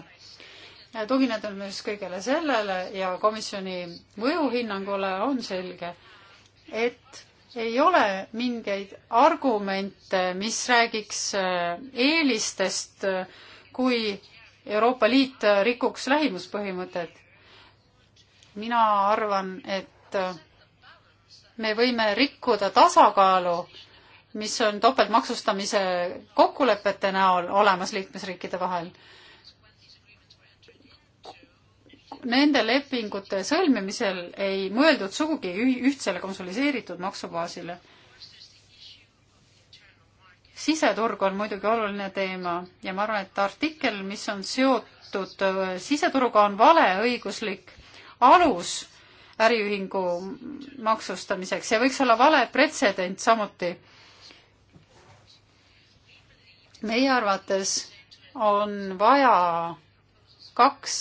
tuginedes kõigele sellele ja komisjoni mõjuhinnangule on selge, et ei ole mingeid argumente, mis räägiks äh, eelistest, äh, kui Euroopa Liit äh, rikuks lähimuspõhimõtet. mina arvan, et me võime rikkuda tasakaalu mis on topeltmaksustamise kokkulepete näol olemas liikmesriikide vahel. Nende lepingute sõlmimisel ei mõeldud sugugi ühtsele konsoliseeritud maksubaasile. siseturg on muidugi oluline teema ja ma arvan, et artikkel, mis on seotud äh, siseturuga, on vale õiguslik alus äriühingu maksustamiseks ja võiks olla vale pretsedent samuti meie arvates on vaja kaks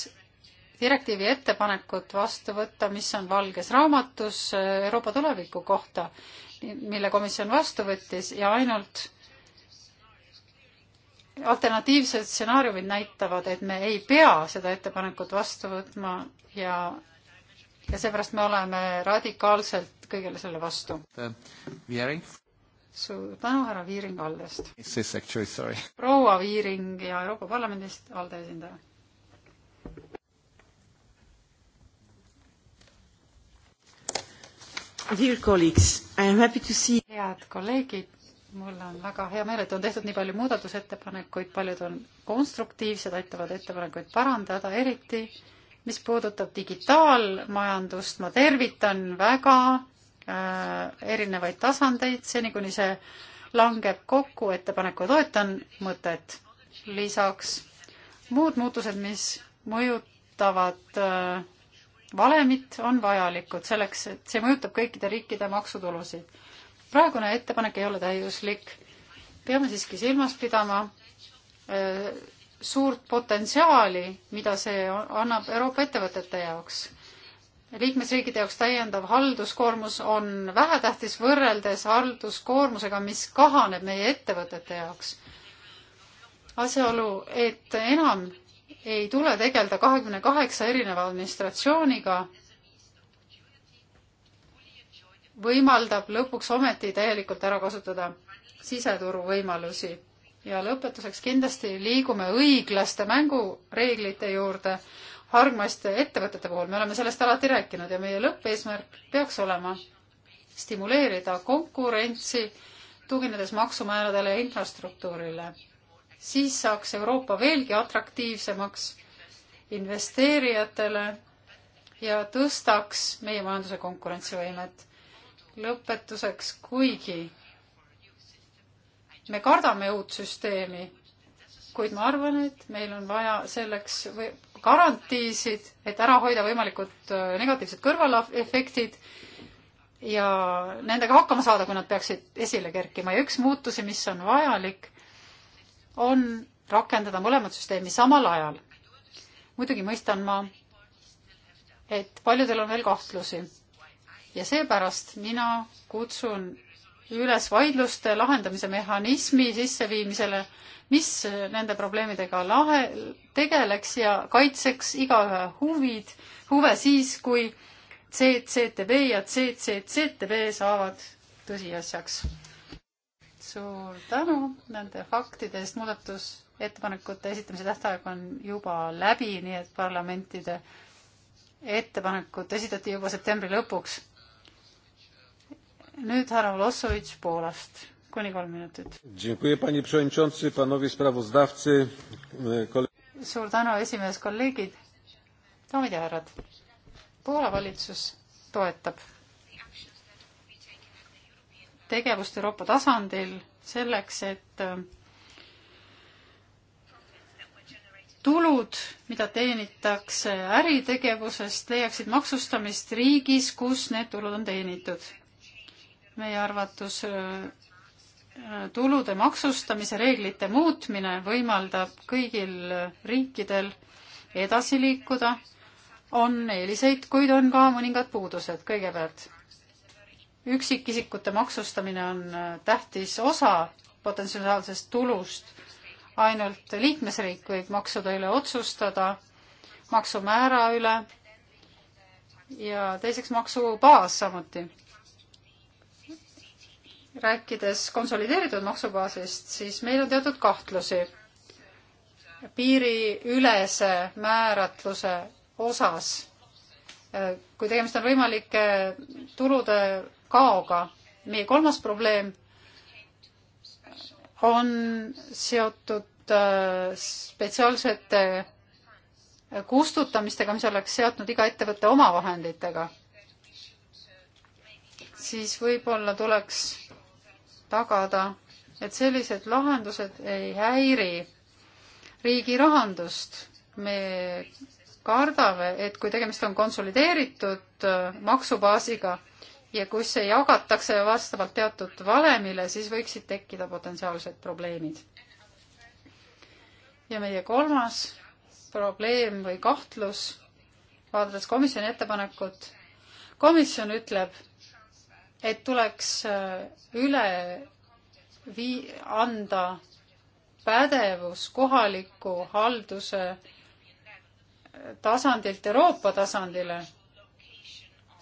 direktiivi ettepanekut vastu võtta, mis on valges raamatus Euroopa tuleviku kohta, mille komisjon vastu võttis ja ainult alternatiivsed stsenaariumid näitavad, et me ei pea seda ettepanekut vastu võtma ja, ja seepärast me oleme radikaalselt kõigele selle vastu suur tänu, härra Viiring Aldest. proua Viiring ja Euroopa Parlamendist Alde esindaja. head kolleegid, mul on väga hea meel, et on tehtud nii palju muudatusettepanekuid, paljud on konstruktiivsed, aitavad ettepanekuid parandada, eriti mis puudutab digitaalmajandust, ma tervitan väga Äh, erinevaid tasandeid, seni kuni see langeb kokku, ettepaneku toetan mõtet. lisaks muud muutused, mis mõjutavad äh, valemit, on vajalikud selleks, et see mõjutab kõikide riikide maksutulusid. praegune ettepanek ei ole täiuslik. peame siiski silmas pidama äh, suurt potentsiaali, mida see annab Euroopa ettevõtete jaoks liikmesriikide jaoks täiendav halduskoormus on vähetähtis võrreldes halduskoormusega, mis kahaneb meie ettevõtete jaoks. asjaolu, et enam ei tule tegeleda kahekümne kaheksa erineva administratsiooniga, võimaldab lõpuks ometi täielikult ära kasutada siseturu võimalusi. ja lõpetuseks kindlasti liigume õiglaste mängureeglite juurde hargmaiste ettevõtete puhul, me oleme sellest alati rääkinud ja meie lõppeesmärk peaks olema stimuleerida konkurentsi, tuginedes maksumääradele ja infrastruktuurile. siis saaks Euroopa veelgi atraktiivsemaks investeerijatele ja tõstaks meie majanduse konkurentsivõimet. lõpetuseks, kuigi me kardame uut süsteemi, kuid ma arvan, et meil on vaja selleks või garantiisid, et ära hoida võimalikud äh, negatiivsed kõrvalefektid ja nendega hakkama saada, kui nad peaksid esile kerkima ja üks muutusi, mis on vajalik, on rakendada mõlemat süsteemi samal ajal. muidugi mõistan ma, et paljudel on veel kahtlusi ja seepärast mina kutsun üles vaidluste lahendamise mehhanismi sisseviimisele, mis nende probleemidega lahe, tegeleks ja kaitseks igaühe huvid, huve siis, kui CCTV ja CCCTV saavad tõsiasjaks. suur tänu nende faktide eest, muudatusettepanekute esitamise tähtaeg on juba läbi, nii et parlamentide ettepanekud esitati juba septembri lõpuks nüüd härra Vlossovitš Poolast, kuni kolm minutit. suur tänu, esimees, kolleegid, daamid ja härrad. Poola valitsus toetab tegevust Euroopa tasandil selleks, et äh, tulud, mida teenitakse äritegevusest, leiaksid maksustamist riigis, kus need tulud on teenitud meie arvates äh, tulude maksustamise reeglite muutmine võimaldab kõigil riikidel edasi liikuda, on eeliseid, kuid on ka mõningad puudused. kõigepealt, üksikisikute maksustamine on äh, tähtis osa potentsiaalsest tulust. ainult liikmesriik võib maksude üle otsustada, maksumäära üle ja teiseks maksubaas samuti rääkides konsolideeritud maksubaasist, siis meil on teatud kahtlusi piiriülese määratluse osas, äh, kui tegemist on võimalike tulude kaoga. meie kolmas probleem on seotud äh, spetsiaalsete kustutamistega, mis oleks seotud iga ettevõtte omavahenditega, siis võib-olla tuleks tagada, et sellised lahendused ei häiri riigi rahandust. me kardame, et kui tegemist on konsolideeritud äh, maksubaasiga ja kus see jagatakse vastavalt teatud valemile, siis võiksid tekkida potentsiaalsed probleemid. ja meie kolmas probleem või kahtlus, vaadates komisjoni ettepanekut, komisjon ütleb, et tuleks äh, üle vii-, anda pädevus kohaliku halduse äh, tasandilt Euroopa tasandile,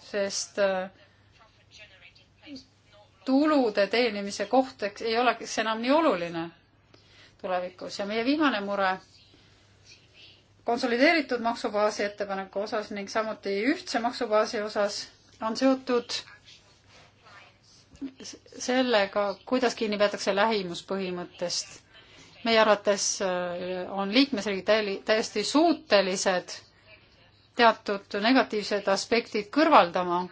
sest äh, tulude teenimise koht ei oleks enam nii oluline tulevikus ja meie viimane mure konsolideeritud maksubaasi ettepaneku osas ning samuti ühtse maksubaasi osas on seotud sellega, kuidas kinni peetakse lähimuspõhimõttest. meie arvates äh, on liikmesriigid täiesti suutelised teatud negatiivsed aspektid kõrvaldama,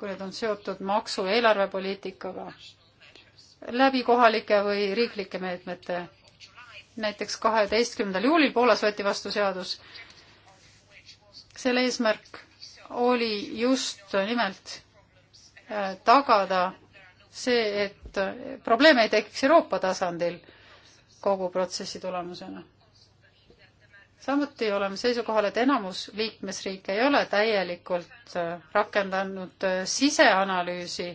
kui need on seotud maksu- ja eelarvepoliitikaga, läbi kohalike või riiklike meetmete. näiteks kaheteistkümnendal juulil Poolas võeti vastu seadus. selle eesmärk oli just nimelt Äh, tagada see, et äh, probleeme ei tekiks Euroopa tasandil kogu protsessi tulemusena. samuti oleme seisukohal, et enamus liikmesriike ei ole täielikult äh, rakendanud siseanalüüsi.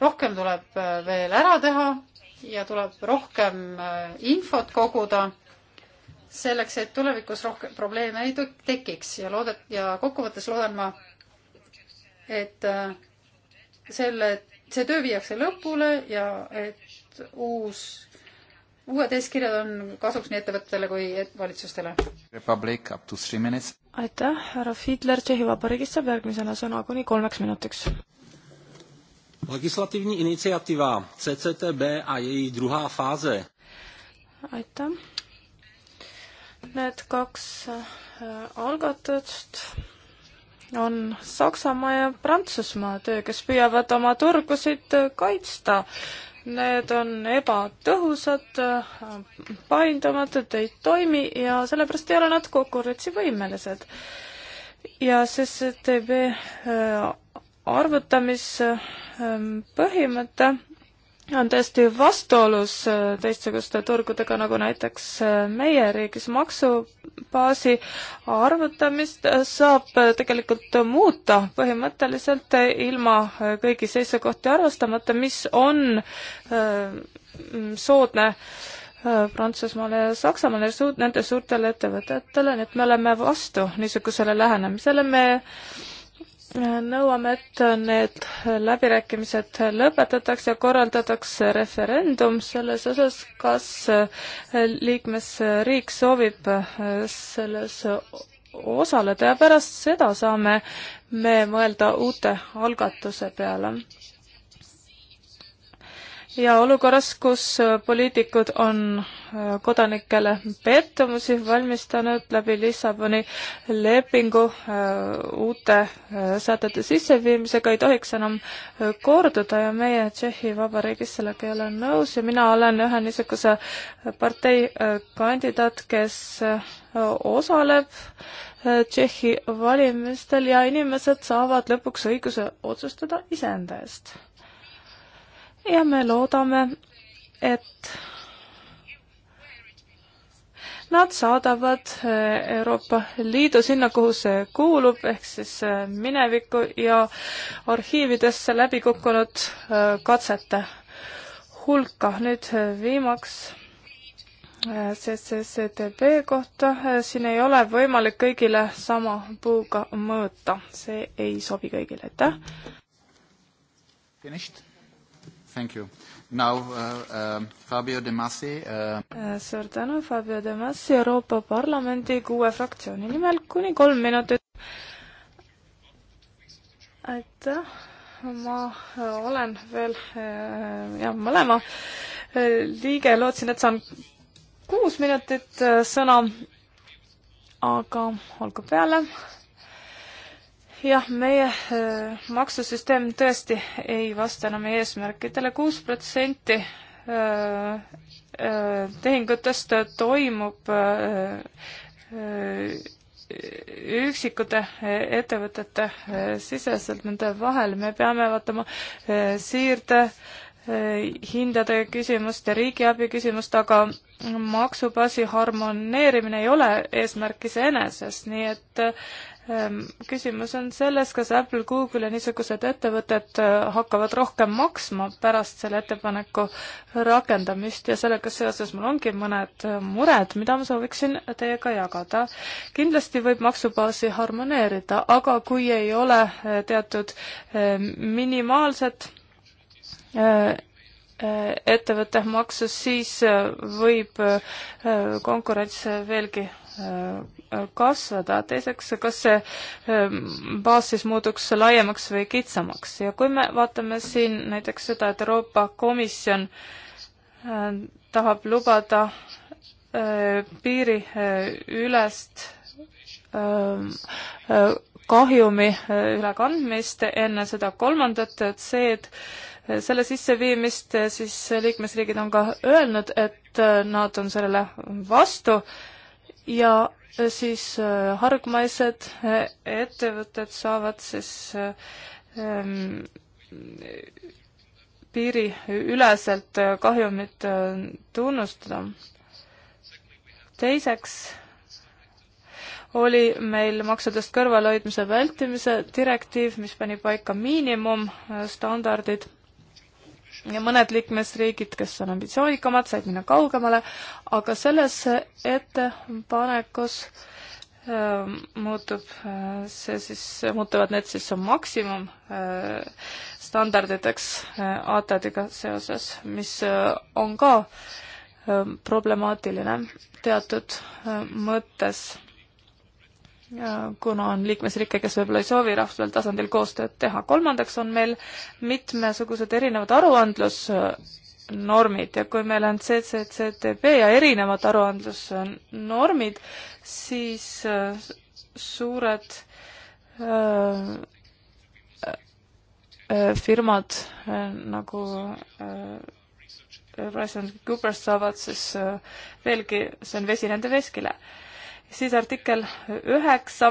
rohkem tuleb veel ära teha ja tuleb rohkem infot koguda selleks, et tulevikus rohkem probleeme ei tekiks ja loodet- ja kokkuvõttes loodan ma, et selle, see töö viiakse lõpule ja et uus, uued eeskirjad on kasuks nii ettevõtetele kui et valitsustele. aitäh, härra Fiedler Tšehhi Vabariigist saab järgmisena sõna kuni kolmeks minutiks. Legislativní iniciativa CCTB a její druhá fáze. Aitäh. Need kaks äh, algatust on Saksamaa ja Prantsusmaa töö, kes püüavad oma turgusid kaitsta. Need on ebatõhusad, paindumatud, ei toimi ja sellepärast ei ole nad konkurentsivõimelised. ja SSTB äh, arvutamispõhimõte ähm, on täiesti vastuolus äh, teistsuguste turgudega, nagu näiteks äh, meie riigis maksubaasi arvutamist äh, saab tegelikult muuta põhimõtteliselt ilma kõigi seisukohti arvestamata, mis on soodne Prantsusmaale ja Saksamaale ja suud-, nende suurtele ettevõtetele, nii et me oleme vastu niisugusele lähenemisele, me nõuame, et need läbirääkimised lõpetatakse ja korraldatakse referendum selles osas, kas liikmesriik soovib selles osaleda ja pärast seda saame me mõelda uute algatuse peale ja olukorras, kus äh, poliitikud on äh, kodanikele pettumusi valmistanud läbi Lissaboni lepingu äh, uute sätete sisseviimisega, ei tohiks enam korduda ja meie Tšehhi Vabariigis sellega ei ole nõus ja mina olen ühe niisuguse partei kandidaat, kes osaleb Tšehhi valimistel ja inimesed saavad lõpuks õiguse otsustada iseenda eest ja me loodame, et nad saadavad äh, Euroopa Liidu sinna, kuhu see kuulub, ehk siis äh, minevikku ja arhiividesse läbi kukkunud äh, katsete hulka. nüüd viimaks CCCTB kohta, siin ei ole võimalik kõigile sama puuga mõõta, see ei sobi kõigile, aitäh. Finished? Thank you. Now uh, uh, Fabio De Massi uh.... Äh, suur tänu, Fabio De Massi Euroopa Parlamendi kuue fraktsiooni nimel kuni kolm minutit. aitäh, ma olen veel äh, jah, mõlema äh, liige, lootsin, et saan kuus minutit sõna, aga olgu peale jah, meie äh, maksusüsteem tõesti ei vasta enam meie eesmärkidele, kuus protsenti äh, äh, tehingutest toimub üksikute ettevõtete siseselt nende vahel, me peame vaatama siirde hindade küsimust ja riigiabi küsimust, aga maksubaasi harmoneerimine ei ole eesmärk iseenesest, nii et Ehm, küsimus on selles, kas Apple, Google ja niisugused ettevõtted äh, hakkavad rohkem maksma pärast selle ettepaneku rakendamist ja sellega seoses mul ongi mõned äh, mured, mida ma sooviksin teiega jagada. kindlasti võib maksubaasi harmoneerida, aga kui ei ole äh, teatud minimaalset ettevõtte maksu, siis võib konkurents veelgi Äh, kasvada, teiseks, kas see ähm, baas siis muutuks laiemaks või kitsamaks ja kui me vaatame siin näiteks seda, et Euroopa Komisjon äh, tahab lubada äh, piiriülest ähm, kahjumi ülekandmist enne seda kolmandat C-d, selle sisseviimist, siis liikmesriigid on ka öelnud, et nad on sellele vastu äh, ja äh, siis äh, hargmaised äh, ettevõtted saavad siis ähm, piiriüleselt kahjumit tunnustada. teiseks oli meil maksudest kõrvalehoidmise vältimise direktiiv, mis pani paika miinimumstandardid ja mõned liikmesriigid, kes on ambitsioonikamad, said minna kaugemale, aga selles ettepanekus äh, muutub äh, see siis, muutuvad need siis maksimumstandarditeks äh, ATAD-iga äh, seoses, mis äh, on ka äh, problemaatiline teatud mõttes kuna on liikmesriike, kes võib-olla ei soovi rahvusvahelisel tasandil koostööd teha. kolmandaks on meil mitmesugused erinevad aruandlusnormid ja kui meil on CCCTB ja erinevad aruandlusnormid, siis äh, suured öö, äh, äh, firmad nagu Rice and Coopers saavad siis veelgi, see on vesi nende veskile siis artikkel üheksa,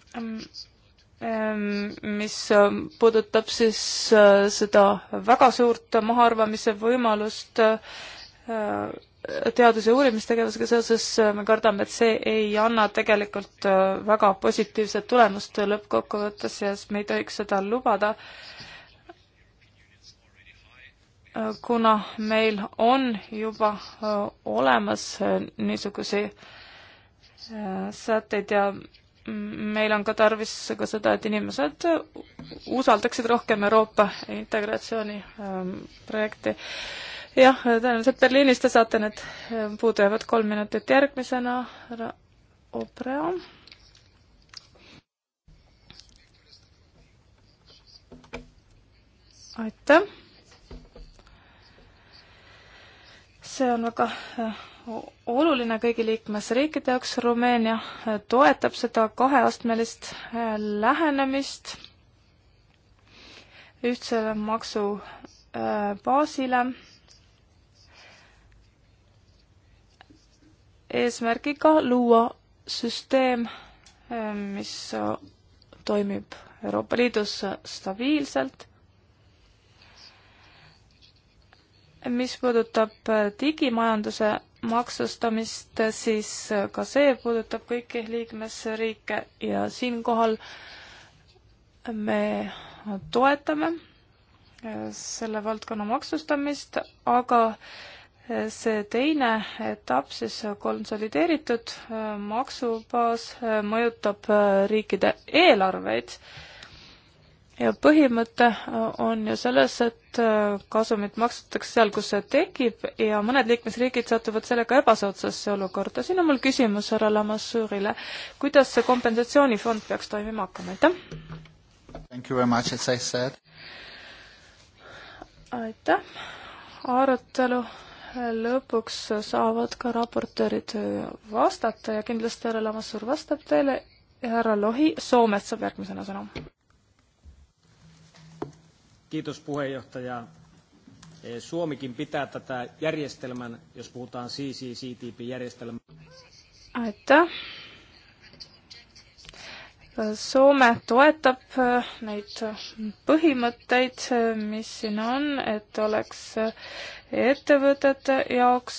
mm, mm, mis ähm, puudutab siis äh, seda väga suurt mahaarvamise võimalust äh, teadus- ja uurimistegevusega seoses, äh, me kardame, et see ei anna tegelikult väga positiivset tulemust lõppkokkuvõttes ja siis me ei tohiks seda lubada äh, kuna meil on juba olemas niisuguseid sätteid ja meil on ka tarvis ka seda, et inimesed usaldaksid rohkem Euroopa integratsiooni projekti. jah, tõenäoliselt Berliinis te saate need puudujäävad kolm minutit järgmisena, härra Obrea. aitäh! see on väga äh, oluline kõigi liikmesriikide jaoks, Rumeenia äh, toetab seda kaheastmelist äh, lähenemist ühtsele maksubaasile eesmärgiga luua süsteem, mis toimib Euroopa Liidus stabiilselt mis puudutab äh, digimajanduse maksustamist, äh, siis äh, ka see puudutab kõiki liikmesriike ja siinkohal me toetame selle valdkonna maksustamist, aga see teine etapp, siis konsolideeritud maksubaas mõjutab riikide eelarveid ja põhimõte äh, on ju selles, et äh, kasumit maksutakse seal, kus see tekib ja mõned liikmesriigid satuvad sellega ebasoodsasse olukorda. siin on mul küsimus härra Lamassuurile. kuidas see kompensatsioonifond peaks toimima hakkama, aitäh! aitäh! arutelu lõpuks saavad ka raportöörid vastata ja kindlasti härra Lamassuur vastab teile ja härra Lohi Soomest saab järgmisena sõna. Kiitos puheenjohtaja. Eh, Suomikin pitää tätä järjestelmän, jos puhutaan CCCTP-järjestelmän. Aitäh. Soome toetab eh, neid põhimõtteid, eh, mis siin on, et oleks ettevõtete jaoks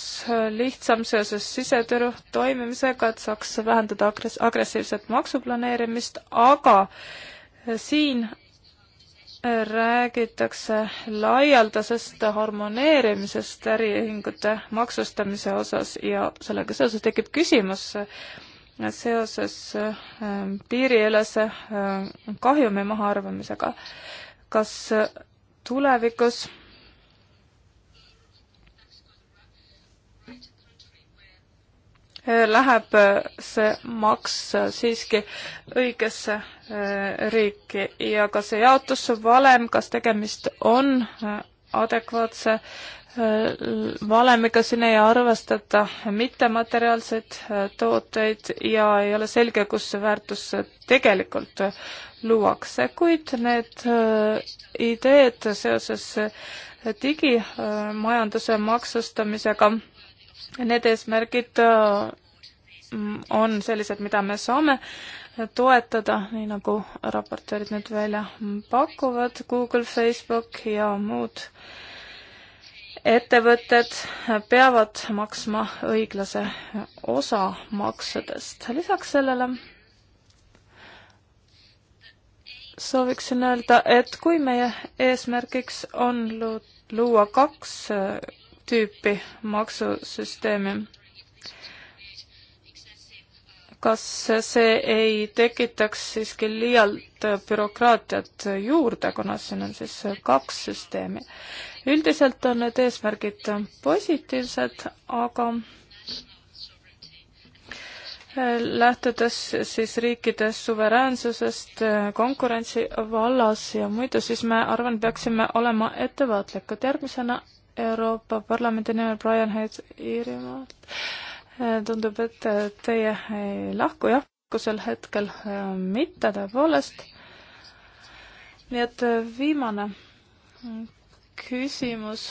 lihtsam seoses siseturu toimimisega, et saaks vähendada agress-, agressiivset maksuplaneerimist, aga siin räägitakse laialdasest harmoneerimisest äriühingute maksustamise osas ja sellega seoses tekib küsimus seoses ähm, piiriülese ähm, kahjumi mahaarvamisega. kas tulevikus läheb eh, see maks eh, siiski õigesse eh, riiki ja ka see jaotusvalem, kas tegemist on adekvaatse valemiga, siin ei arvestata mittemateriaalseid tooteid ja ei ole selge, kus see väärtus tegelikult luuakse, kuid need ideed seoses digimajanduse maksustamisega Need eesmärgid äh, on sellised, mida me saame toetada, nii nagu raportöörid nüüd välja pakuvad, Google, Facebook ja muud ettevõtted peavad maksma õiglase osa maksudest. lisaks sellele sooviksin öelda, et kui meie eesmärgiks on luua kaks tüüpi maksusüsteemi. kas see ei tekitaks siiski liialt bürokraatiat juurde, kuna siin on siis kaks süsteemi? üldiselt on need eesmärgid positiivsed, aga lähtudes siis riikide suveräänsusest konkurentsi vallas ja muidu, siis me arvan, peaksime olema ettevaatlikud. järgmisena Euroopa Parlamendi nimel Brian Hayes Iirimaalt. Äh, tundub, et äh, teie ei lahku jah, praegusel hetkel äh, mitte tõepoolest. nii et viimane küsimus,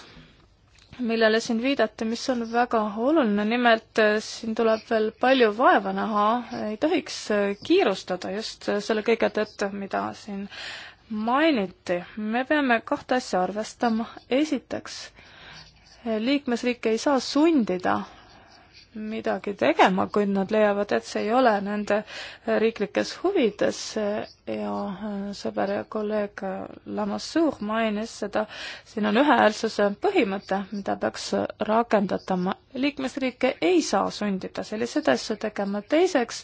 millele siin viidati, mis on väga oluline, nimelt siin tuleb veel palju vaeva näha, ei tohiks kiirustada just selle kõige tõttu, mida siin mainiti. me peame kahte asja arvestama. esiteks äh, liikmesriike ei saa sundida midagi tegema, kui nad leiavad, et see ei ole nende riiklikes huvides ja äh, sõber ja kolleeg Lamassoor mainis seda, siin on ühehäälsuse põhimõte, mida peaks rakendatama. liikmesriike ei saa sundida selliseid asju tegema. teiseks,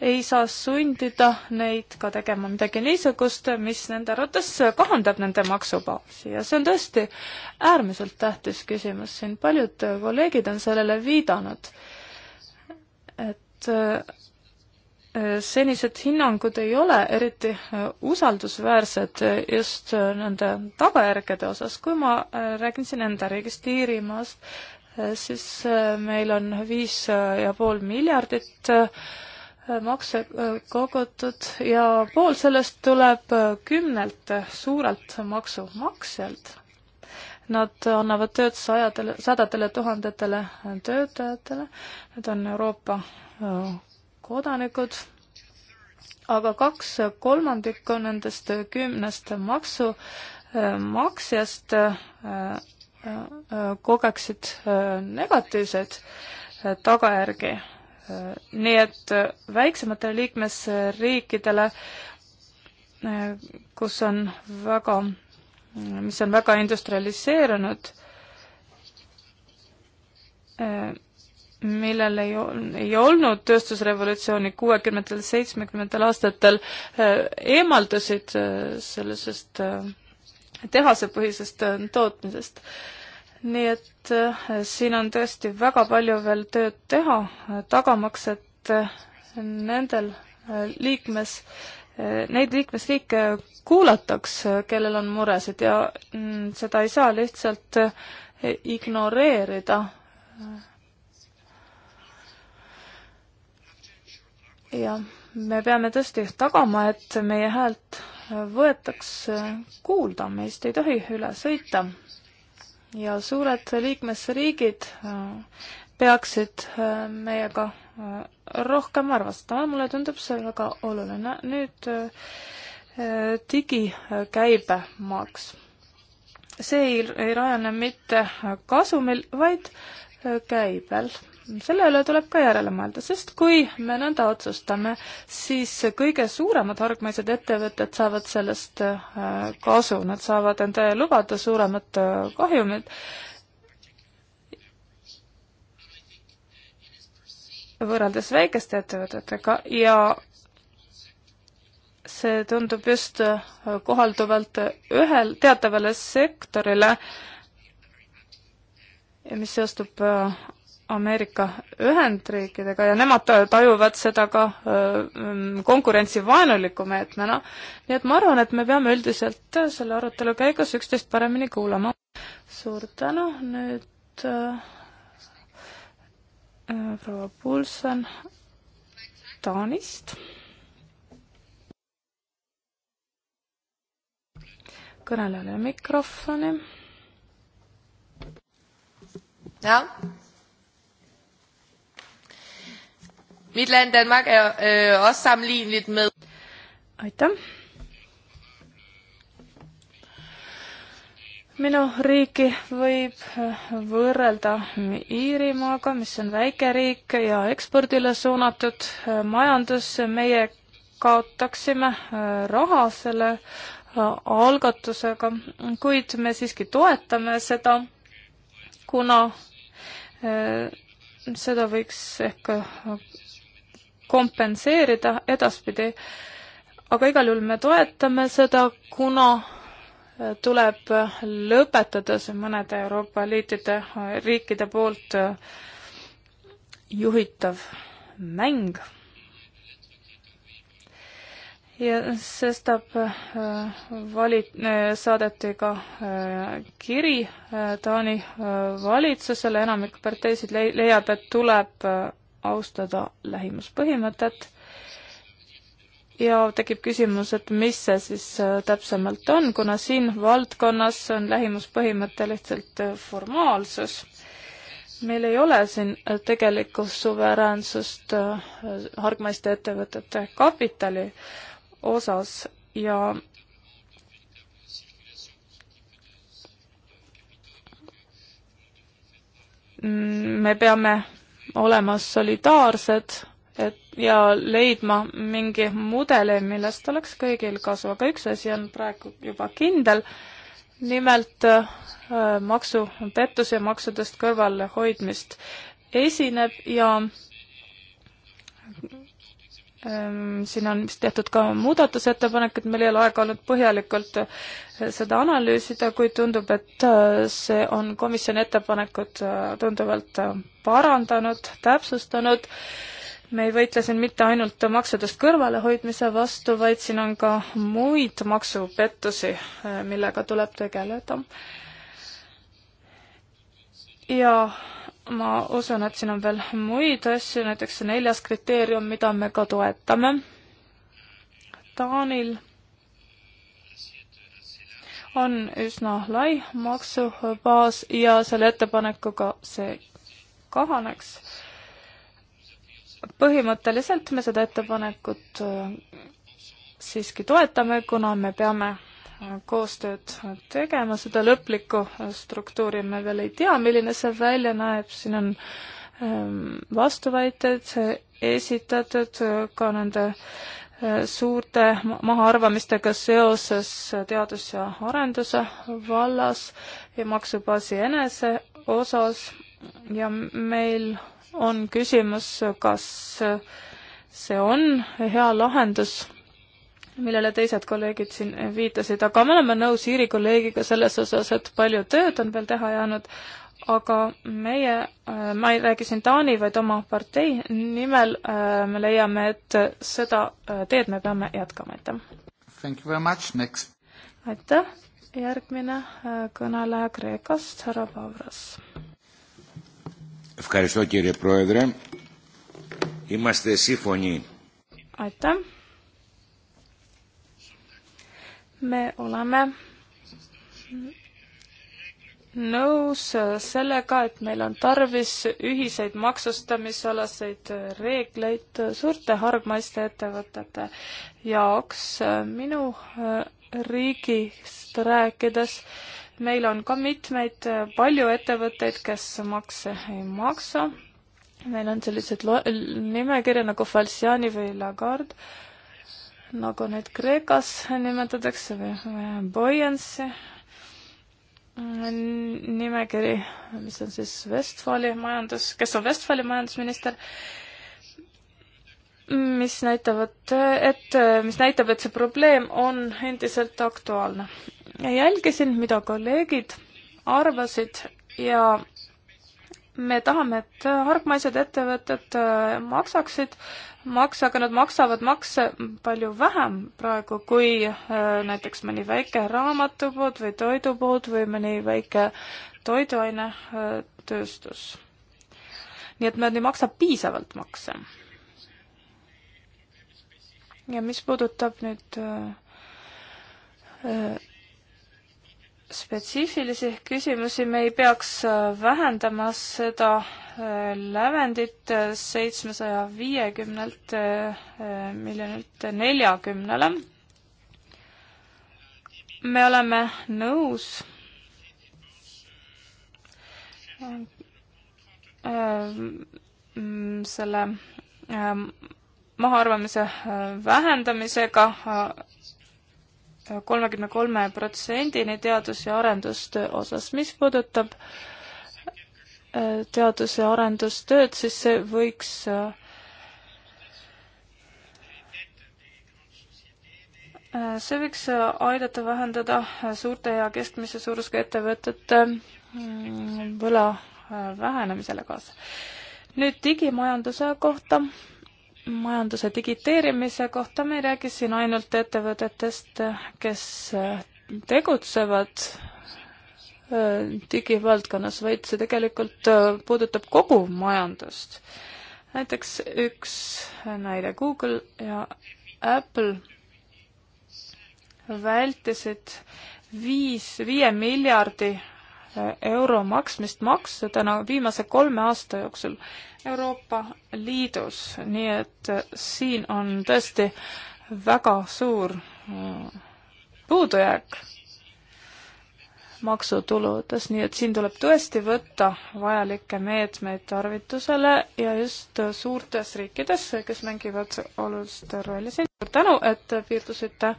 ei saa sundida neid ka tegema midagi niisugust, mis nende arvates kahandab nende maksubaasi ja see on tõesti äärmiselt tähtis küsimus siin, paljud kolleegid on sellele viidanud, et äh, senised hinnangud ei ole eriti äh, usaldusväärsed just äh, nende tagajärgede osas, kui ma räägin siin enda riigist Iirimaast, siis meil on viis ja pool miljardit makse äh, kogutud ja pool sellest tuleb äh, kümnelt äh, suurelt maksumaksjalt. Nad annavad tööd sajadele, sadadele tuhandetele töötajatele, need on Euroopa kodanikud, aga kaks kolmandikku nendest kümnest maksumaksjast kogeksid negatiivseid tagajärgi nii et äh, väiksematele liikmesriikidele, äh, kus on väga, mis on väga industrialiseerunud, äh, millel ei, ei olnud tööstusrevolutsiooni kuuekümnendatel, seitsmekümnendatel aastatel, eemaldusid sellisest tehasepõhisest tootmisest nii et äh, siin on tõesti väga palju veel tööd teha, äh, tagamaks, et äh, nendel liikmes, neid liikmesriike kuulataks, kellel on muresid ja mm, seda ei saa lihtsalt ignoreerida. jah, me peame tõesti tagama, et meie häält võetaks kuulda, meist ei tohi üle sõita ja suured liikmesriigid äh, peaksid äh, meiega äh, rohkem arvestama, mulle tundub see väga oluline. nüüd digikäibemaks. see ei, ei rajane mitte kasumil, vaid käibel selle üle tuleb ka järele mõelda, sest kui me nõnda otsustame, siis kõige suuremad hargmaised ettevõtted saavad sellest äh, kasu, nad saavad endale lubada suuremat äh, kahjumit võrreldes väikeste ettevõtetega ja see tundub just äh, kohalduvalt ühel teatavale sektorile, mis seostub Ameerika Ühendriikidega ja nemad tajuvad seda ka konkurentsivaenuliku meetmena. nii et ma arvan, et me peame üldiselt selle arutelu käigus üksteist paremini kuulama. suur tänu, nüüd äh, proua Pulson Taanist. kõnelejale mikrofoni. jah Midlanden väga assamblee nüüd me-. aitäh. minu riiki võib äh, võrrelda Iirimaaga, mis on väike riik ja ekspordile suunatud äh, majandus. meie kaotaksime äh, raha selle algatusega, kuid me siiski toetame seda, kuna seda võiks ehk kompenseerida edaspidi. aga igal juhul me toetame seda, kuna tuleb lõpetada see mõnede Euroopa Liitide, riikide poolt äh, juhitav mäng. ja sestap äh, vali-, äh, saadeti ka kiri Taani valitsusele, enamik parteisid leiab, et tuleb austada lähimuspõhimõtet ja tekib küsimus, et mis see siis äh, täpsemalt on, kuna siin valdkonnas on lähimuspõhimõte lihtsalt äh, formaalsus. meil ei ole siin äh, tegelikku suveräänsust hargmaiste ettevõtete kapitali osas ja me peame olema solidaarsed, et ja leidma mingi mudeli, millest oleks kõigil kasu, aga üks asi on praegu juba kindel, nimelt äh, maksupettuse ja maksudest kõrvalehoidmist esineb ja äh, Ehm, siin on vist tehtud ka muudatusettepanek, et meil ei ole aega olnud põhjalikult eh, seda analüüsida, kuid tundub, et eh, see on komisjoni ettepanekut eh, tunduvalt parandanud, täpsustanud. me ei võitle siin mitte ainult maksudest kõrvalehoidmise vastu, vaid siin on ka muid maksupettusi, millega tuleb tegeleda. ja ma usun, et siin on veel muid asju, näiteks see neljas kriteerium, mida me ka toetame. Taanil on üsna lai maksubaas ja selle ettepanekuga see kahaneks. põhimõtteliselt me seda ettepanekut äh, siiski toetame, kuna me peame koostööd tegema, seda lõplikku struktuuri me veel ei tea, milline see välja näeb, siin on ähm, vastuväited esitatud ka nende äh, suurte mahaarvamistega seoses teadus- ja arenduse vallas ja maksubaasi enese osas ja meil on küsimus, kas see on hea lahendus millele teised kolleegid siin viitasid, aga me oleme nõus Iiri kolleegiga selles osas, et palju tööd on veel teha jäänud, aga meie, äh, ma ei räägi siin Taani, vaid oma partei nimel, äh, me leiame, et seda äh, teed me peame jätkama, aitäh. aitäh, järgmine kõneleja Kreekast, härra Pavras. aitäh me oleme nõus sellega, et meil on tarvis ühiseid maksustamisalaseid reegleid suurte hargmaiste ettevõtete jaoks. minu äh, riigist rääkides meil on ka mitmeid äh, palju ettevõtteid, kes makse ei maksa. meil on sellised nimekirja nagu Falciani või Lagarde nagu neid Kreekas nimetatakse või Boyansi nimekiri, mis on siis Westfali majandus, kes on Westfali majandusminister, mis näitavad, et, mis näitab, et see probleem on endiselt aktuaalne. jälgisin, mida kolleegid arvasid ja me tahame, et hargmaised ettevõtted äh, maksaksid makse, aga nad maksavad makse palju vähem praegu kui äh, näiteks mõni väike raamatupood või toidupood või mõni väike toiduainetööstus. Äh, nii et nad ei maksa piisavalt makse. ja mis puudutab nüüd spetsiifilisi küsimusi, me ei peaks äh, vähendama seda äh, lävendit äh, seitsmesaja viiekümnelt miljonilt neljakümnele. me oleme nõus mm, selle mahaarvamise vähendamisega kolmekümne kolme protsendini teadus- ja arendustöö osas. mis puudutab äh, teadus- ja arendustööd, siis see võiks äh, see võiks äh, aidata vähendada suurte ja keskmise suurusega ettevõtete mm, võla vähenemisele kaasa. nüüd digimajanduse kohta majanduse digiteerimise kohta me ei räägi siin ainult ettevõtetest, kes äh, tegutsevad äh, digivaldkonnas, vaid see tegelikult äh, puudutab kogu majandust. näiteks üks näide, Google ja Apple vältisid viis, viie miljardi euro maksmist makse täna viimase kolme aasta jooksul Euroopa Liidus, nii et äh, siin on tõesti väga suur äh, puudujääk maksutuludes, nii et siin tuleb tõesti võtta vajalikke meetmeid tarvitusele ja just suurtes riikides, kes mängivad olulist rolli. suur tänu, et piirdusite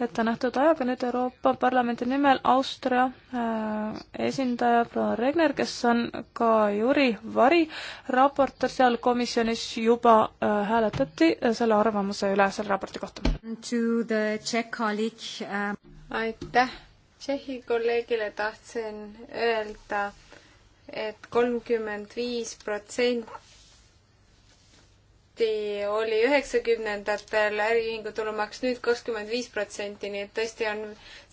ettenähtud ajaga nüüd Euroopa Parlamendi nimel Austria äh, esindaja proua Regner, kes on ka Jüri Vari raportor seal komisjonis juba äh, hääletati äh, selle arvamuse üle selle raporti kohta. Um, aitäh Tšehhi kolleegile tahtsin öelda et, et kolmkümmend viis protsenti oli üheksakümnendatel äriühingu tulumaks, nüüd kakskümmend viis protsenti, nii et tõesti on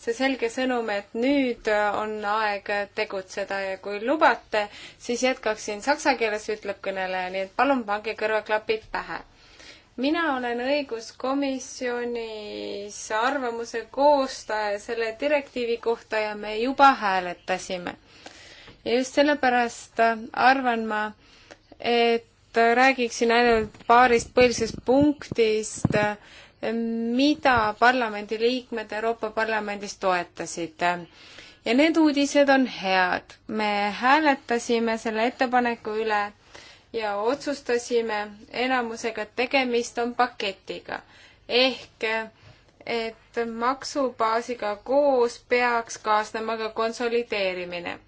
see selge sõnum, et nüüd on aeg tegutseda ja kui lubate, siis jätkaksin saksa keeles, ütleb kõneleja, nii et palun pange kõrvaklapid pähe mina olen õiguskomisjonis arvamuse koostaja selle direktiivi kohta ja me juba hääletasime. ja just sellepärast arvan ma, et räägiksin ainult paarist põhilisest punktist, mida parlamendiliikmed Euroopa Parlamendis toetasid ja need uudised on head. me hääletasime selle ettepaneku üle ja otsustasime enamusega, et tegemist on paketiga. ehk et maksubaasiga koos peaks kaasnema ka konsolideerimine.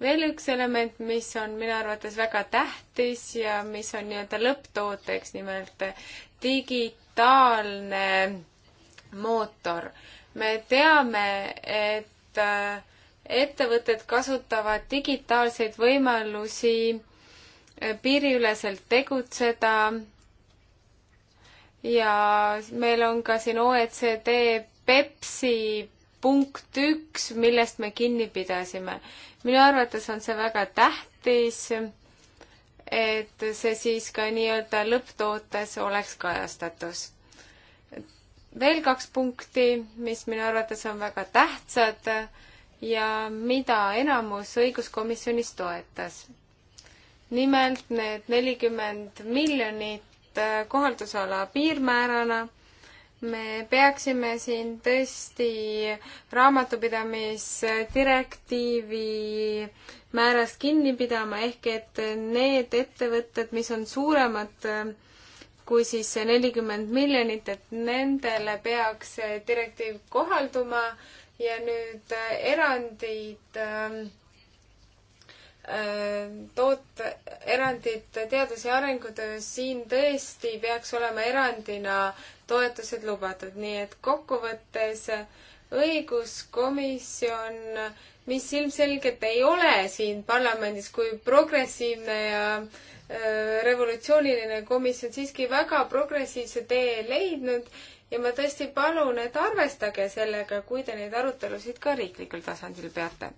veel üks element, mis on minu arvates väga tähtis ja mis on nii-öelda lõpptooteks, nimelt digitaalne mootor. me teame, et äh, ettevõtted kasutavad digitaalseid võimalusi piiriüleselt tegutseda ja meil on ka siin OECD Pepsi punkt üks, millest me kinni pidasime. minu arvates on see väga tähtis, et see siis ka nii-öelda lõpptootes oleks kajastatus. veel kaks punkti, mis minu arvates on väga tähtsad ja mida enamus õiguskomisjonis toetas nimelt need nelikümmend miljonit äh, kohaldusala piirmäärana. me peaksime siin tõesti raamatupidamisdirektiivi määrast kinni pidama, ehk et need ettevõtted, mis on suuremad äh, kui siis see nelikümmend miljonit, et nendele peaks see direktiiv kohalduma ja nüüd äh, erandid äh, toot-, erandid teadus- ja arengutöös, siin tõesti peaks olema erandina toetused lubatud, nii et kokkuvõttes õiguskomisjon, mis ilmselgelt ei ole siin parlamendis kui progressiivne ja äh, revolutsiooniline komisjon siiski väga progressiivse tee leidnud ja ma tõesti palun, et arvestage sellega, kui te neid arutelusid ka riiklikul tasandil peate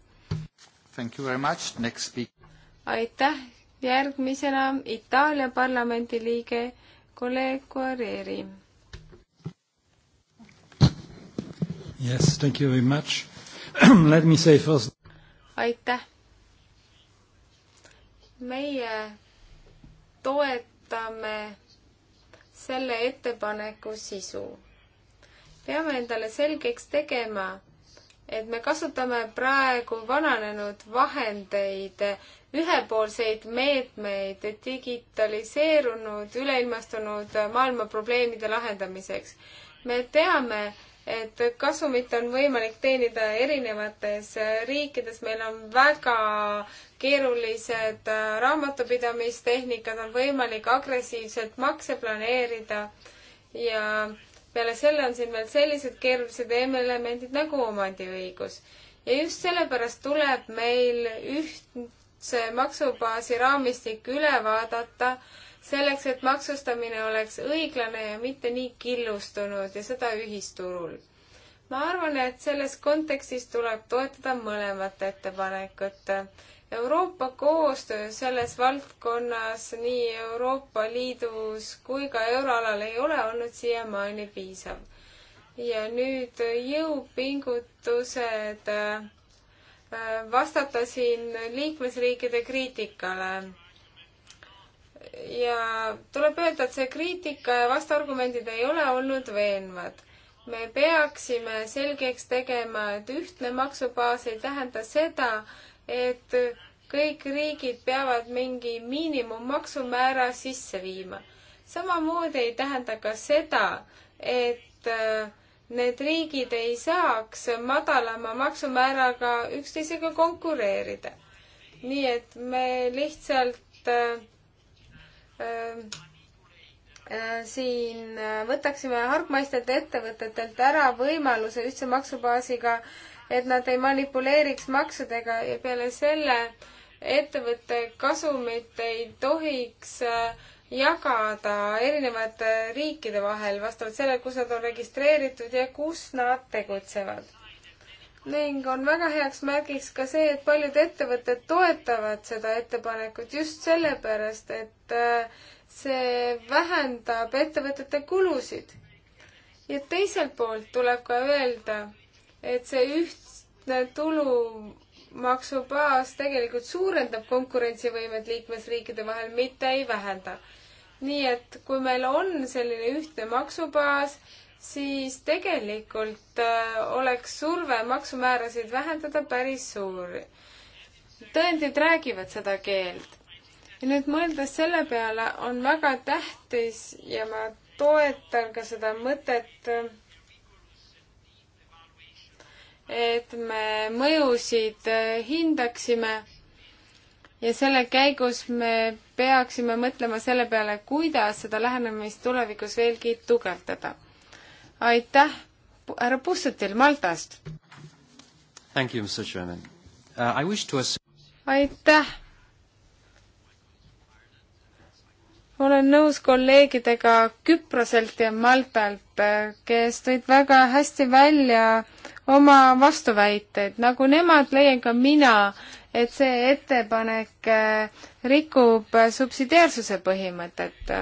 aitäh, järgmisena Itaalia parlamendi liige kolleeg Guerrieri. Yes, thank you very much. *clears throat* Let me say first. aitäh. meie toetame selle ettepaneku sisu. peame endale selgeks tegema, et me kasutame praegu vananenud vahendeid, ühepoolseid meetmeid digitaliseerunud, üleilmastunud maailma probleemide lahendamiseks. me teame, et kasumit on võimalik teenida erinevates riikides, meil on väga keerulised raamatupidamistehnikad, on võimalik agressiivselt makse planeerida ja peale selle on siin veel sellised keerulised elemendid nagu omandiõigus. ja just sellepärast tuleb meil ühtse maksubaasi raamistik üle vaadata, selleks et maksustamine oleks õiglane ja mitte nii killustunud ja seda ühisturul. ma arvan, et selles kontekstis tuleb toetada mõlemat ettepanekut Euroopa koostöö selles valdkonnas nii Euroopa Liidus kui ka euroalal ei ole olnud siiamaani piisav. ja nüüd jõupingutused äh, vastata siin liikmesriikide kriitikale. ja tuleb öelda, et see kriitika ja vastuargumendid ei ole olnud veenvad me peaksime selgeks tegema, et ühtne maksubaas ei tähenda seda, et kõik riigid peavad mingi miinimummaksumäära sisse viima. samamoodi ei tähenda ka seda, et äh, need riigid ei saaks madalama maksumääraga üksteisega konkureerida. nii et me lihtsalt äh, äh, äh siin äh, võtaksime hargmaistelt ettevõtetelt ära võimaluse ühtse maksubaasiga äh, et nad ei manipuleeriks maksudega ja peale selle ettevõtte kasumit ei tohiks äh, jagada erinevate riikide vahel vastavalt sellele, kus nad on registreeritud ja kus nad tegutsevad. ning on väga heaks märgiks ka see, et paljud ettevõtted toetavad seda ettepanekut just sellepärast, et äh, see vähendab ettevõtete kulusid. ja teiselt poolt tuleb ka öelda, et see ühtne tulumaksubaas tegelikult suurendab konkurentsivõimet liikmesriikide vahel, mitte ei vähenda. nii et kui meil on selline ühtne maksubaas, siis tegelikult äh, oleks surve maksumäärasid vähendada päris suur. tõendid räägivad seda keelt. ja nüüd mõeldes selle peale, on väga tähtis ja ma toetan ka seda mõtet, äh, et me mõjusid äh, hindaksime ja selle käigus me peaksime mõtlema selle peale, kuidas seda lähenemist tulevikus veelgi tugevdada. aitäh, härra Pussutil Maltast! Uh, aitäh! olen nõus kolleegidega Küproselt ja Maltalt, äh, kes tõid väga hästi välja oma vastuväiteid, nagu nemad, leian ka mina, et see ettepanek äh, rikub äh, subsidiaarsuse põhimõtet.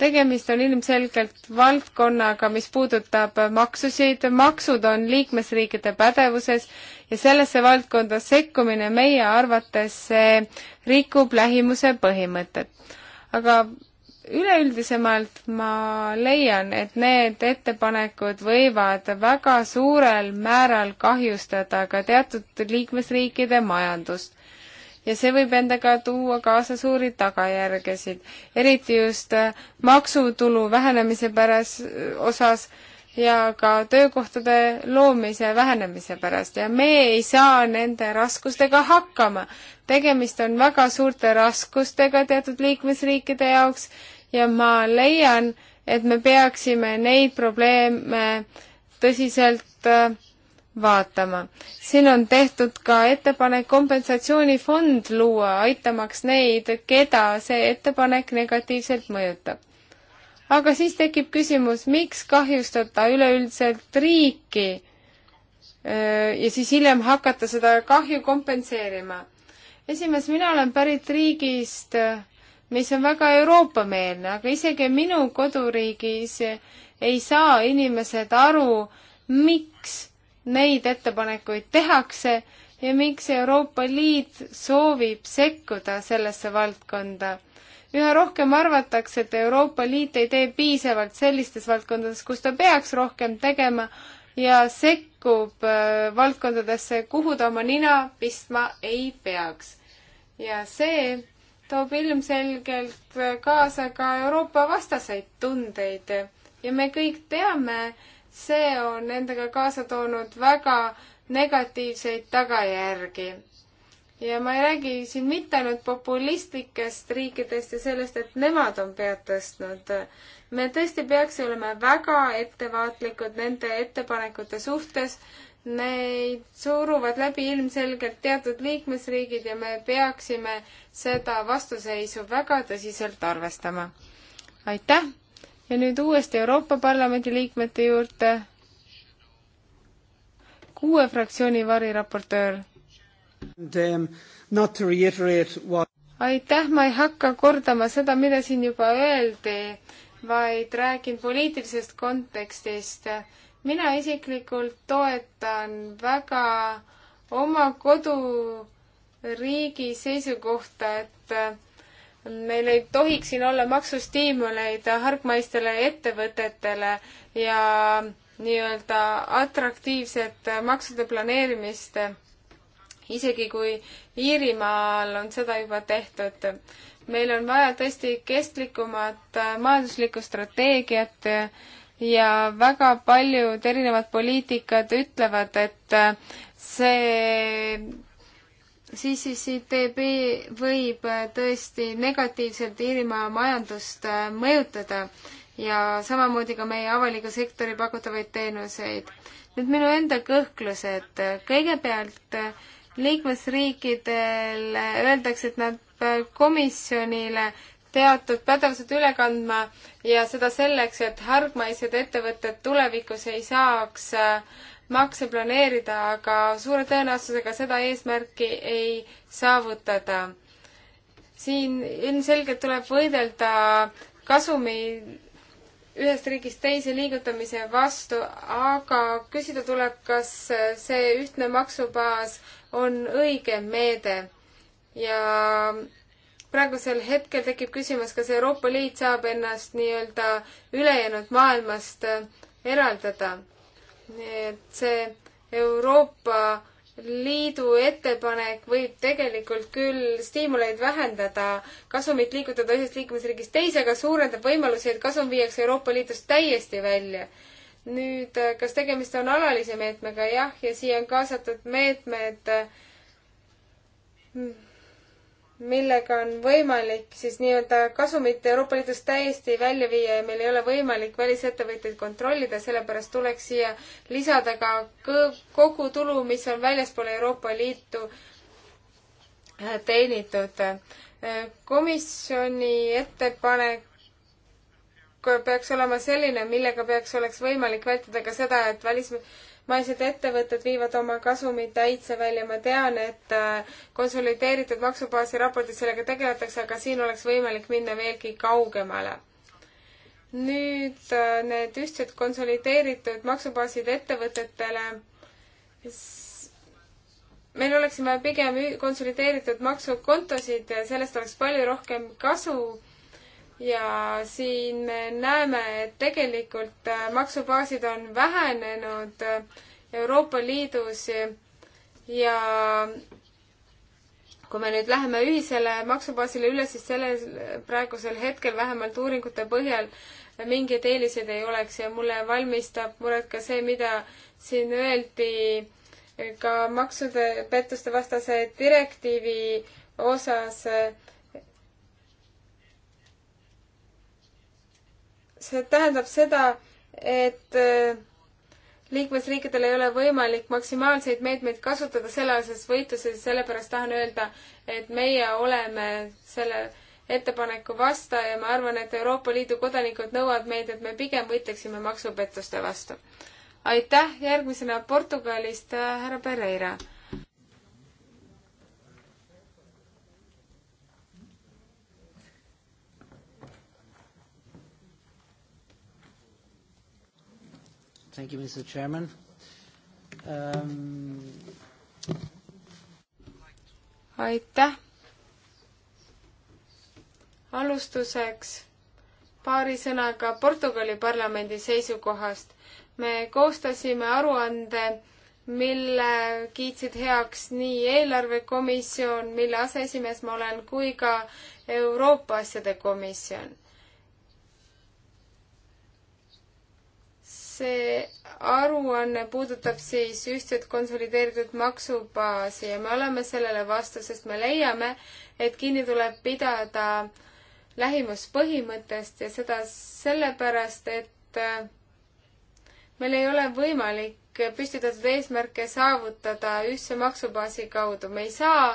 tegemist on ilmselgelt valdkonnaga, mis puudutab äh, maksusid, maksud on liikmesriikide pädevuses ja sellesse valdkonda sekkumine meie arvates rikub lähimuse põhimõtet. aga üleüldisemalt ma leian, et need ettepanekud võivad väga suurel määral kahjustada ka teatud liikmesriikide majandust. ja see võib endaga tuua kaasa suuri tagajärgesid, eriti just maksutulu vähenemise pärast osas ja ka töökohtade loomise vähenemise pärast ja me ei saa nende raskustega hakkama. tegemist on väga suurte raskustega teatud liikmesriikide jaoks ja ma leian, et me peaksime neid probleeme tõsiselt äh, vaatama. siin on tehtud ka ettepanek kompensatsioonifond luua, aitamaks neid, keda see ettepanek negatiivselt mõjutab aga siis tekib küsimus, miks kahjustada üleüldiselt riiki äh, ja siis hiljem hakata seda kahju kompenseerima. esimees, mina olen pärit riigist, äh, mis on väga Euroopa-meelne, aga isegi minu koduriigis äh, ei saa inimesed aru, miks neid ettepanekuid tehakse ja miks Euroopa Liit soovib sekkuda sellesse valdkonda üha rohkem arvatakse, et Euroopa Liit ei tee piisavalt sellistes valdkondades, kus ta peaks rohkem tegema ja sekkub äh, valdkondadesse, kuhu ta oma nina pistma ei peaks. ja see toob ilmselgelt äh, kaasa ka Euroopa vastaseid tundeid ja me kõik teame, see on endaga kaasa toonud väga negatiivseid tagajärgi ja ma ei räägi siin mitte ainult populistlikest riikidest ja sellest, et nemad on pead tõstnud. me tõesti peaks olema väga ettevaatlikud nende ettepanekute suhtes. Neid suruvad läbi ilmselgelt teatud liikmesriigid ja me peaksime seda vastuseisu väga tõsiselt arvestama. aitäh! ja nüüd uuesti Euroopa Parlamendi liikmete juurde. kuue fraktsiooni variraportöör Um, aitäh, ma ei hakka kordama seda, mida siin juba öeldi, vaid räägin poliitilisest kontekstist. mina isiklikult toetan väga oma koduriigi seisukohta, et meil ei tohiks siin olla maksustiimuleid hargmaistele ettevõtetele ja nii-öelda atraktiivset maksude planeerimist isegi kui Iirimaal on seda juba tehtud. meil on vaja tõesti kestlikumat äh, majanduslikku strateegiat ja väga paljud erinevad poliitikad ütlevad, et äh, see CCCTB võib äh, tõesti negatiivselt Iirimaa majandust mõjutada ja samamoodi ka meie avaliku sektori pakutavaid teenuseid. nüüd minu enda kõhklused. kõigepealt liikmesriikidel öeldakse, et nad peavad komisjonile teatud pädevused üle kandma ja seda selleks, et hargmaised ettevõtted tulevikus ei saaks äh, makse planeerida, aga suure tõenäosusega seda eesmärki ei saavutada. siin ilmselgelt tuleb võidelda kasumi ühest riigist teise liigutamise vastu, aga küsida tuleb, kas see ühtne maksubaas on õige meede. ja praegusel hetkel tekib küsimus, kas Euroopa Liit saab ennast nii-öelda ülejäänud maailmast eraldada. nii et see Euroopa liidu ettepanek võib tegelikult küll stiimuleid vähendada, kasumit liigutada ühest liikmesriigist teise, aga suurendab võimalusi, et kasum viiakse Euroopa Liidust täiesti välja. nüüd, äh, kas tegemist on alalise meetmega? jah, ja siia on kaasatud meetmed mm millega on võimalik siis nii-öelda kasumit Euroopa Liidust täiesti välja viia ja meil ei ole võimalik välisettevõtteid kontrollida, sellepärast tuleks siia lisada ka kogu tulu, mis on väljaspool Euroopa Liitu äh, teenitud. Äh, komisjoni ettepanek peaks olema selline, millega peaks, oleks võimalik vältida ka seda, et välis, maised ettevõtted viivad oma kasumid täitsa välja, ma tean, et äh, konsolideeritud maksubaasi raportis sellega tegeletakse, aga siin oleks võimalik minna veelgi kaugemale. nüüd äh, need ühtsed konsolideeritud maksubaasid ettevõtetele, meil oleksime pigem konsolideeritud maksukontosid ja sellest oleks palju rohkem kasu ja siin me näeme, et tegelikult äh, maksubaasid on vähenenud äh, Euroopa Liidus ja kui me nüüd läheme ühisele maksubaasile üle, siis sellel praegusel hetkel vähemalt uuringute põhjal äh, mingeid eeliseid ei oleks ja mulle valmistab muret ka see, mida siin öeldi ka maksude pettuste vastase direktiivi osas see tähendab seda, et äh, liikmesriikidel ei ole võimalik maksimaalseid meetmeid kasutada sellealases võitluses, sellepärast tahan öelda, et meie oleme selle ettepaneku vastu ja ma arvan, et Euroopa Liidu kodanikud nõuavad meid, et me pigem võitleksime maksupettuste vastu. aitäh, järgmisena Portugalist äh, härra Pereira. Thank you, Mr Chairman um.... aitäh. alustuseks paari sõnaga Portugali parlamendi seisukohast. me koostasime aruande, mille kiitsid heaks nii eelarvekomisjon, mille aseesimees ma olen, kui ka Euroopa asjade komisjon see aruanne puudutab siis ühtset konsolideeritud maksubaasi ja me oleme sellele vastu, sest me leiame, et kinni tuleb pidada lähimuspõhimõttest ja seda sellepärast, et äh, meil ei ole võimalik püstitatud eesmärke saavutada ühtse maksubaasi kaudu. me ei saa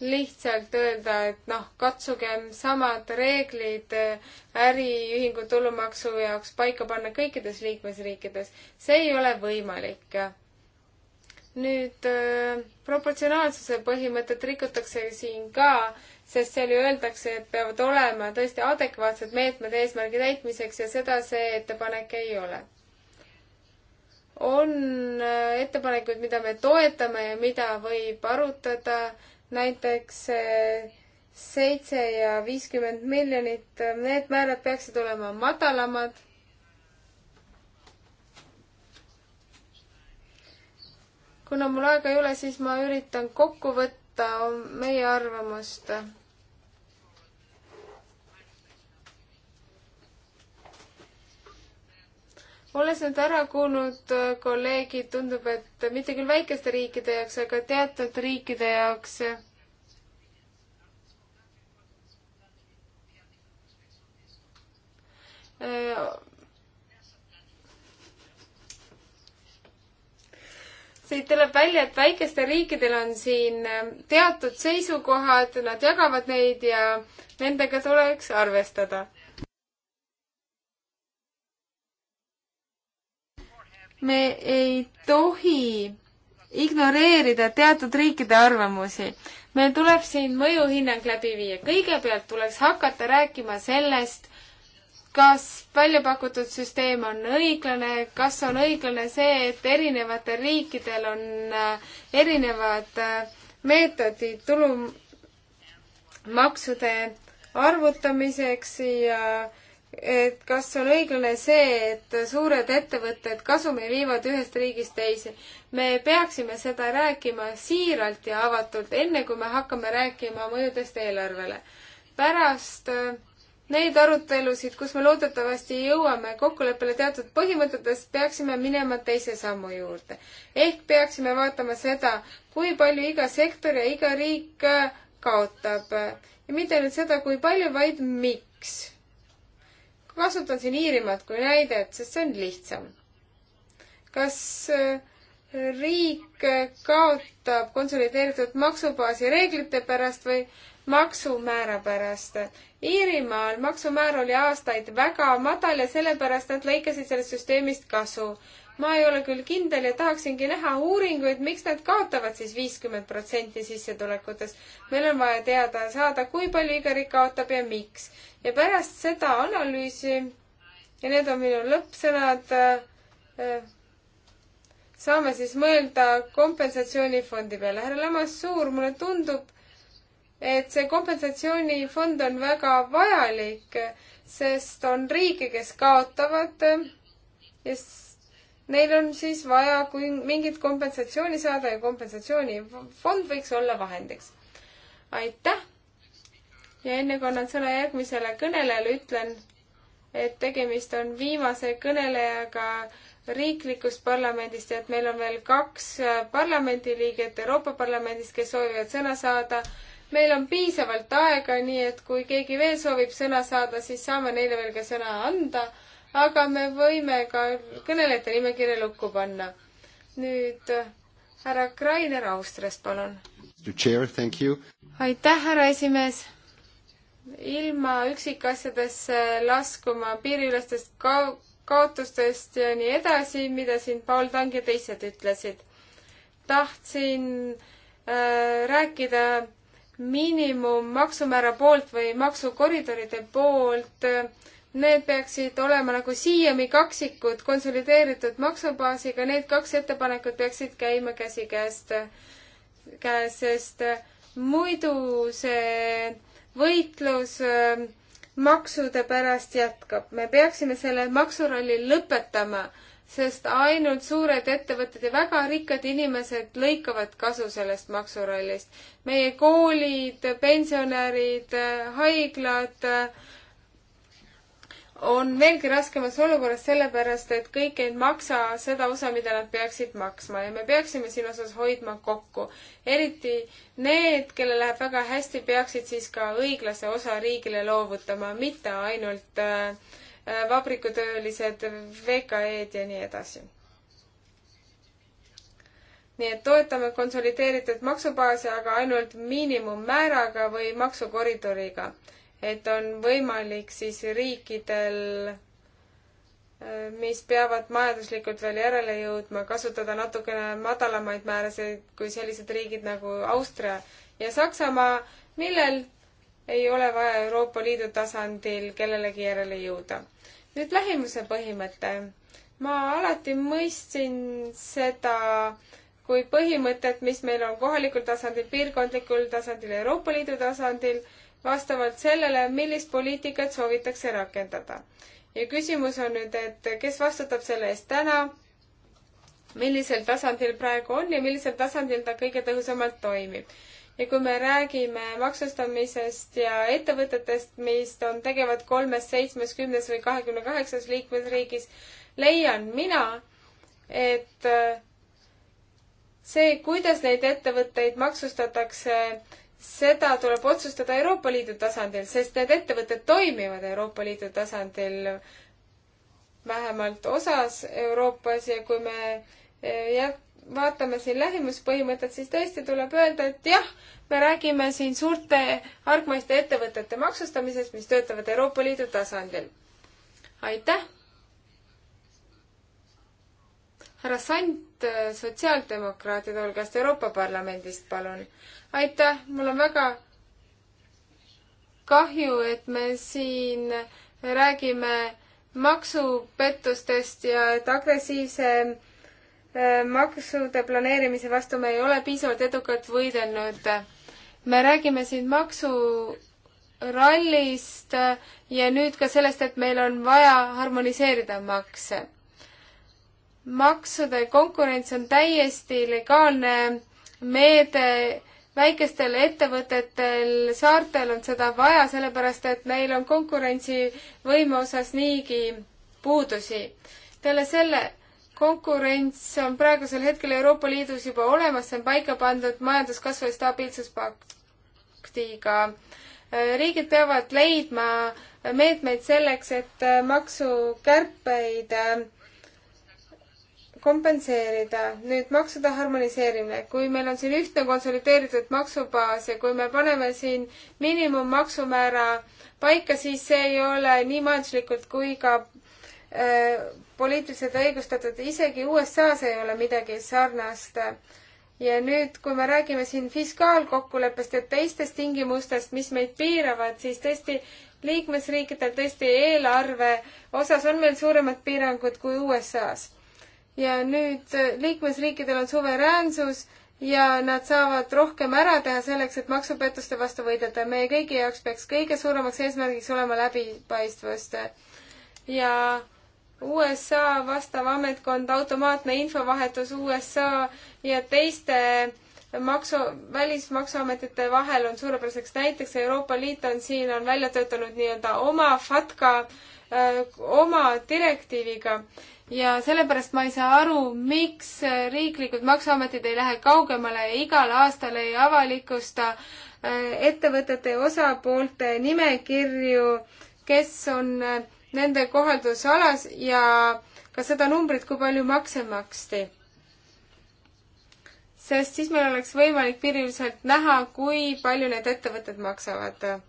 lihtsalt öelda, et noh, katsugem samad reeglid eh, äriühingu tulumaksu jaoks paika panna kõikides liikmesriikides. see ei ole võimalik. nüüd äh, proportsionaalsuse põhimõtet rikutakse siin ka, sest seal ju öeldakse, et peavad olema tõesti adekvaatsed meetmed eesmärgi täitmiseks ja seda see ettepanek ei ole. on eh, ettepanekuid, mida me toetame ja mida võib arutada näiteks eh, seitse ja viiskümmend miljonit, eh, need määrad peaksid olema madalamad. kuna mul aega ei ole, siis ma üritan kokku võtta meie arvamust olles nüüd ära kuulnud äh, kolleegid, tundub, et mitte küll väikeste riikide jaoks, aga teatud riikide jaoks äh, siit tuleb välja, et väikestel riikidel on siin äh, teatud seisukohad, nad jagavad neid ja nendega tuleks arvestada me ei tohi ignoreerida teatud riikide arvamusi. meil tuleb siin mõjuhinnang läbi viia. kõigepealt tuleks hakata rääkima sellest, kas välja pakutud süsteem on õiglane, kas on õiglane see, et erinevatel riikidel on äh, erinevad äh, meetodid tulumaksude arvutamiseks ja äh, et kas on õiglane see, et suured ettevõtted kasumi viivad ühest riigist teise. me peaksime seda rääkima siiralt ja avatult, enne kui me hakkame rääkima mõjudest eelarvele. pärast äh, neid arutelusid, kus me loodetavasti jõuame kokkuleppele teatud põhimõtetes, peaksime minema teise sammu juurde. ehk peaksime vaatama seda, kui palju iga sektor ja iga riik äh, kaotab. ja mitte ainult seda, kui palju, vaid miks kasutan siin Iirimaad kui näidet, sest see on lihtsam. kas äh, riik kaotab konsolideeritud maksubaasi reeglite pärast või maksumäära pärast. Iirimaal maksumäär oli aastaid väga madal ja sellepärast nad lõikasid sellest süsteemist kasu. ma ei ole küll kindel ja tahaksingi näha uuringuid, miks nad kaotavad siis viiskümmend protsenti sissetulekutest. meil on vaja teada saada, kui palju iga riik kaotab ja miks ja pärast seda analüüsi ja need on minu lõppsõnad, äh, äh, saame siis mõelda kompensatsioonifondi peale. härra Lamassuur, mulle tundub, et see kompensatsioonifond on väga vajalik, sest on riike, kes kaotavad ja neil on siis vaja, kui mingit kompensatsiooni saada ja kompensatsioonifond võiks olla vahendiks. aitäh! ja enne kui annan sõna järgmisele kõnelejale, ütlen, et tegemist on viimase kõnelejaga riiklikust parlamendist ja et meil on veel kaks äh, parlamendiliiget Euroopa Parlamendist, kes soovivad sõna saada. meil on piisavalt aega, nii et kui keegi veel soovib sõna saada, siis saame neile veel ka sõna anda. aga me võime ka kõnelejate nimekirja lukku panna. nüüd äh, härra Krainer Austriast, palun. aitäh, härra esimees ilma üksikasjadesse laskuma piiriülestest ka-, kaotustest ja nii edasi, mida siin Paul Tang ja teised ütlesid. tahtsin äh, rääkida miinimummaksumäära poolt või maksukoridoride poolt. Need peaksid olema nagu siiami kaksikud konsolideeritud maksubaasiga, need kaks ettepanekut peaksid käima käsikäest, käes, sest muidu see äh, võitlus ähm, maksude pärast jätkab. me peaksime selle maksuralli lõpetama, sest ainult suured ettevõtted ja väga rikkad inimesed lõikavad kasu sellest maksurallist. meie koolid, pensionärid, haiglad äh,, on veelgi raskemas olukorras, sellepärast et kõik ei maksa seda osa, mida nad peaksid maksma ja me peaksime siin osas hoidma kokku. eriti need, kellel läheb väga hästi, peaksid siis ka õiglase osa riigile loovutama, mitte ainult äh, äh, vabrikutöölised, VKE-d ja nii edasi nii et toetame konsolideeritud maksubaasi, aga ainult miinimummääraga või maksukoridoriga et on võimalik siis riikidel, mis peavad majanduslikult veel järele jõudma, kasutada natukene madalamaid määrasid kui sellised riigid nagu Austria ja Saksamaa, millel ei ole vaja Euroopa Liidu tasandil kellelegi järele jõuda. nüüd lähimuse põhimõte. ma alati mõistsin seda kui põhimõtet, mis meil on kohalikul tasandil, piirkondlikul tasandil, Euroopa Liidu tasandil vastavalt sellele, millist poliitikat soovitakse rakendada. ja küsimus on nüüd, et kes vastutab selle eest täna, millisel tasandil praegu on ja millisel tasandil ta kõige tõhusamalt toimib. ja kui me räägime maksustamisest ja ettevõtetest, mis on, tegevad kolmes, seitsmes, kümnes või kahekümne kaheksas liikmesriigis, leian mina, et see, kuidas neid ettevõtteid maksustatakse, seda tuleb otsustada Euroopa Liidu tasandil, sest need ettevõtted toimivad Euroopa Liidu tasandil vähemalt osas Euroopas ja kui me eh, jah, vaatame siin lähimuspõhimõtet, siis tõesti tuleb öelda, et jah, me räägime siin suurte hargmaiste ettevõtete maksustamisest, mis töötavad Euroopa Liidu tasandil. aitäh! härra Sant äh, sotsiaaldemokraatide hulgast Euroopa Parlamendist, palun. aitäh, mul on väga kahju, et me siin räägime maksupettustest ja et agressiivse äh, maksude planeerimise vastu me ei ole piisavalt edukalt võidelnud. me räägime siin maksurallist ja nüüd ka sellest, et meil on vaja harmoniseerida makse maksude konkurents on täiesti legaalne meede väikestel ettevõtetel, saartel on seda vaja, sellepärast et neil on konkurentsivõime osas niigi puudusi. peale selle, konkurents on praegusel hetkel Euroopa Liidus juba olemas, see on paika pandud majanduskasvu ja stabiilsuspaktiga. riigid peavad leidma meetmeid selleks, et maksukärpeid kompenseerida. nüüd maksude harmoniseerimine, kui meil on siin ühtne konsolideeritud maksubaas ja kui me paneme siin miinimummaksumäära paika, siis see ei ole nii majanduslikult kui ka äh, poliitiliselt õigustatud, isegi USA-s ei ole midagi sarnast. ja nüüd, kui me räägime siin fiskaalkokkuleppest ja teistest tingimustest, mis meid piiravad, siis tõesti liikmesriikidel tõesti eelarve osas on meil suuremad piirangud kui USA-s ja nüüd äh, liikmesriikidel on suveräänsus ja nad saavad rohkem ära teha selleks, et maksupettuste vastu võidelda. meie kõigi jaoks peaks kõige suuremaks eesmärgiks olema läbipaistvust. ja USA vastav ametkond, automaatne infovahetus USA ja teiste maksu, välismaksuametite vahel on suurepäraseks näiteks. Euroopa Liit on siin, on välja töötanud nii-öelda oma FATKA, äh, oma direktiiviga ja sellepärast ma ei saa aru, miks riiklikud maksuametid ei lähe kaugemale ja igal aastal ei avalikusta äh, ettevõtete osapoolte nimekirju, kes on äh, nende kohaldusalas ja ka seda numbrit, kui palju makse maksti. sest siis meil oleks võimalik piiriliselt näha, kui palju need ettevõtted maksavad.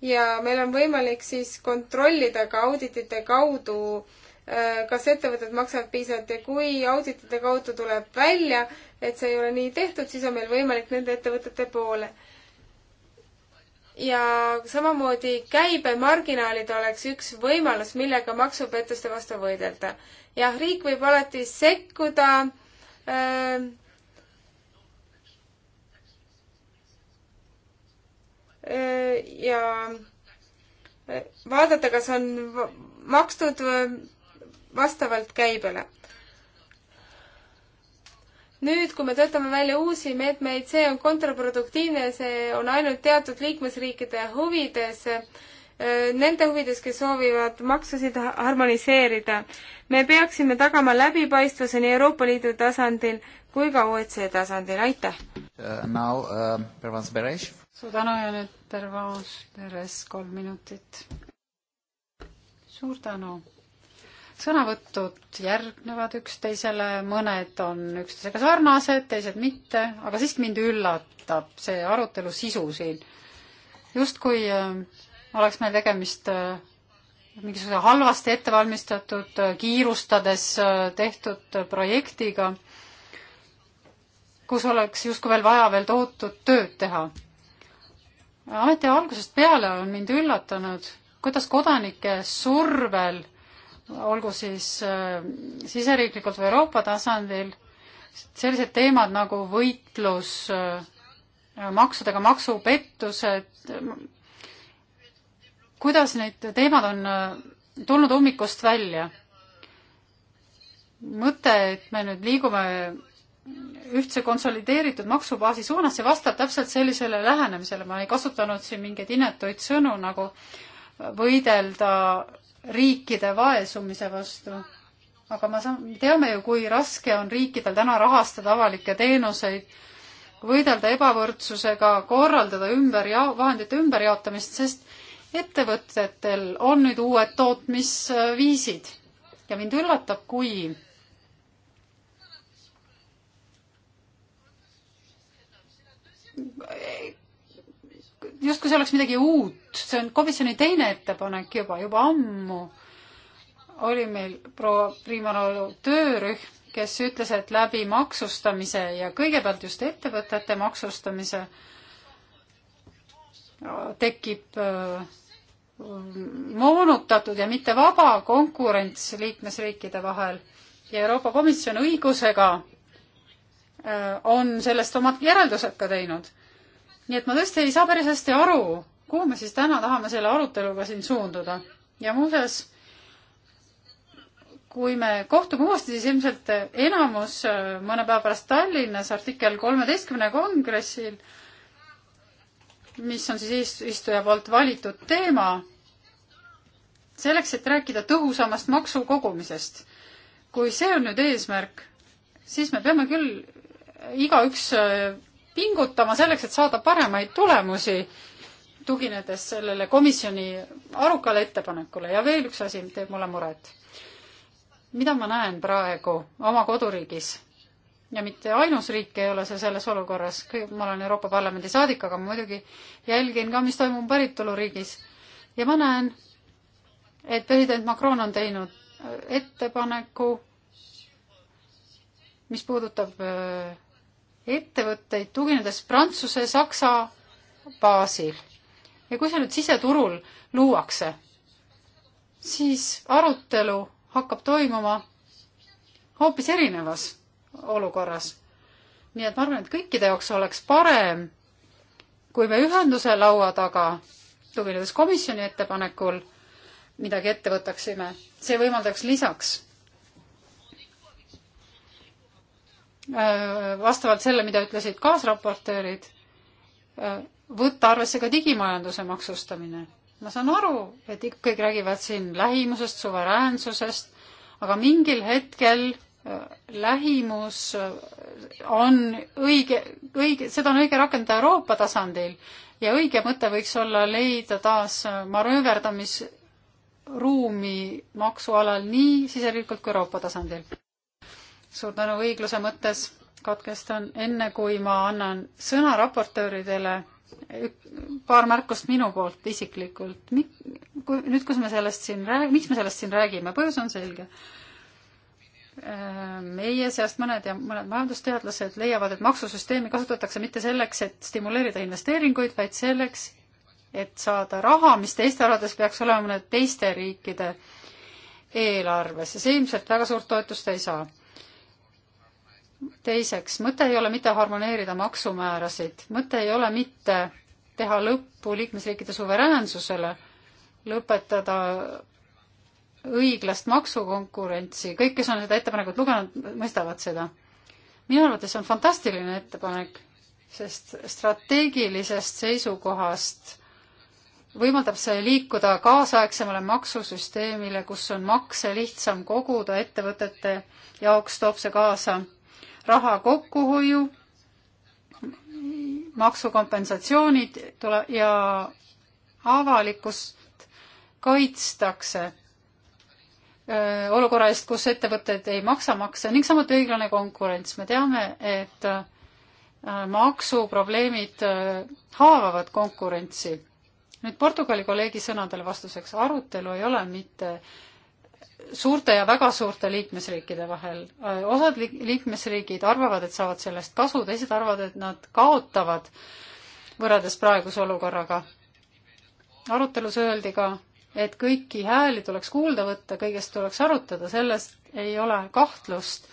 ja meil on võimalik siis kontrollida ka auditite kaudu äh, Äh, kas ettevõtted maksavad piisavalt ja kui auditite kaudu tuleb välja, et see ei ole nii tehtud, siis on meil võimalik nende ettevõtete poole. ja samamoodi käibemarginaalid oleks üks võimalus, millega maksupettuste vastu võidelda. jah, riik võib alati sekkuda äh, äh ja äh, vaadata, kas on makstud vastavalt käibele. nüüd, kui me töötame välja uusi meetmeid, see on kontraproduktiivne, see on ainult teatud liikmesriikide huvides, äh, nende huvides, kes soovivad maksusid harmoniseerida. me peaksime tagama läbipaistvuse nii Euroopa Liidu tasandil kui ka OECD tasandil, aitäh uh,! Now uh, Pervans Beres. suur tänu ja nüüd Pervans Beres, kolm minutit. suur tänu! sõnavõtud järgnevad üksteisele, mõned on üksteisega sarnased, teised mitte, aga siiski mind üllatab see arutelu sisu siin. justkui äh, oleks meil tegemist äh, mingisuguse halvasti ettevalmistatud, äh, kiirustades tehtud projektiga, kus oleks justkui veel vaja veel tohutut tööd teha. ameti algusest peale on mind üllatanud, kuidas kodanike survel äh, olgu siis äh, siseriiklikult või Euroopa tasandil, sellised teemad nagu võitlus äh, maksudega, maksupettused, äh, kuidas need teemad on tulnud ummikust välja? mõte, et me nüüd liigume ühtse konsolideeritud maksubaasi suunas, see vastab täpselt sellisele lähenemisele, ma ei kasutanud siin mingeid inetuid sõnu nagu võidelda riikide vaesumise vastu. aga ma saan, teame ju, kui raske on riikidel täna rahastada avalikke teenuseid, võidelda ebavõrdsusega, korraldada ümber ja vahendite ümberjaotamist, sest ettevõtetel on nüüd uued tootmisviisid ja mind üllatab, kui justkui see oleks midagi uut, see on komisjoni teine ettepanek juba, juba ammu oli meil proua Priimalo töörühm, kes ütles, et läbi maksustamise ja kõigepealt just ettevõtete maksustamise äh, tekib äh, moonutatud ja mitte vaba konkurents liikmesriikide vahel ja Euroopa Komisjon õigusega äh, on sellest omad järeldused ka teinud nii et ma tõesti ei saa päris hästi aru, kuhu me siis täna tahame selle aruteluga siin suunduda. ja muuseas, kui me kohtume uuesti, siis ilmselt enamus äh, mõne päeva pärast Tallinnas artikkel kolmeteistkümne kongressil, mis on siis istuja poolt valitud teema, selleks, et rääkida tõhusamast maksukogumisest. kui see on nüüd eesmärk, siis me peame küll igaüks äh, pingutama selleks, et saada paremaid tulemusi, tuginedes sellele komisjoni arukale ettepanekule ja veel üks asi teeb mulle muret. mida ma näen praegu oma koduriigis ja mitte ainus riik ei ole see selles olukorras, ma olen Euroopa Parlamendi saadik, aga ma muidugi jälgin ka, mis toimub päritoluriigis. ja ma näen, et president Macron on teinud äh, ettepaneku, mis puudutab äh, ettevõtteid, tuginedes Prantsuse, Saksa baasil. ja kui see nüüd siseturul luuakse, siis arutelu hakkab toimuma hoopis erinevas olukorras. nii et ma arvan, et kõikide jaoks oleks parem, kui me ühenduse laua taga, tuginedes komisjoni ettepanekul, midagi ette võtaksime. see võimaldaks lisaks Äh, vastavalt selle, mida ütlesid kaasraportöörid, äh, võtta arvesse ka digimajanduse maksustamine. ma saan aru, et kõik räägivad siin lähimusest, suveräänsusest, aga mingil hetkel äh, lähimus on õige, õige, seda on õige rakendada Euroopa tasandil ja õige mõte võiks olla leida taas manööverdamisruumi maksualal nii siseriiklikult kui Euroopa tasandil suur tänu õigluse mõttes katkestan, enne kui ma annan sõna raportööridele, paar märkust minu poolt isiklikult. kui, nüüd, kus me sellest siin räägime, miks me sellest siin räägime, põhjus on selge. Äh, meie seast mõned ja mõned majandusteadlased leiavad, et maksusüsteemi kasutatakse mitte selleks, et stimuleerida investeeringuid, vaid selleks, et saada raha, mis teiste alades peaks olema teiste riikide eelarves ja see ilmselt väga suurt toetust ei saa teiseks, mõte ei ole mitte harmoneerida maksumäärasid, mõte ei ole mitte teha lõppu liikmesriikide suveräänsusele, lõpetada õiglast maksukonkurentsi, kõik, kes on seda ettepanekut lugenud, mõistavad seda. minu arvates on fantastiline ettepanek, sest strateegilisest seisukohast võimaldab see liikuda kaasaegsemale maksusüsteemile, kus on makse lihtsam koguda ettevõtete jaoks, toob see kaasa raha kokkuhoiu, maksukompensatsioonid tule- ja avalikkust kaitstakse olukorra eest, kus ettevõtted ei maksa makse ning samuti õiglane konkurents. me teame, et maksuprobleemid haavavad konkurentsi. nüüd Portugali kolleegi sõnadele vastuseks, arutelu ei ole mitte äh, suurte ja väga suurte liikmesriikide vahel. osad liikmesriigid arvavad, et saavad sellest kasu, teised arvavad, et nad kaotavad võrreldes praeguse olukorraga. arutelus öeldi ka, et kõiki hääli tuleks kuulda võtta, kõigest tuleks arutada, sellest ei ole kahtlust.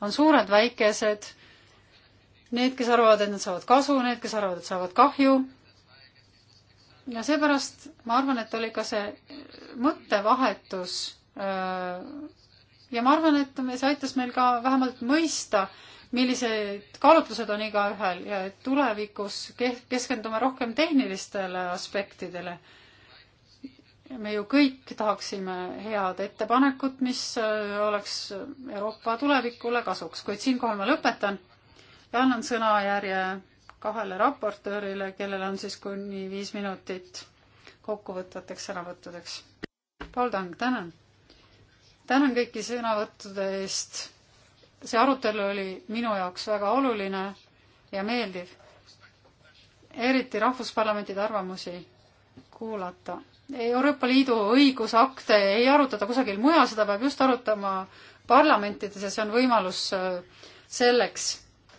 on suured, väikesed, need, kes arvavad, et nad saavad kasu, need, kes arvavad, et saavad kahju. ja seepärast ma arvan, et oli ka see mõttevahetus Äh, ja ma arvan, et see aitas meil ka vähemalt mõista, millised kaalutlused on igaühel ja et tulevikus keskendume rohkem tehnilistele aspektidele. me ju kõik tahaksime head ettepanekut, mis äh, oleks Euroopa tulevikule kasuks, kuid siinkohal ma lõpetan ja annan sõnajärje kahele raportöörile, kellel on siis kuni viis minutit kokkuvõtvateks sõnavõttudeks. Paul Tang, tänan! tänan kõiki sõnavõttude eest. see arutelu oli minu jaoks väga oluline ja meeldiv, eriti rahvusparlamentide arvamusi kuulata. Euroopa Liidu õigusakte ei arutata kusagil mujal, seda peab just arutama parlamentides ja see on võimalus äh, selleks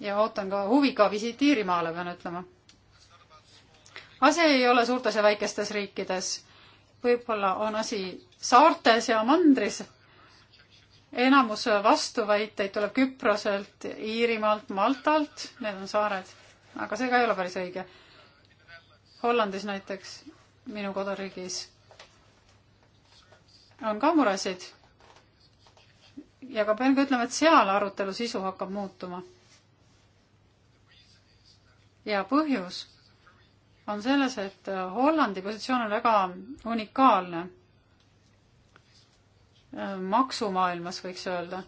ja ootan ka huviga visiiti Iirimaale, pean ütlema. asi ei ole suurtes ja väikestes riikides. võib-olla on asi saartes ja mandris enamus vastuväiteid tuleb Küproselt, Iirimaalt, Maltalt, need on saared, aga see ka ei ole päris õige. Hollandis näiteks, minu koduriigis, on ka muresid. ja ka pean ka ütlema, et seal arutelu sisu hakkab muutuma. ja põhjus on selles, et Hollandi positsioon on väga unikaalne maksumaailmas, võiks öelda.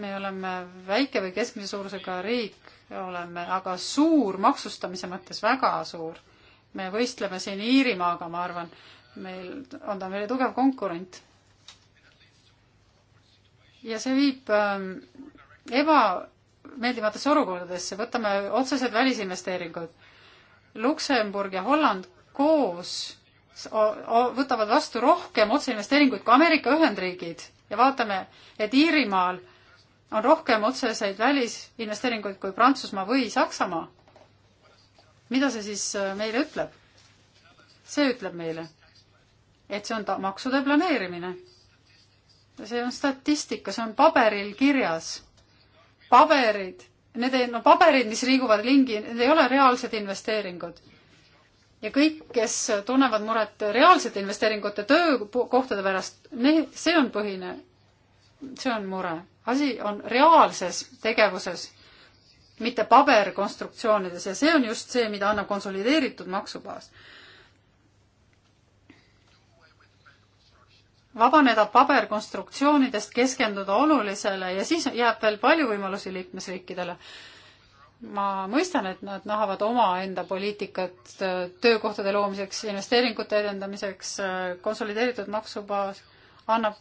me oleme väike või keskmise suurusega riik, oleme aga suur maksustamise mõttes, väga suur. me võistleme siin Iirimaaga, ma arvan, meil on ta meile tugev konkurent. ja see viib ähm, ebameeldivatesse olukordadesse, võtame otsesed välisinvesteeringud. Luksemburg ja Holland koos võtavad vastu rohkem otseinvesteeringuid kui Ameerika Ühendriigid ja vaatame, et Iirimaal on rohkem otseseid välisinvesteeringuid kui Prantsusmaa või Saksamaa. mida see siis äh, meile ütleb? see ütleb meile, et see on maksude planeerimine. see on statistika, see on paberil kirjas. paberid, need ei, no paberid, mis liiguvad ringi, need ei ole reaalsed investeeringud ja kõik, kes tunnevad muret reaalsete investeeringute töökohtade pärast, see on põhine, see on mure. asi on reaalses tegevuses, mitte paberkonstruktsioonides ja see on just see, mida annab konsolideeritud maksubaas. vabaneda paberkonstruktsioonidest, keskenduda olulisele ja siis jääb veel palju võimalusi liikmesriikidele ma mõistan, et nad nahavad omaenda poliitikat äh, töökohtade loomiseks, investeeringute edendamiseks, äh, konsolideeritud maksubaas annab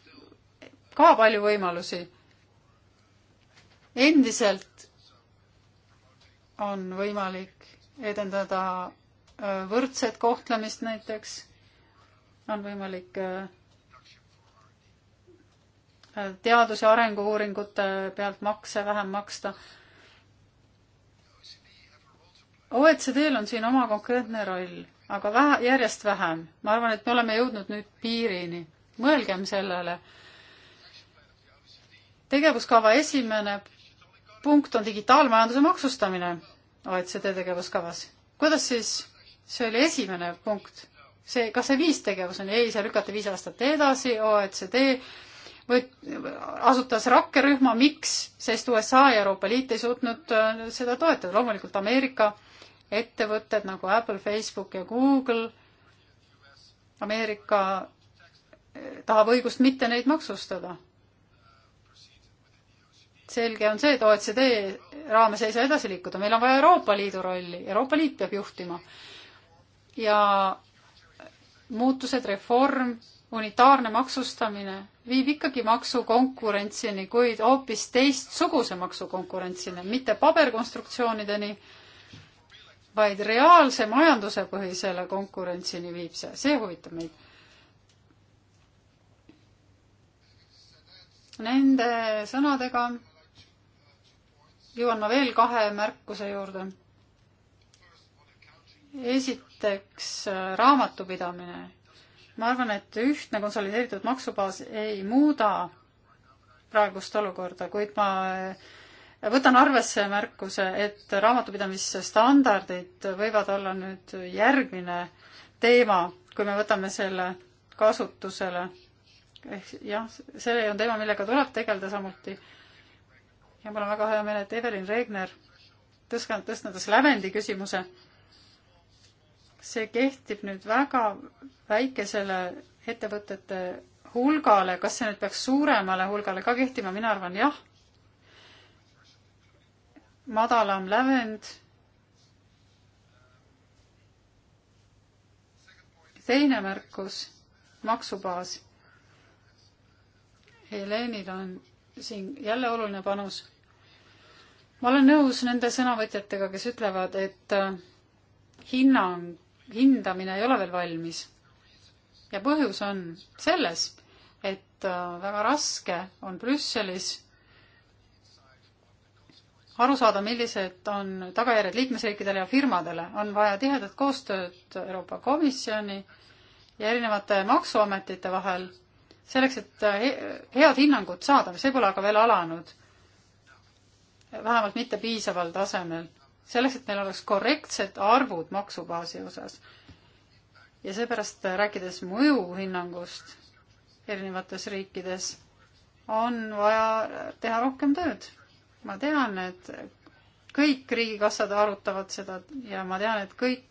ka palju võimalusi. endiselt on võimalik edendada äh, võrdset kohtlemist näiteks, on võimalik teadus- ja arengu-uuringute pealt makse vähem maksta OECD-l on siin oma konkreetne roll, aga vähe, järjest vähem. ma arvan, et me oleme jõudnud nüüd piirini. mõelgem sellele. tegevuskava esimene punkt on digitaalmajanduse maksustamine OECD tegevuskavas. kuidas siis, see oli esimene punkt, see, kas see viis tegevuseni, ei, see lükati viis aastat edasi, OECD võt-, asutas rakkerühma, miks, sest USA ja Euroopa Liit ei suutnud äh, seda toetada, loomulikult Ameerika ettevõtted nagu Apple, Facebook ja Google. Ameerika eh, tahab õigust mitte neid maksustada. selge on see, et OECD raames ei saa edasi liikuda, meil on vaja Euroopa Liidu rolli, Euroopa Liit peab juhtima. ja muutused, reform, unitaarne maksustamine viib ikkagi maksukonkurentsini, kuid hoopis teistsuguse maksukonkurentsini, mitte paberkonstruktsioonideni vaid reaalse majandusepõhisele konkurentsini viib see, see huvitab meid. Nende sõnadega jõuan ma veel kahe märkuse juurde. esiteks raamatupidamine. ma arvan, et ühtne konsolideeritud maksubaas ei muuda praegust olukorda, kuid ma äh, võtan arvesse märkuse, et raamatupidamisstandardid võivad olla nüüd järgmine teema, kui me võtame selle kasutusele. ehk jah, see on teema, millega tuleb tegeleda samuti. ja mul on väga hea meel, et Evelyn Regner tõstnud, tõstnud lävendi küsimuse. see kehtib nüüd väga väikesele ettevõtete hulgale, kas see nüüd peaks suuremale hulgale ka kehtima, mina arvan jah madalam lävend. teine märkus, maksubaas. Helenil on siin jälle oluline panus. ma olen nõus nende sõnavõtjatega, kes ütlevad, et äh, hinnang, hindamine ei ole veel valmis. ja põhjus on selles, et äh, väga raske on Brüsselis aru saada, millised on tagajärjed liikmesriikidele ja firmadele, on vaja tihedat koostööd Euroopa Komisjoni ja erinevate maksuametite vahel, selleks et eh, head hinnangut saada, see pole aga veel alanud, vähemalt mitte piisaval tasemel, selleks et meil oleks korrektsed arvud maksubaasi osas. ja seepärast, eh, rääkides mõjuhinnangust erinevates riikides, on vaja eh, teha rohkem tööd ma tean, et kõik riigikassad arutavad seda ja ma tean, et kõik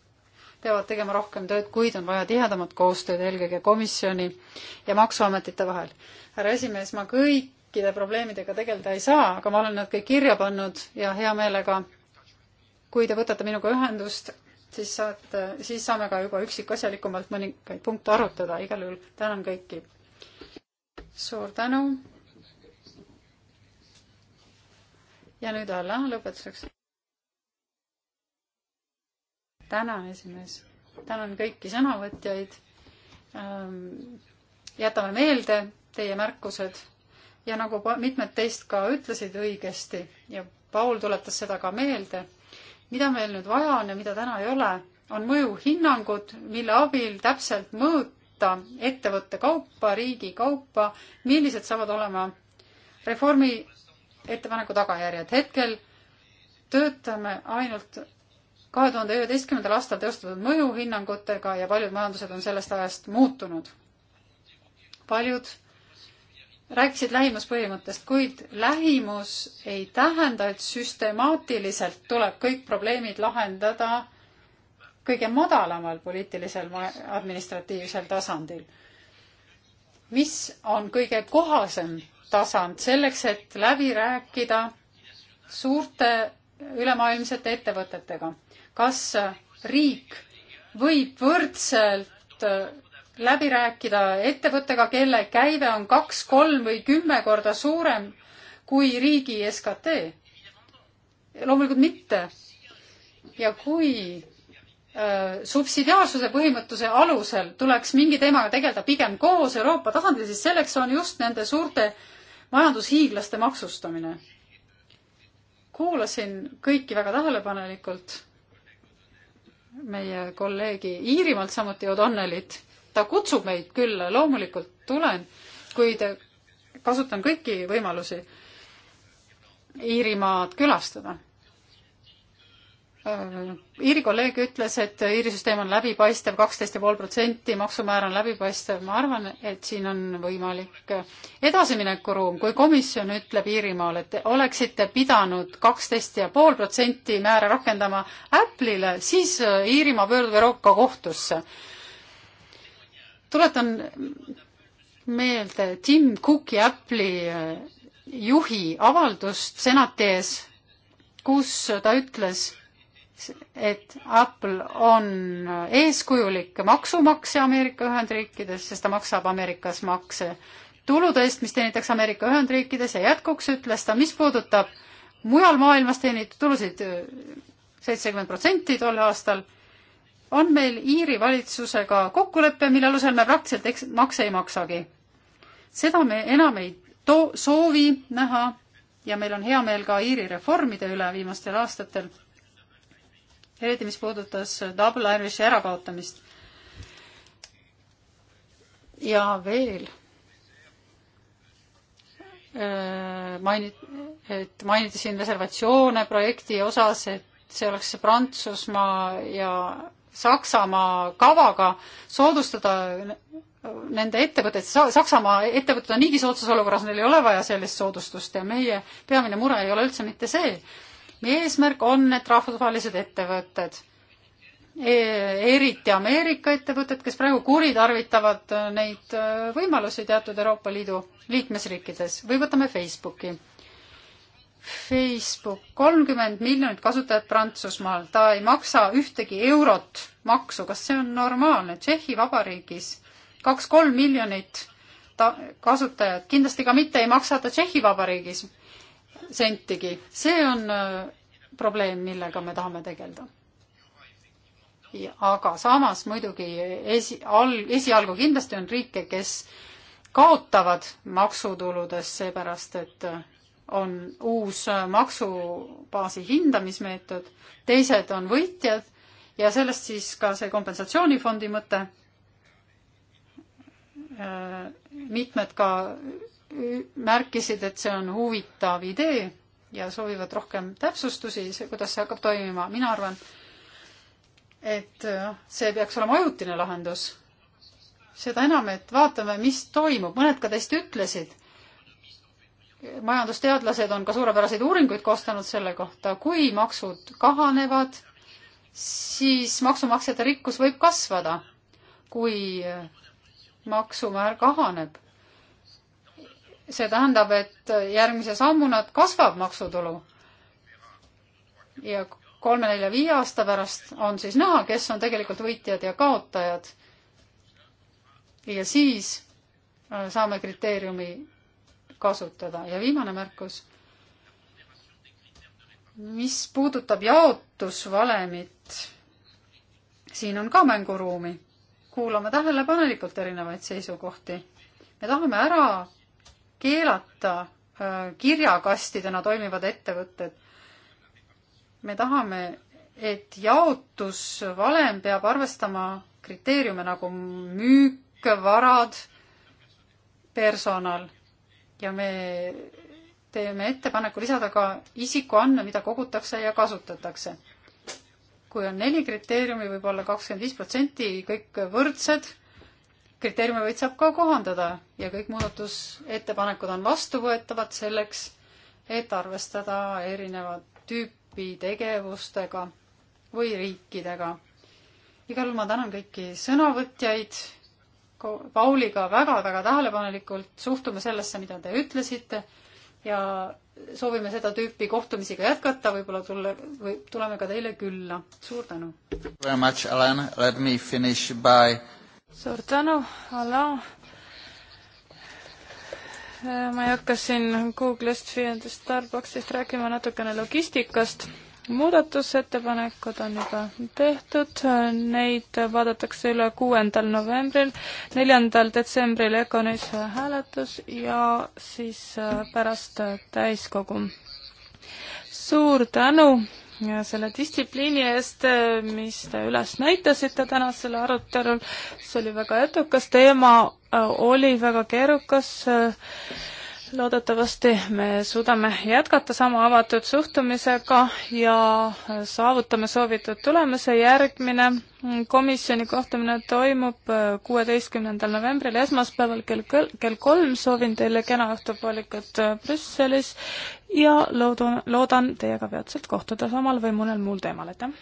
peavad tegema rohkem tööd, kuid on vaja tihedamat koostööd eelkõige komisjoni ja maksuametite vahel. härra esimees, ma kõikide probleemidega tegeleda ei saa, aga ma olen nad kõik kirja pannud ja hea meelega, kui te võtate minuga ühendust, siis saate, siis saame ka juba üksikasjalikumalt mõningaid punkte arutada, igal juhul tänan kõiki. suur tänu ja nüüd alla lõpetuseks. tänan, esimees. tänan kõiki sõnavõtjaid. Ähm, jätame meelde teie märkused ja nagu mitmed teist ka ütlesid õigesti ja Paul tuletas seda ka meelde, mida meil nüüd vaja on ja mida täna ei ole, on mõjuhinnangud, mille abil täpselt mõõta ettevõtte kaupa, riigi kaupa, millised saavad olema reformi ettepaneku tagajärjed. hetkel töötame ainult kahe tuhande üheteistkümnendal aastal teostatud mõjuhinnangutega ja paljud majandused on sellest ajast muutunud. paljud rääkisid lähimuspõhimõttest, kuid lähimus ei tähenda, et süstemaatiliselt tuleb kõik probleemid lahendada kõige madalamal poliitilisel administratiivsel tasandil. mis on kõige kohasem tasand selleks, et läbi rääkida suurte ülemaailmsete ettevõtetega. kas riik võib võrdselt läbi rääkida ettevõttega, kelle käive on kaks, kolm või kümme korda suurem kui riigi SKT? loomulikult mitte. ja kui äh, subsidiaarsuse põhimõttuse alusel tuleks mingi teemaga tegeleda pigem koos Euroopa tasandil, siis selleks on just nende suurte majandushiiglaste maksustamine. kuulasin kõiki väga tähelepanelikult, meie kolleegi Iirimaalt, samuti O'Donnellit. ta kutsub meid külla, loomulikult tulen, kuid kasutan kõiki võimalusi Iirimaad külastada Äh, Iiri kolleeg ütles, et Iiri süsteem on läbipaistev, kaksteist ja pool protsenti maksumäär on läbipaistev, ma arvan, et siin on võimalik edasiminekuruum, kui komisjon ütleb Iirimaal, et oleksite pidanud kaksteist ja pool protsenti määra rakendama Apple'ile, siis äh, Iirimaa pöördub Euroopa kohtusse. tuletan meelde Tim Cooki Apple'i äh, juhi avaldust senati ees, kus ta ütles, et Apple on eeskujulik maksumaksja Ameerika Ühendriikides, sest ta maksab Ameerikas makse tulude eest, mis teenitakse Ameerika Ühendriikides ja jätkuks ütles ta, mis puudutab mujal maailmas teenitud tulusid, seitsekümmend protsenti tol aastal, on meil Iiri valitsusega kokkulepe, mille alusel me praktiliselt eks-, makse ei maksagi. seda me enam ei too, soovi näha ja meil on hea meel ka Iiri reformide üle viimastel aastatel eriti mis puudutas Double Irish'i ärakaotamist. ja veel äh, mainit-, et mainiti siin reservatsioone projekti osas, et see oleks Prantsusmaa ja Saksamaa kavaga soodustada nende ettevõtted, Saksamaa ettevõtted on niigi soodsas olukorras, neil ei ole vaja sellist soodustust ja meie peamine mure ei ole üldse mitte see, meie eesmärk on, et rahvusvahelised ettevõtted, e-, eriti Ameerika ettevõtted, kes praegu kuritarvitavad neid e, võimalusi teatud Euroopa Liidu liikmesriikides või võtame Facebooki. Facebook, kolmkümmend miljonit kasutajat Prantsusmaal, ta ei maksa ühtegi eurot maksu, kas see on normaalne? Tšehhi Vabariigis kaks-kolm miljonit ta-, kasutajat, kindlasti ka mitte ei maksa ta Tšehhi Vabariigis sentigi. see on äh, probleem, millega me tahame tegeleda. aga samas muidugi esi, al-, esialgu kindlasti on riike, kes kaotavad maksutuludes seepärast, et äh, on uus äh, maksubaasi hindamismeetod, teised on võitjad ja sellest siis ka see kompensatsioonifondi mõte. mitmed ka märkisid, et see on huvitav idee ja soovivad rohkem täpsustusi, kuidas see hakkab toimima. mina arvan, et äh, see peaks olema ajutine lahendus. seda enam, et vaatame, mis toimub. mõned ka teist ütlesid, majandusteadlased on ka suurepäraseid uuringuid koostanud selle kohta, kui maksud kahanevad, siis maksumaksjate rikkus võib kasvada, kui äh, maksumäär kahaneb see tähendab, et järgmise sammuna kasvab maksutulu. ja kolme-nelja-viie aasta pärast on siis näha, kes on tegelikult võitjad ja kaotajad. ja siis äh, saame kriteeriumi kasutada ja viimane märkus. mis puudutab jaotusvalemit, siin on ka mänguruumi. kuulame tähelepanelikult erinevaid seisukohti. me tahame ära keelata äh, kirjakastidena toimivad ettevõtted. me tahame, et jaotusvalem peab arvestama kriteeriume nagu müük, varad, personal ja me teeme ettepaneku lisada ka isikuandme, mida kogutakse ja kasutatakse. kui on neli kriteeriumi võib, võib-olla kakskümmend viis protsenti kõik võrdsed kriteeriumeid saab ka kohandada ja kõik muudatusettepanekud on vastuvõetavad selleks, et arvestada erinevat tüüpi tegevustega või riikidega. igal juhul ma tänan kõiki sõnavõtjaid. Pauliga väga-väga tähelepanelikult suhtume sellesse, mida te ütlesite ja soovime seda tüüpi kohtumisi ka jätkata, võib-olla tulla või tuleme ka teile külla. suur tänu! suur tänu, Alain. Äh, ma ei hakka siin Google'ist, FIE-dest, Starbucksist rääkima, natukene logistikast. muudatusettepanekud on juba tehtud, neid vaadatakse üle kuuendal novembril, neljandal detsembril Econis hääletus ja siis äh, pärast täiskogu. suur tänu selle distsipliini eest, äh, mis te üles näitasite tänasel arutelul. see oli väga edukas teema, äh, oli väga keerukas. Äh, loodetavasti me suudame jätkata sama avatud suhtumisega ja saavutame soovitud tulemuse. järgmine komisjoni kohtumine toimub kuueteistkümnendal novembril esmaspäeval kell, kell kolm. soovin teile kena õhtupoolikut Brüsselis ja loodan, loodan teiega peatselt kohtuda samal või mõnel muul teemal, aitäh!